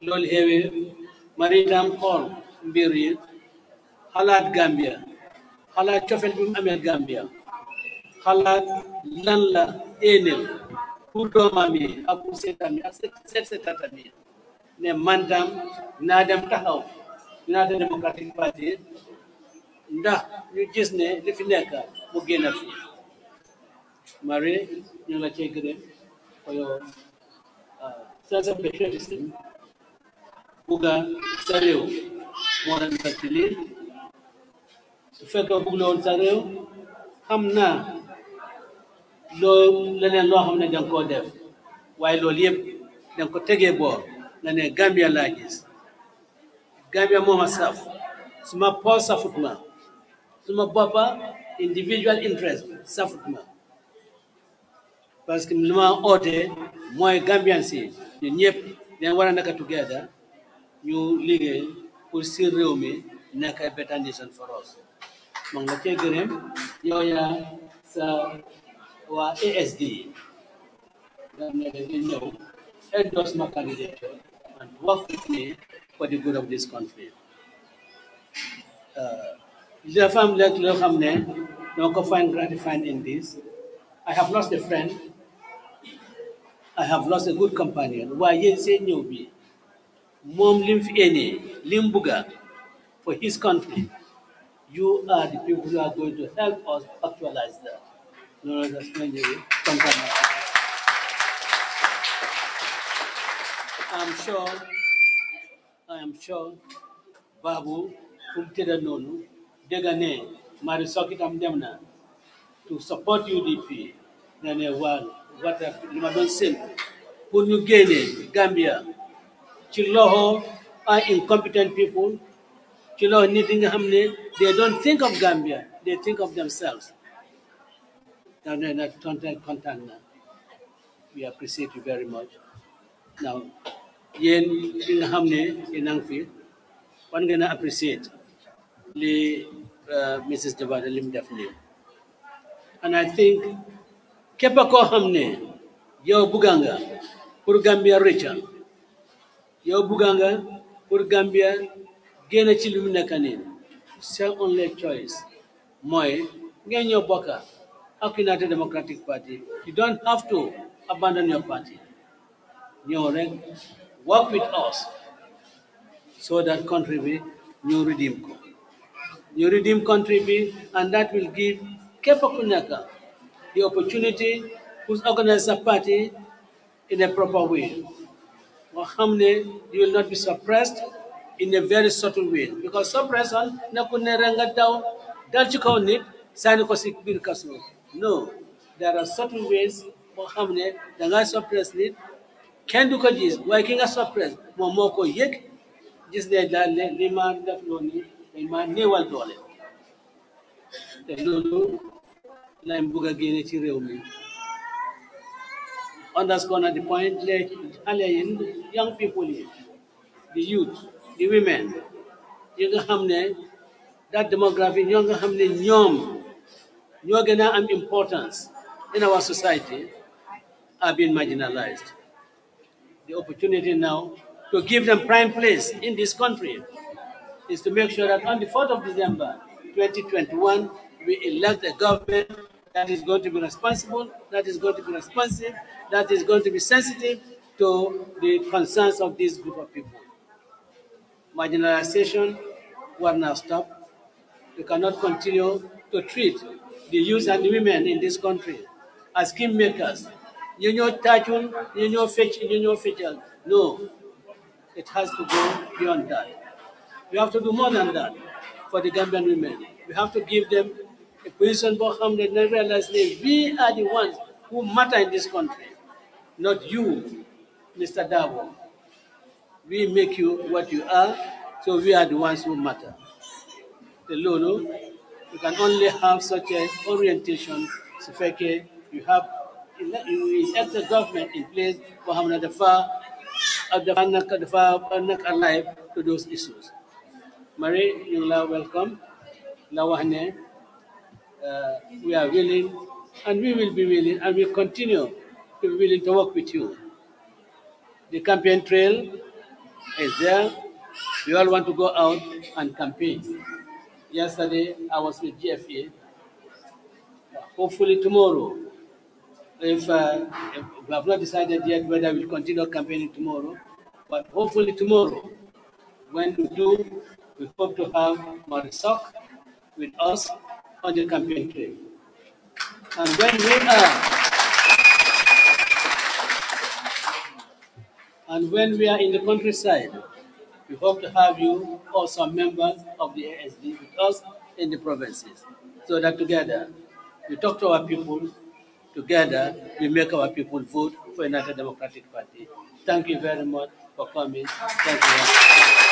Speaker 10: mi mari tam xool mbir xalaat Gambia xalaat cofeel bi mu amee Gambia xalaat lan la éeneel pour doomam yi ak pour seetam yi ne man daam naa dem taxaw United Democratic Party ndax ñu mu génn fi Marie ñu la cee gërëm ko yow ah,
Speaker 23: sense of patriotism
Speaker 10: bugga sa réew su fekkee bëgg la naa loo leneen loo xam ne danga koo def waaye loolu yëpp ko tegee boor nga ne Gambia laa gis Gambia moo saf suma poos safut ma suma boppa individual interest safut ma parce que lu ma ootee mooy Gambian si ñun ñëpp dañ war a together ñu liggéey pour si réew mi nekk better nation for us mamlake yoya sa wa ASD, know, endorse my candidature and work with me for the good of this country. Uh, find gratifying in this. I have lost a friend. I have lost a good companion. Waye say ñew bi mom lim fi for his country you are the people who are going to help us actualize that. No, that's I'm sure, I am sure, Babu, Kumtira Nonu, Degane, Marisokit Amdemna, to support UDP, then a while, what a Limadon Sin, Punugene, Gambia, Chiloho are incompetent people, Kilo Hamne, they don't think of Gambia, they think of themselves. We appreciate you very much. Now, yen in Yenangfi, one gonna appreciate the uh, Mrs. Devada Lim definitely. And I think képp Hamne, xam Buganga, for Gambia richer. Yo buganga for Gambia génne ci lu nekk nii seen only choice mooy ngeen ñoo bokka ak United Democratic Party you don't have to abandon your party ñoo rek work with us so that country bi ñu redeem ko ñu redeem country bi and that will give képp ku nekk the opportunity to organize a party in a proper way nga you will not be suppressed in a very subtle way because some person na kuneranga down dalci ni, nit sani ko si kaso no there are subtle ways boo hamne danga suppress ni. kenn du ko gis waaye suppress mo mo ko yek, gis ne daal ne li ma def noonu ni dañ ma néewal doole te loolu lañ bugg a génne ci réew underscore na the point léegi xale young people yi the youth the women yi nga that demographic ñoo nga you ne ñoom am importance in our society are being marginalized. The opportunity now to give them prime place in this country is to make sure that on the 4th of December 2021, we elect a government that is going to be responsible, that is going to be responsive, that is going to be sensitive to the concerns of this group of people marginalization will not stop. We cannot continue to treat the youth and women in this country as kingmakers. You know, Tachun, you know, Fitch, you know, Fitchell. No, it has to go beyond that. We have to do more than that for the Gambian women. We have to give them a position Bokham they never realize that we are the ones who matter in this country, not you, Mr. Dawo. We make you what you are, so we are the ones who matter. The Lolo, you can only have such an orientation, Sifeke, you have you have the government in place for Hamna Dafa, Abdafanak Dafa, Banak alive to those issues. Marie you are welcome. Lawahne, uh, we are willing and we will be willing and we continue to be willing to work with you. The campaign trail is there. We all want to go out and campaign. Yesterday, I was with GFA. Hopefully tomorrow, if, uh, if we have not decided yet whether we'll continue campaigning tomorrow, but hopefully tomorrow, when we do, we hope to have Marisok with us on the campaign trail. And when we are And when we are in the countryside, we hope to have you also members of the ASD with us in the provinces, so that together we talk to our people, together we make our people vote for another democratic party. Thank you very much for coming. Thank you.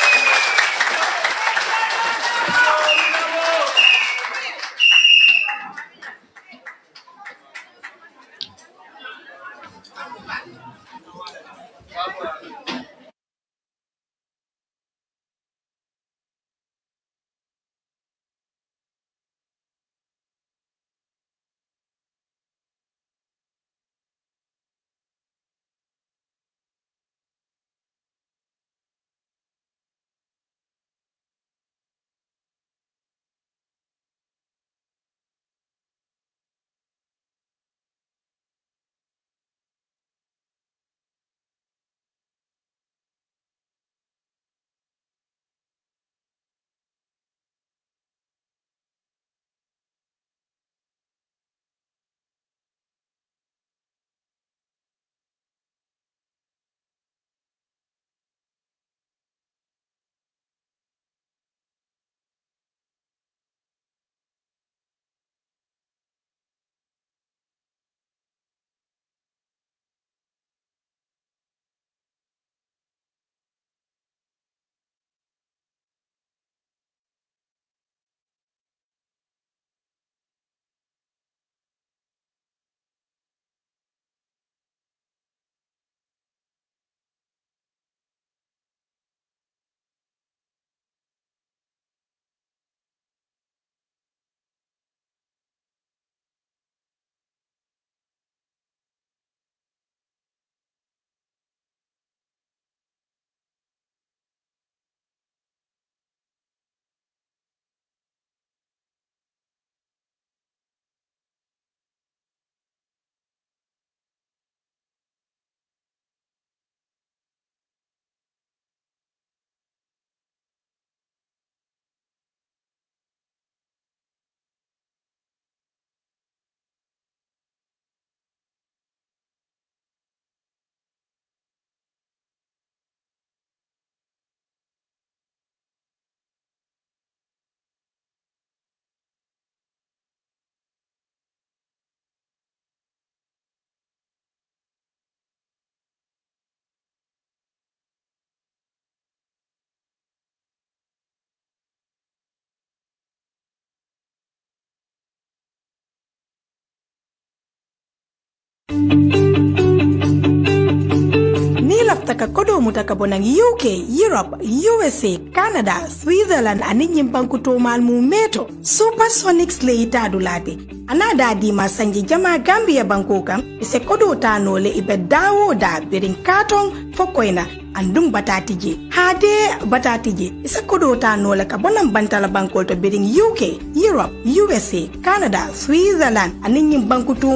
Speaker 1: sakakodomu takabonan uk europe usa canada switzerland ani nyimbanku tomal mum meto supersonic sley taadulate ana da sanji jama gambia banko kan ise kodo tanole ibe dawo da birin katon fokoyna andun batati hade batati je kodo ta ka bonan bantala bankol to birin uk europe usa canada switzerland anin yin banku to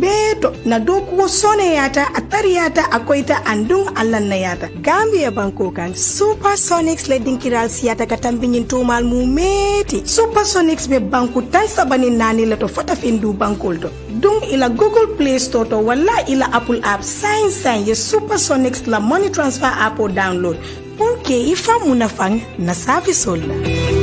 Speaker 1: beto na doku sone yata a akoita andun al lannayata gambia banko kan supersonics le dinkiral siyata ka tambinin tumal mu meti supersonics be banku tan sabani nani le to fota findu bankol to dung ila google play store to wala ila apple app sign sign ye supersonics la money transfer app o download pour que ifa munafang na service la